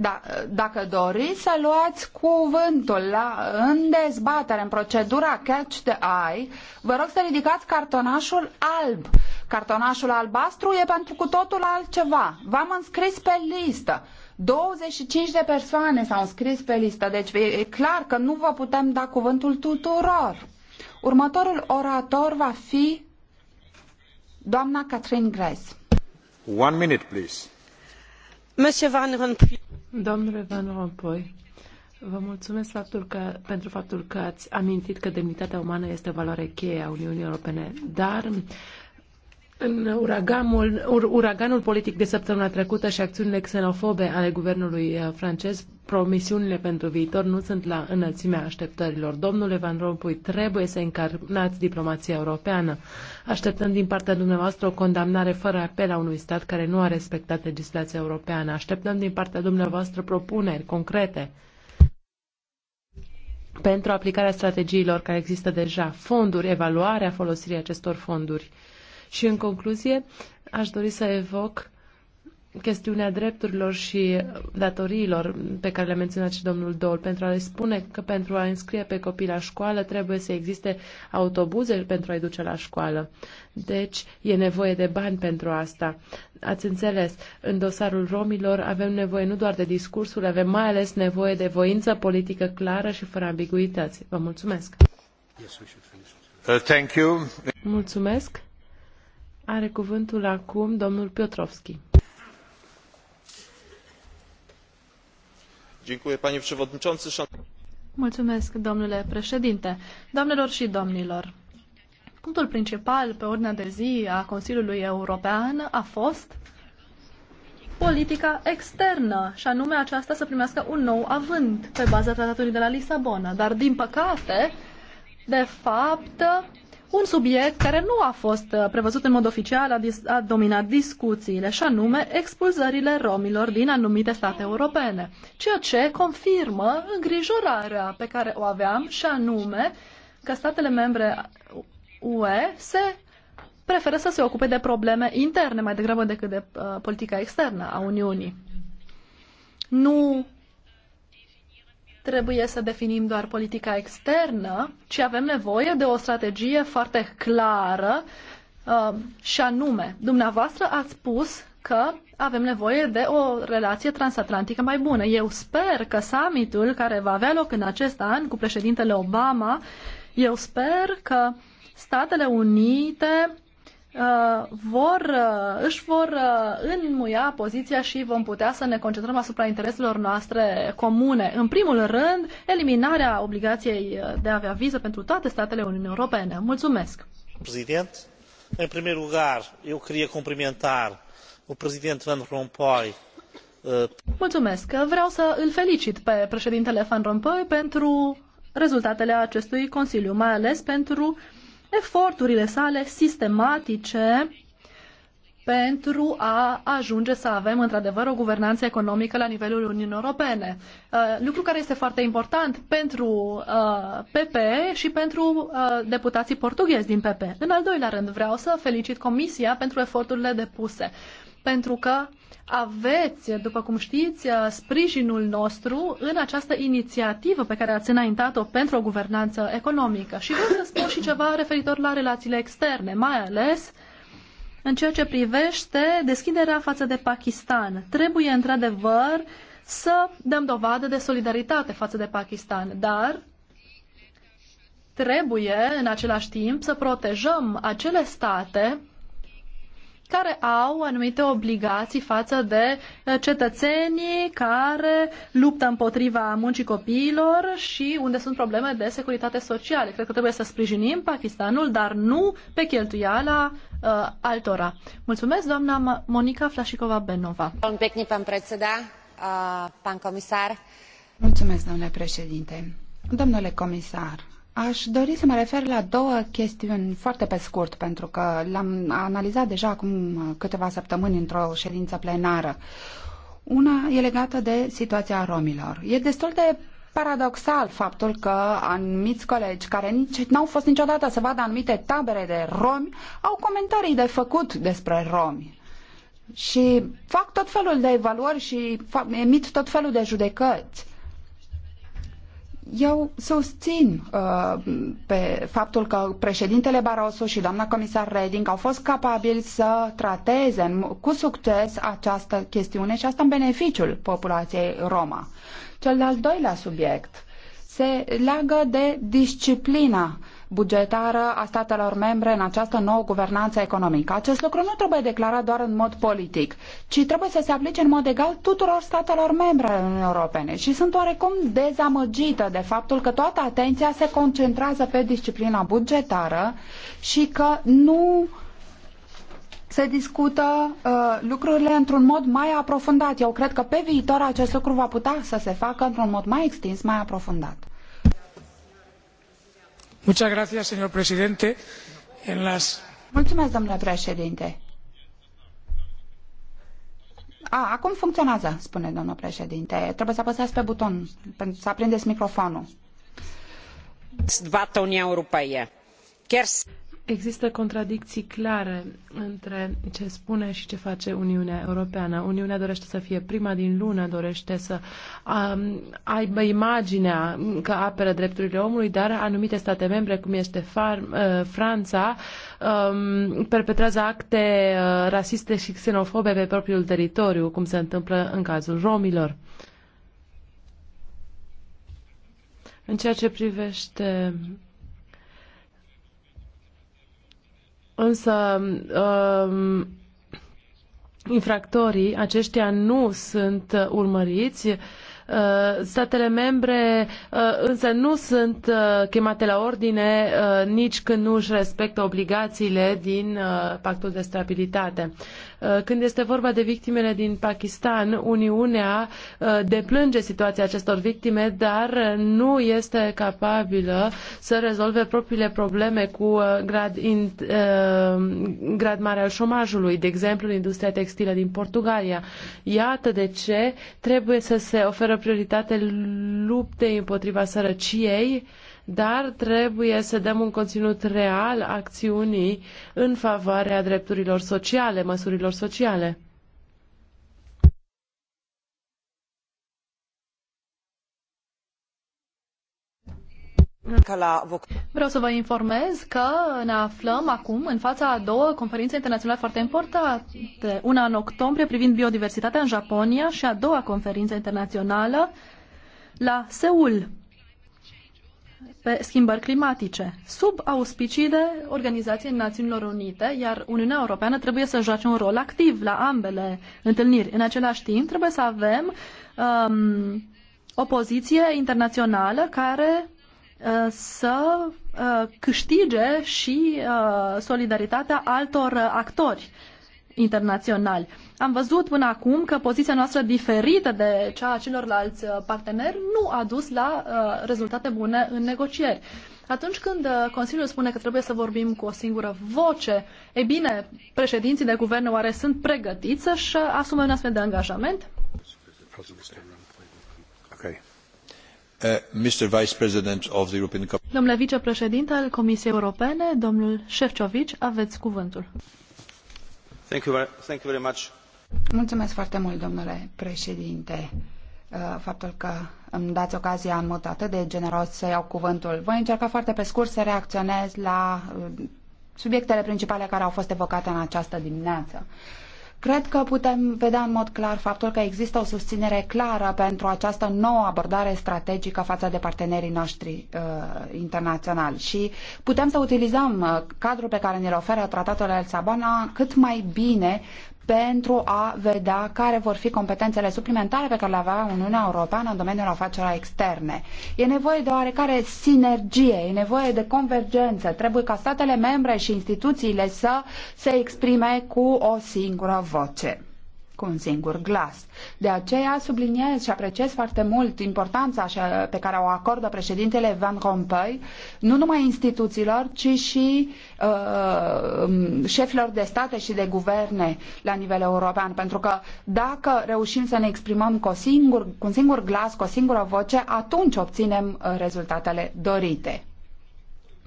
Da, dacă doriți să luați cuvântul la, în dezbatere, în procedura Catch the Eye, vă rog să ridicați cartonașul alb. Cartonașul albastru e pentru cu totul altceva. V-am înscris pe listă. 25 de persoane s-au înscris pe listă, deci e clar că nu vă putem da cuvântul tuturor. Următorul orator va fi doamna Catherine Grace. One minute, please. Monsieur Van Rompuy. Domnule Van Rompuy, vă mulțumesc faptul că, pentru faptul că ați amintit că demnitatea umană este o valoare cheie a Uniunii Europene, dar în uraganul, ur, uraganul politic de săptămâna trecută și acțiunile xenofobe ale guvernului eh, francez promisiunile pentru viitor nu sunt la înălțimea așteptărilor. Domnule Van Rompuy, trebuie să încarnați diplomația europeană. Așteptăm din partea dumneavoastră o condamnare fără apel a unui stat care nu a respectat legislația europeană. Așteptăm din partea dumneavoastră propuneri concrete pentru aplicarea strategiilor care există deja, fonduri, evaluarea folosirii acestor fonduri. Și în concluzie, aș dori să evoc chestiunea drepturilor și datoriilor pe care le menționa și domnul Dol, pentru a le spune că pentru a înscrie pe copii la școală trebuie să existe autobuze pentru a-i duce la școală. Deci e nevoie de bani pentru asta. Ați înțeles, în dosarul romilor avem nevoie nu doar de discursuri, avem mai ales nevoie de voință politică clară și fără ambiguități. Vă mulțumesc! Uh, mulțumesc! Are cuvântul acum domnul Piotrovski. punctul principal pe ordinea de zi a Consiliului European a fost politica externă, și anume aceasta să primească un nou avânt pe baza tratatului de la Lisabona. Dar, din păcate, de fapt, un subiect care nu a fost uh, prevăzut în mod oficial, a, dis- a dominat discuțiile, și anume expulzările romilor din anumite state europene, ceea ce confirmă îngrijorarea pe care o aveam, și anume că statele membre UE se preferă să se ocupe de probleme interne mai degrabă decât de uh, politica externă a Uniunii. Nu trebuie să definim doar politica externă, ci avem nevoie de o strategie foarte clară uh, și anume, dumneavoastră ați spus că avem nevoie de o relație transatlantică mai bună. Eu sper că summitul care va avea loc în acest an cu președintele Obama, eu sper că Statele Unite Uh, vor, uh, își vor uh, înmuia poziția și vom putea să ne concentrăm asupra intereselor noastre comune. În primul rând, eliminarea obligației de a avea viză pentru toate statele Uniunii Europene. Mulțumesc! Președinte, în primul lugar, eu crie complimentar o prezident Van Rompuy Mulțumesc. Vreau să îl felicit pe președintele Van Rompuy pentru rezultatele acestui Consiliu, mai ales pentru uh, eforturile sale sistematice pentru a ajunge să avem într-adevăr o guvernanță economică la nivelul Uniunii Europene. Uh, lucru care este foarte important pentru PP uh, și pentru uh, deputații portughezi din PP. În al doilea rând, vreau să felicit Comisia pentru eforturile depuse pentru că aveți, după cum știți, sprijinul nostru în această inițiativă pe care ați înaintat-o pentru o guvernanță economică. Și vreau să spun și ceva referitor la relațiile externe, mai ales în ceea ce privește deschiderea față de Pakistan. Trebuie, într-adevăr, să dăm dovadă de solidaritate față de Pakistan, dar trebuie, în același timp, să protejăm acele state care au anumite obligații față de uh, cetățenii care luptă împotriva muncii copiilor și unde sunt probleme de securitate socială. Cred că trebuie să sprijinim Pakistanul, dar nu pe cheltuiala uh, altora. Mulțumesc, doamna Monica Flașicova-Benova. Uh, Mulțumesc, domnule președinte. Domnule comisar, Aș dori să mă refer la două chestiuni foarte pe scurt, pentru că l-am analizat deja acum câteva săptămâni într-o ședință plenară. Una e legată de situația romilor. E destul de paradoxal faptul că anumiți colegi care nici n-au fost niciodată să vadă anumite tabere de romi au comentarii de făcut despre romi. Și fac tot felul de evaluări și fac, emit tot felul de judecăți. Eu susțin uh, pe faptul că președintele Barroso și doamna comisar Reding au fost capabili să trateze cu succes această chestiune și asta în beneficiul populației Roma. Cel de-al doilea subiect se leagă de disciplina uh, bugetară a statelor membre în această nouă guvernanță economică. Acest lucru nu trebuie declarat doar în mod politic, ci trebuie să se aplice în mod egal tuturor statelor membre ale Uniunii Europene. Și sunt oarecum dezamăgită de faptul că toată atenția se concentrează pe disciplina bugetară și că nu se discută uh, lucrurile într-un mod mai aprofundat. Eu cred că pe viitor acest lucru va putea să se facă într-un mod mai extins, mai aprofundat señor presidente en las Mulțumesc, domnule președinte. A, acum funcționează, spune domnul președinte. Trebuie să apăsați pe buton, pentru să aprindeți microfonul. Debata Uniunea Europeană. Chiar Există contradicții clare între ce spune și ce face Uniunea Europeană. Uniunea dorește să fie prima din lună, dorește să um, aibă imaginea că apără drepturile omului, dar anumite state membre, cum este Far, uh, Franța, um, perpetrează acte uh, rasiste și xenofobe pe propriul teritoriu, cum se întâmplă în cazul romilor. În ceea ce privește Însă um, infractorii aceștia nu sunt urmăriți. Uh, statele membre uh, însă nu sunt uh, chemate la ordine nici când nu își respectă obligațiile din pactul de stabilitate. Uh, când este vorba de victimele din Pakistan, Uniunea uh, deplânge situația acestor victime, dar nu este capabilă să rezolve propriile probleme cu uh, grad, in, grad mare al șomajului, de exemplu în industria textilă din Portugalia. Iată de ce trebuie să se oferă prioritate luptei împotriva sărăciei, dar trebuie să dăm un conținut real acțiunii în favoarea drepturilor sociale, măsurilor sociale. Vreau să vă informez că ne aflăm acum în fața a două conferințe internaționale foarte importante. Una în octombrie privind biodiversitatea în Japonia și a doua conferință internațională la Seul pe schimbări climatice, sub auspiciile Organizației Națiunilor Unite, iar Uniunea Europeană trebuie să joace un rol activ la ambele întâlniri. În același timp, trebuie să avem um, o poziție internațională care uh, să uh, câștige și uh, solidaritatea altor actori internaționali. Am văzut până acum că poziția noastră diferită de cea a celorlalți uh, parteneri nu a dus la uh, rezultate bune în negocieri. Atunci când uh, Consiliul spune că trebuie să vorbim cu o singură voce, e bine, președinții de guvern oare sunt pregătiți să-și uh, asume un astfel de angajament? Okay. Uh, Mr. Vice President of the European... Domnule vicepreședinte al Comisiei Europene, domnul Șefcovici, aveți cuvântul. Mulțumesc foarte mult, domnule președinte uh, faptul că îmi dați ocazia în mod atât de generos să iau cuvântul. Voi încerca foarte pe scurt să reacționez la uh, subiectele principale care au fost evocate în această dimineață. Cred că putem vedea în mod clar faptul că există o susținere clară pentru această nouă abordare strategică față de partenerii noștri uh, internaționali și putem să utilizăm uh, cadrul pe care ne-l oferă tratatul El Sabona cât mai bine pentru a vedea care vor fi competențele suplimentare pe care le avea Uniunea Europeană în domeniul afacerilor externe. E nevoie de oarecare sinergie, e nevoie de convergență. Trebuie ca statele membre și instituțiile să se exprime cu o singură voce cu un singur glas. De aceea subliniez și apreciez foarte mult importanța uh, pe care o acordă președintele Van Rompuy, nu numai instituțiilor, ci și uh, um, șefilor de state și de guverne la nivel european. Pentru că dacă reușim să ne exprimăm cu, singur, cu un singur glas, cu o singură voce, atunci obținem uh, rezultatele dorite.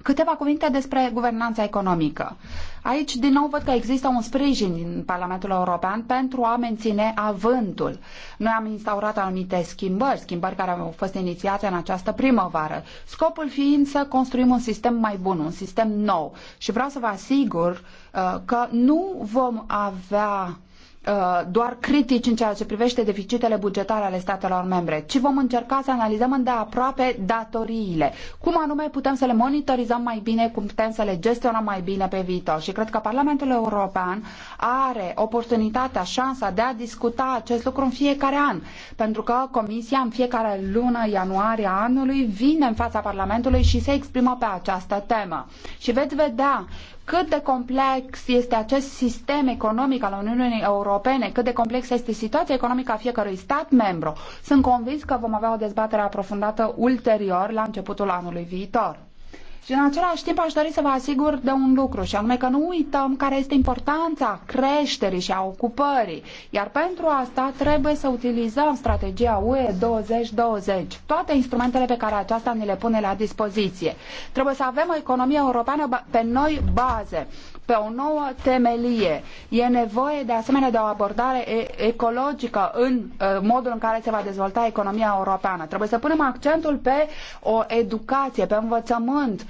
Câteva cuvinte despre guvernanța economică. Aici, din nou, văd că există un sprijin din Parlamentul European pentru a menține avântul. Noi am instaurat anumite schimbări, schimbări care au fost inițiate în această primăvară, scopul fiind să construim un sistem mai bun, un sistem nou. Și vreau să vă asigur uh, că nu vom avea uh, Uh, doar critici în ceea ce privește deficitele bugetare ale statelor membre, ci vom încerca să analizăm îndeaproape datoriile. Cum anume putem să le monitorizăm mai bine, cum putem să le gestionăm mai bine pe viitor. Și cred că Parlamentul European are oportunitatea, șansa de a discuta acest lucru în fiecare an, pentru că Comisia în fiecare lună ianuarie anului vine în fața Parlamentului și se exprimă pe această temă. Și veți vedea cât de complex este acest sistem economic al Uniunii Europene, cât de complexă este situația economică a fiecărui stat membru. Sunt convins că vom avea o dezbatere aprofundată ulterior la începutul anului viitor. Și în același timp aș dori să vă asigur de un lucru, și anume că nu uităm care este importanța creșterii și a ocupării. Iar pentru asta trebuie să utilizăm strategia UE 2020, toate instrumentele pe care aceasta ne le pune la dispoziție. Trebuie să avem o economie europeană pe noi baze pe o nouă temelie. E nevoie de asemenea de o abordare ecologică în uh, modul în care se va dezvolta economia europeană. Trebuie să punem accentul pe o educație, pe învățământ,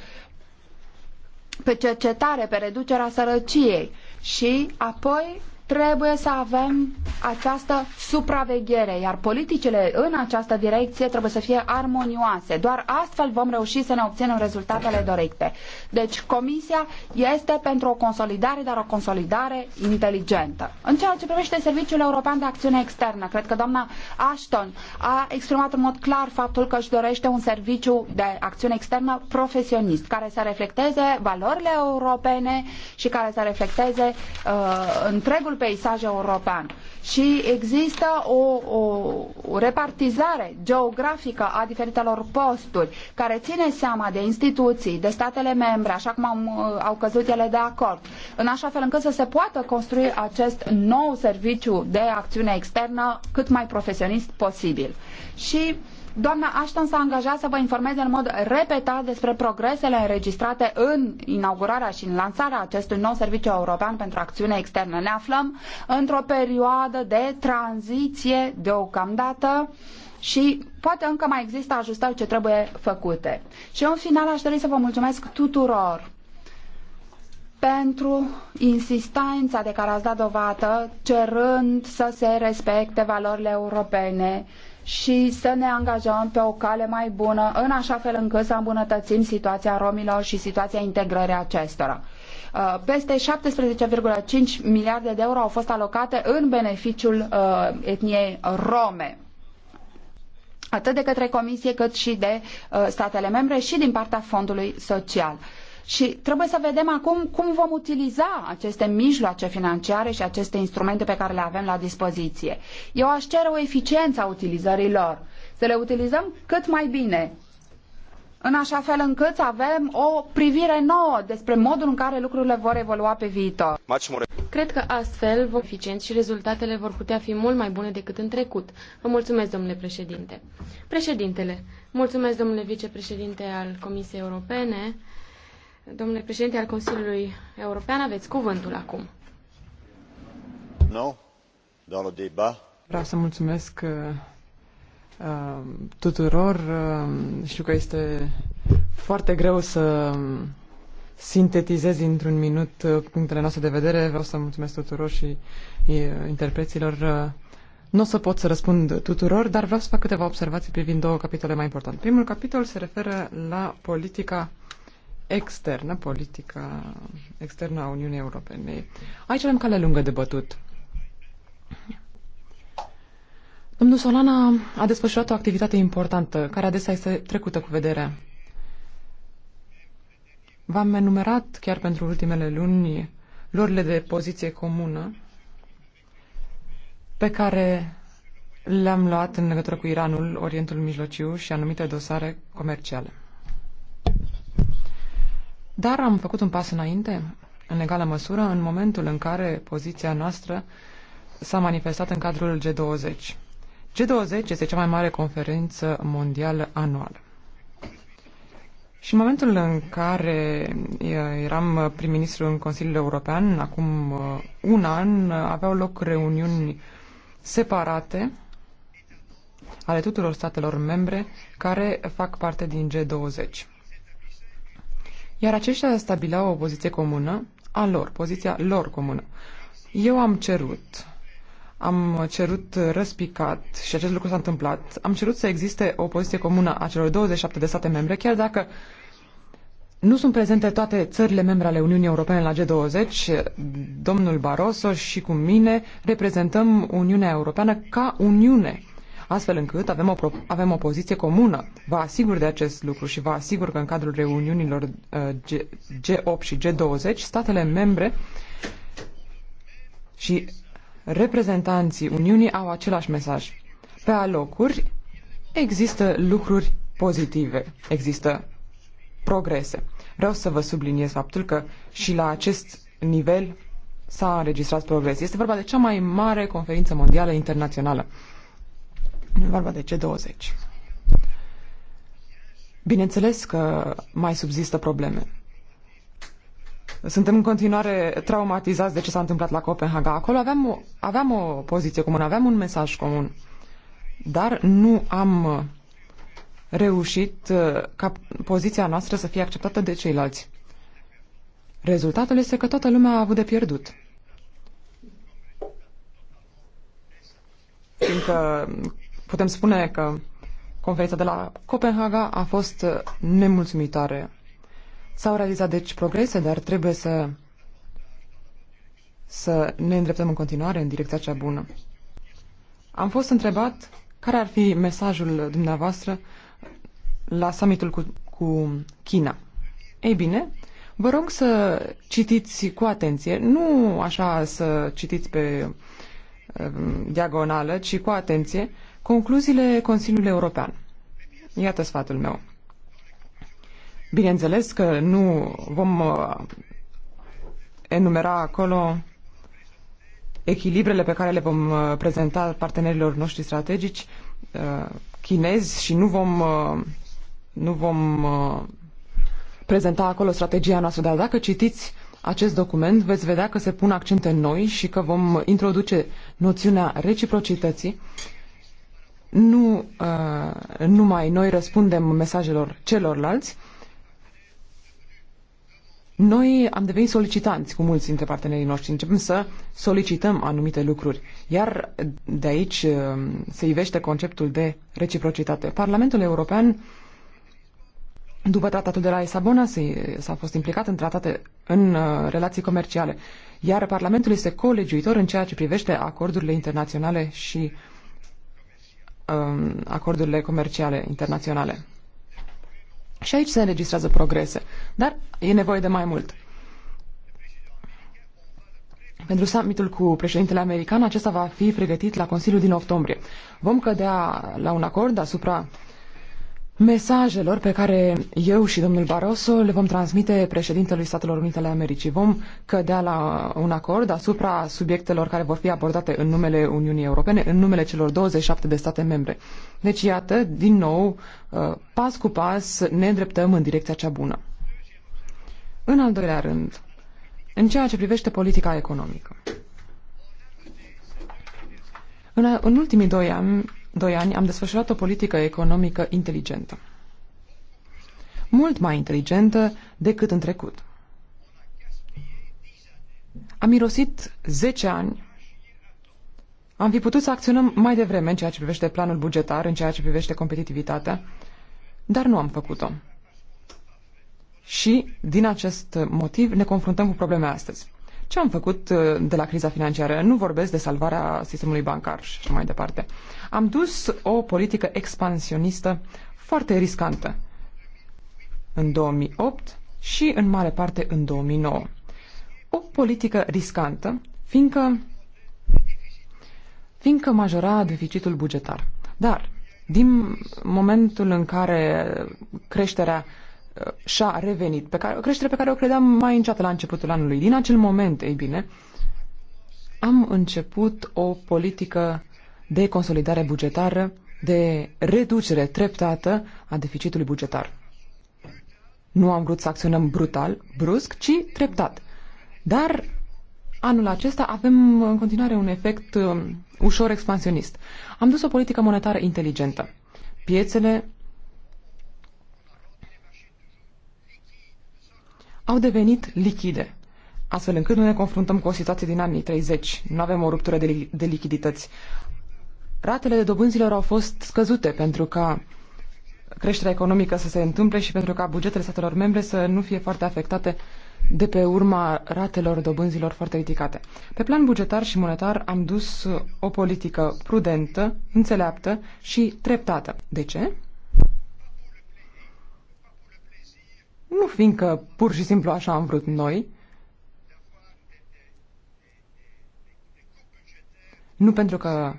pe cercetare, pe reducerea sărăciei și apoi trebuie să avem această supraveghere, iar politicile în această direcție trebuie să fie armonioase. Doar astfel vom reuși să ne obținem rezultatele dorite. Deci Comisia este pentru o consolidare, dar o consolidare inteligentă. În ceea ce privește Serviciul European de Acțiune Externă, cred că doamna Ashton a exprimat în mod clar faptul că își dorește un serviciu de acțiune externă profesionist, care să reflecteze valorile europene și care să reflecteze uh, întregul întregul peisaj european și există o, o repartizare geografică a diferitelor posturi care ține seama de instituții, de statele membre, așa cum au, uh, au căzut ele de acord, în așa fel încât să se poată construi acest nou serviciu de acțiune externă cât mai profesionist posibil. Și Doamna Ashton s-a angajat să vă informeze în mod repetat despre progresele înregistrate în inaugurarea și în lansarea acestui nou serviciu european pentru acțiune externă. Ne aflăm într-o perioadă de tranziție deocamdată și poate încă mai există ajustări ce trebuie făcute. Și în final aș dori să vă mulțumesc tuturor pentru insistența de care ați dat dovadă cerând să se respecte valorile europene și să ne angajăm pe o cale mai bună, în așa fel încât să îmbunătățim situația romilor și situația integrării acestora. Uh, peste 17,5 miliarde de euro au fost alocate în beneficiul uh, etniei rome atât de către Comisie cât și de uh, statele membre și din partea Fondului Social. Și trebuie să vedem acum cum vom utiliza aceste mijloace financiare și aceste instrumente pe care le avem la dispoziție. Eu aș cere o eficiență a utilizării lor, să le utilizăm cât mai bine, în așa fel încât să avem o privire nouă despre modul în care lucrurile vor evolua pe viitor. Cred că astfel vom eficient și rezultatele vor putea fi mult mai bune decât în trecut. Vă mulțumesc, domnule președinte. Președintele, mulțumesc, domnule vicepreședinte al Comisiei Europene. Domnule președinte al Consiliului European, aveți cuvântul acum. Nu, dans le Vreau să mulțumesc uh, uh, tuturor. Uh, știu că este foarte greu să sintetizez într-un minut uh, punctele noastre de vedere. Vreau să mulțumesc tuturor și uh, interpreților. Nu o să pot să răspund tuturor, dar vreau să fac câteva observații privind două capitole mai importante. Primul capitol se referă la politica externă, politica externă a Uniunii Europene. Aici avem cale lungă de bătut. Domnul Solana a desfășurat o activitate importantă, care adesea este trecută cu vederea. V-am enumerat, chiar pentru ultimele luni, lorile de poziție comună pe care le-am luat în legătură cu Iranul, Orientul Mijlociu și anumite dosare comerciale. Dar am făcut un pas înainte, în egală măsură, în momentul în care poziția noastră s-a manifestat în cadrul G20. G20 este cea mai mare conferință mondială anuală. Și în momentul în care eram prim-ministru în Consiliul European, acum uh, un an, aveau loc reuniuni separate ale tuturor statelor membre care fac parte din G20 iar aceștia stabileau o poziție comună a lor, poziția lor comună. Eu am cerut, am cerut răspicat și acest lucru s-a întâmplat, am cerut să existe o poziție comună a celor 27 de state membre, chiar dacă nu sunt prezente toate țările membre ale Uniunii Europene la G20. Domnul Barroso și cu mine reprezentăm Uniunea Europeană ca Uniune astfel încât avem o, avem o poziție comună. Vă asigur de acest lucru și vă asigur că în cadrul reuniunilor uh, G8 și G20, statele membre și reprezentanții Uniunii au același mesaj. Pe alocuri există lucruri pozitive, există progrese. Vreau să vă subliniez faptul că și la acest nivel s-a înregistrat progres. Este vorba de cea mai mare conferință mondială internațională. E vorba de c 20 Bineînțeles că mai subzistă probleme. Suntem în continuare traumatizați de ce s-a întâmplat la Copenhaga. Acolo aveam o, aveam o poziție comună, aveam un mesaj comun, dar nu am reușit uh, ca poziția noastră să fie acceptată de ceilalți. Rezultatul este că toată lumea a avut de pierdut. Fiindcă putem spune că conferința de la Copenhaga a fost nemulțumitoare. S-au realizat deci progrese, dar trebuie să, să ne îndreptăm în continuare în direcția cea bună. Am fost întrebat care ar fi mesajul dumneavoastră la summitul cu, cu China. Ei bine, vă rog să citiți cu atenție, nu așa să citiți pe um, diagonală, ci cu atenție, Concluziile Consiliului European. Iată sfatul meu. Bineînțeles că nu vom uh, enumera acolo echilibrele pe care le vom uh, prezenta partenerilor noștri strategici uh, chinezi și nu vom, nu vom prezenta acolo strategia noastră. Dar dacă citiți acest document, veți vedea că se pun accente noi și că vom introduce noțiunea reciprocității nu uh, numai noi răspundem mesajelor celorlalți, noi am devenit solicitanți cu mulți dintre partenerii noștri. Începem să solicităm anumite lucruri. Iar de aici uh, se ivește conceptul de reciprocitate. Parlamentul European, după tratatul de la Lisabona, s-a fost implicat în tratate, în uh, relații comerciale. Iar Parlamentul este colegiuitor în ceea ce privește acordurile internaționale și uh, Um, acordurile comerciale internaționale. Și aici se înregistrează progrese, dar e nevoie de mai mult. Pentru summitul cu președintele american, acesta va fi pregătit la Consiliul din octombrie. Vom cădea la un acord asupra uh, mesajelor pe care eu și domnul Barroso le vom transmite președintelui Statelor Unite ale Americii. Vom cădea la un acord asupra subiectelor care vor fi abordate în numele Uniunii Europene, în numele celor 27 de state membre. Deci, iată, din nou, uh, pas cu pas, ne îndreptăm în direcția cea bună. În al doilea rând, în ceea ce privește politica economică. În, în ultimii doi ani, doi ani am desfășurat o politică economică inteligentă. Mult mai inteligentă decât în trecut. Am mirosit 10 ani. Am fi putut să acționăm mai devreme în ceea ce privește planul bugetar, în ceea ce privește competitivitatea, dar nu am făcut-o. Și, din acest motiv, ne confruntăm cu probleme astăzi ce am făcut uh, de la criza financiară. Nu vorbesc de salvarea sistemului bancar și așa mai departe. Am dus o politică expansionistă foarte riscantă în 2008 și în mare parte în 2009. O politică riscantă, fiindcă, fiindcă majora deficitul bugetar. Dar, din momentul în care creșterea uh, și-a revenit, pe care, o creștere pe care o credeam mai înceată la începutul anului. Din acel moment, ei bine, am început o politică de consolidare bugetară, de reducere treptată a deficitului bugetar. Nu am vrut să acționăm brutal, brusc, ci treptat. Dar anul acesta avem în continuare un efect um, ușor expansionist. Am dus o politică monetară inteligentă. Piețele au devenit lichide, astfel încât nu ne confruntăm cu o situație din anii 30. Nu avem o ruptură de, li- de lichidități. Ratele de dobânzilor au fost scăzute pentru ca creșterea economică să se întâmple și pentru ca bugetele statelor membre să nu fie foarte afectate de pe urma ratelor dobânzilor foarte ridicate. Pe plan bugetar și monetar am dus o politică prudentă, înțeleaptă și treptată. De ce? nu fiindcă pur și simplu așa am vrut noi, nu pentru că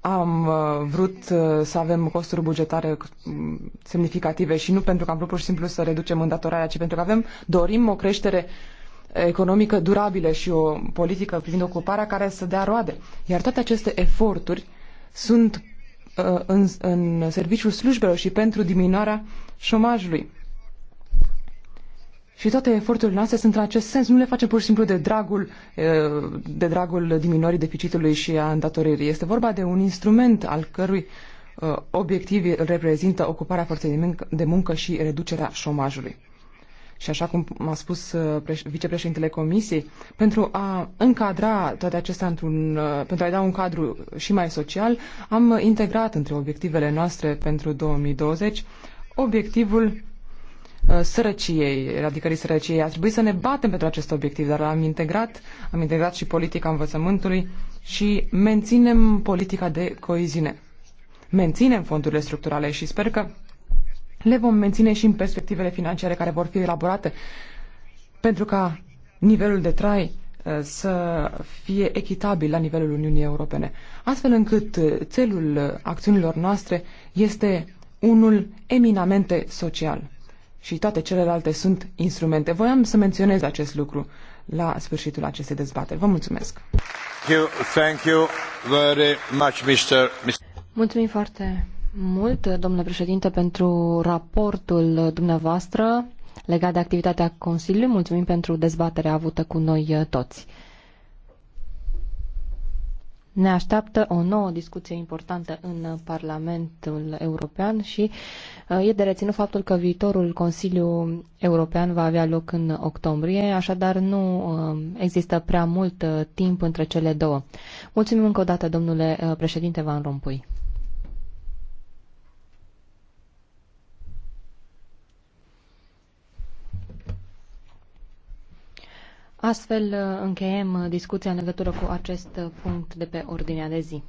am uh, vrut uh, să avem costuri bugetare uh, semnificative și nu pentru că am vrut pur și simplu să reducem îndatorarea, ci pentru că avem, dorim o creștere economică durabilă și o politică privind ocuparea care să dea roade. Iar toate aceste eforturi sunt în, în serviciul slujbelor și pentru diminuarea șomajului. Și toate eforturile noastre sunt în acest sens. Nu le facem pur și simplu de dragul, de dragul diminuării deficitului și a îndatoririi. Este vorba de un instrument al cărui obiectiv reprezintă ocuparea forței de muncă și reducerea șomajului. Și așa cum a spus vicepreședintele Comisiei, pentru a încadra toate acestea într-un, pentru a da un cadru și mai social, am integrat între obiectivele noastre pentru 2020 obiectivul Uh, sărăciei, eradicării sărăciei. Ar trebui să ne batem pentru acest obiectiv, dar am integrat, am integrat și politica învățământului și menținem politica de coeziune. Menținem fondurile structurale și sper că le vom menține și în perspectivele financiare care vor fi elaborate pentru ca nivelul de trai uh, să fie echitabil la nivelul Uniunii Europene, astfel încât uh, țelul acțiunilor noastre este unul eminamente social și toate celelalte sunt instrumente. Voiam să menționez acest lucru la sfârșitul acestei dezbateri. Vă mulțumesc! Thank you, very much, Mr. Mulțumim foarte mult, domnule președinte, pentru raportul dumneavoastră legat de activitatea Consiliului. Mulțumim pentru dezbaterea avută cu noi toți. Ne așteaptă o nouă discuție importantă în Parlamentul European și E de reținut faptul că viitorul Consiliu European va avea loc în octombrie, așadar nu um, există prea mult uh, timp între cele două. Mulțumim încă o dată, domnule uh, președinte Van Rompuy. Astfel uh, încheiem discuția în legătură cu acest punct de pe ordinea de zi.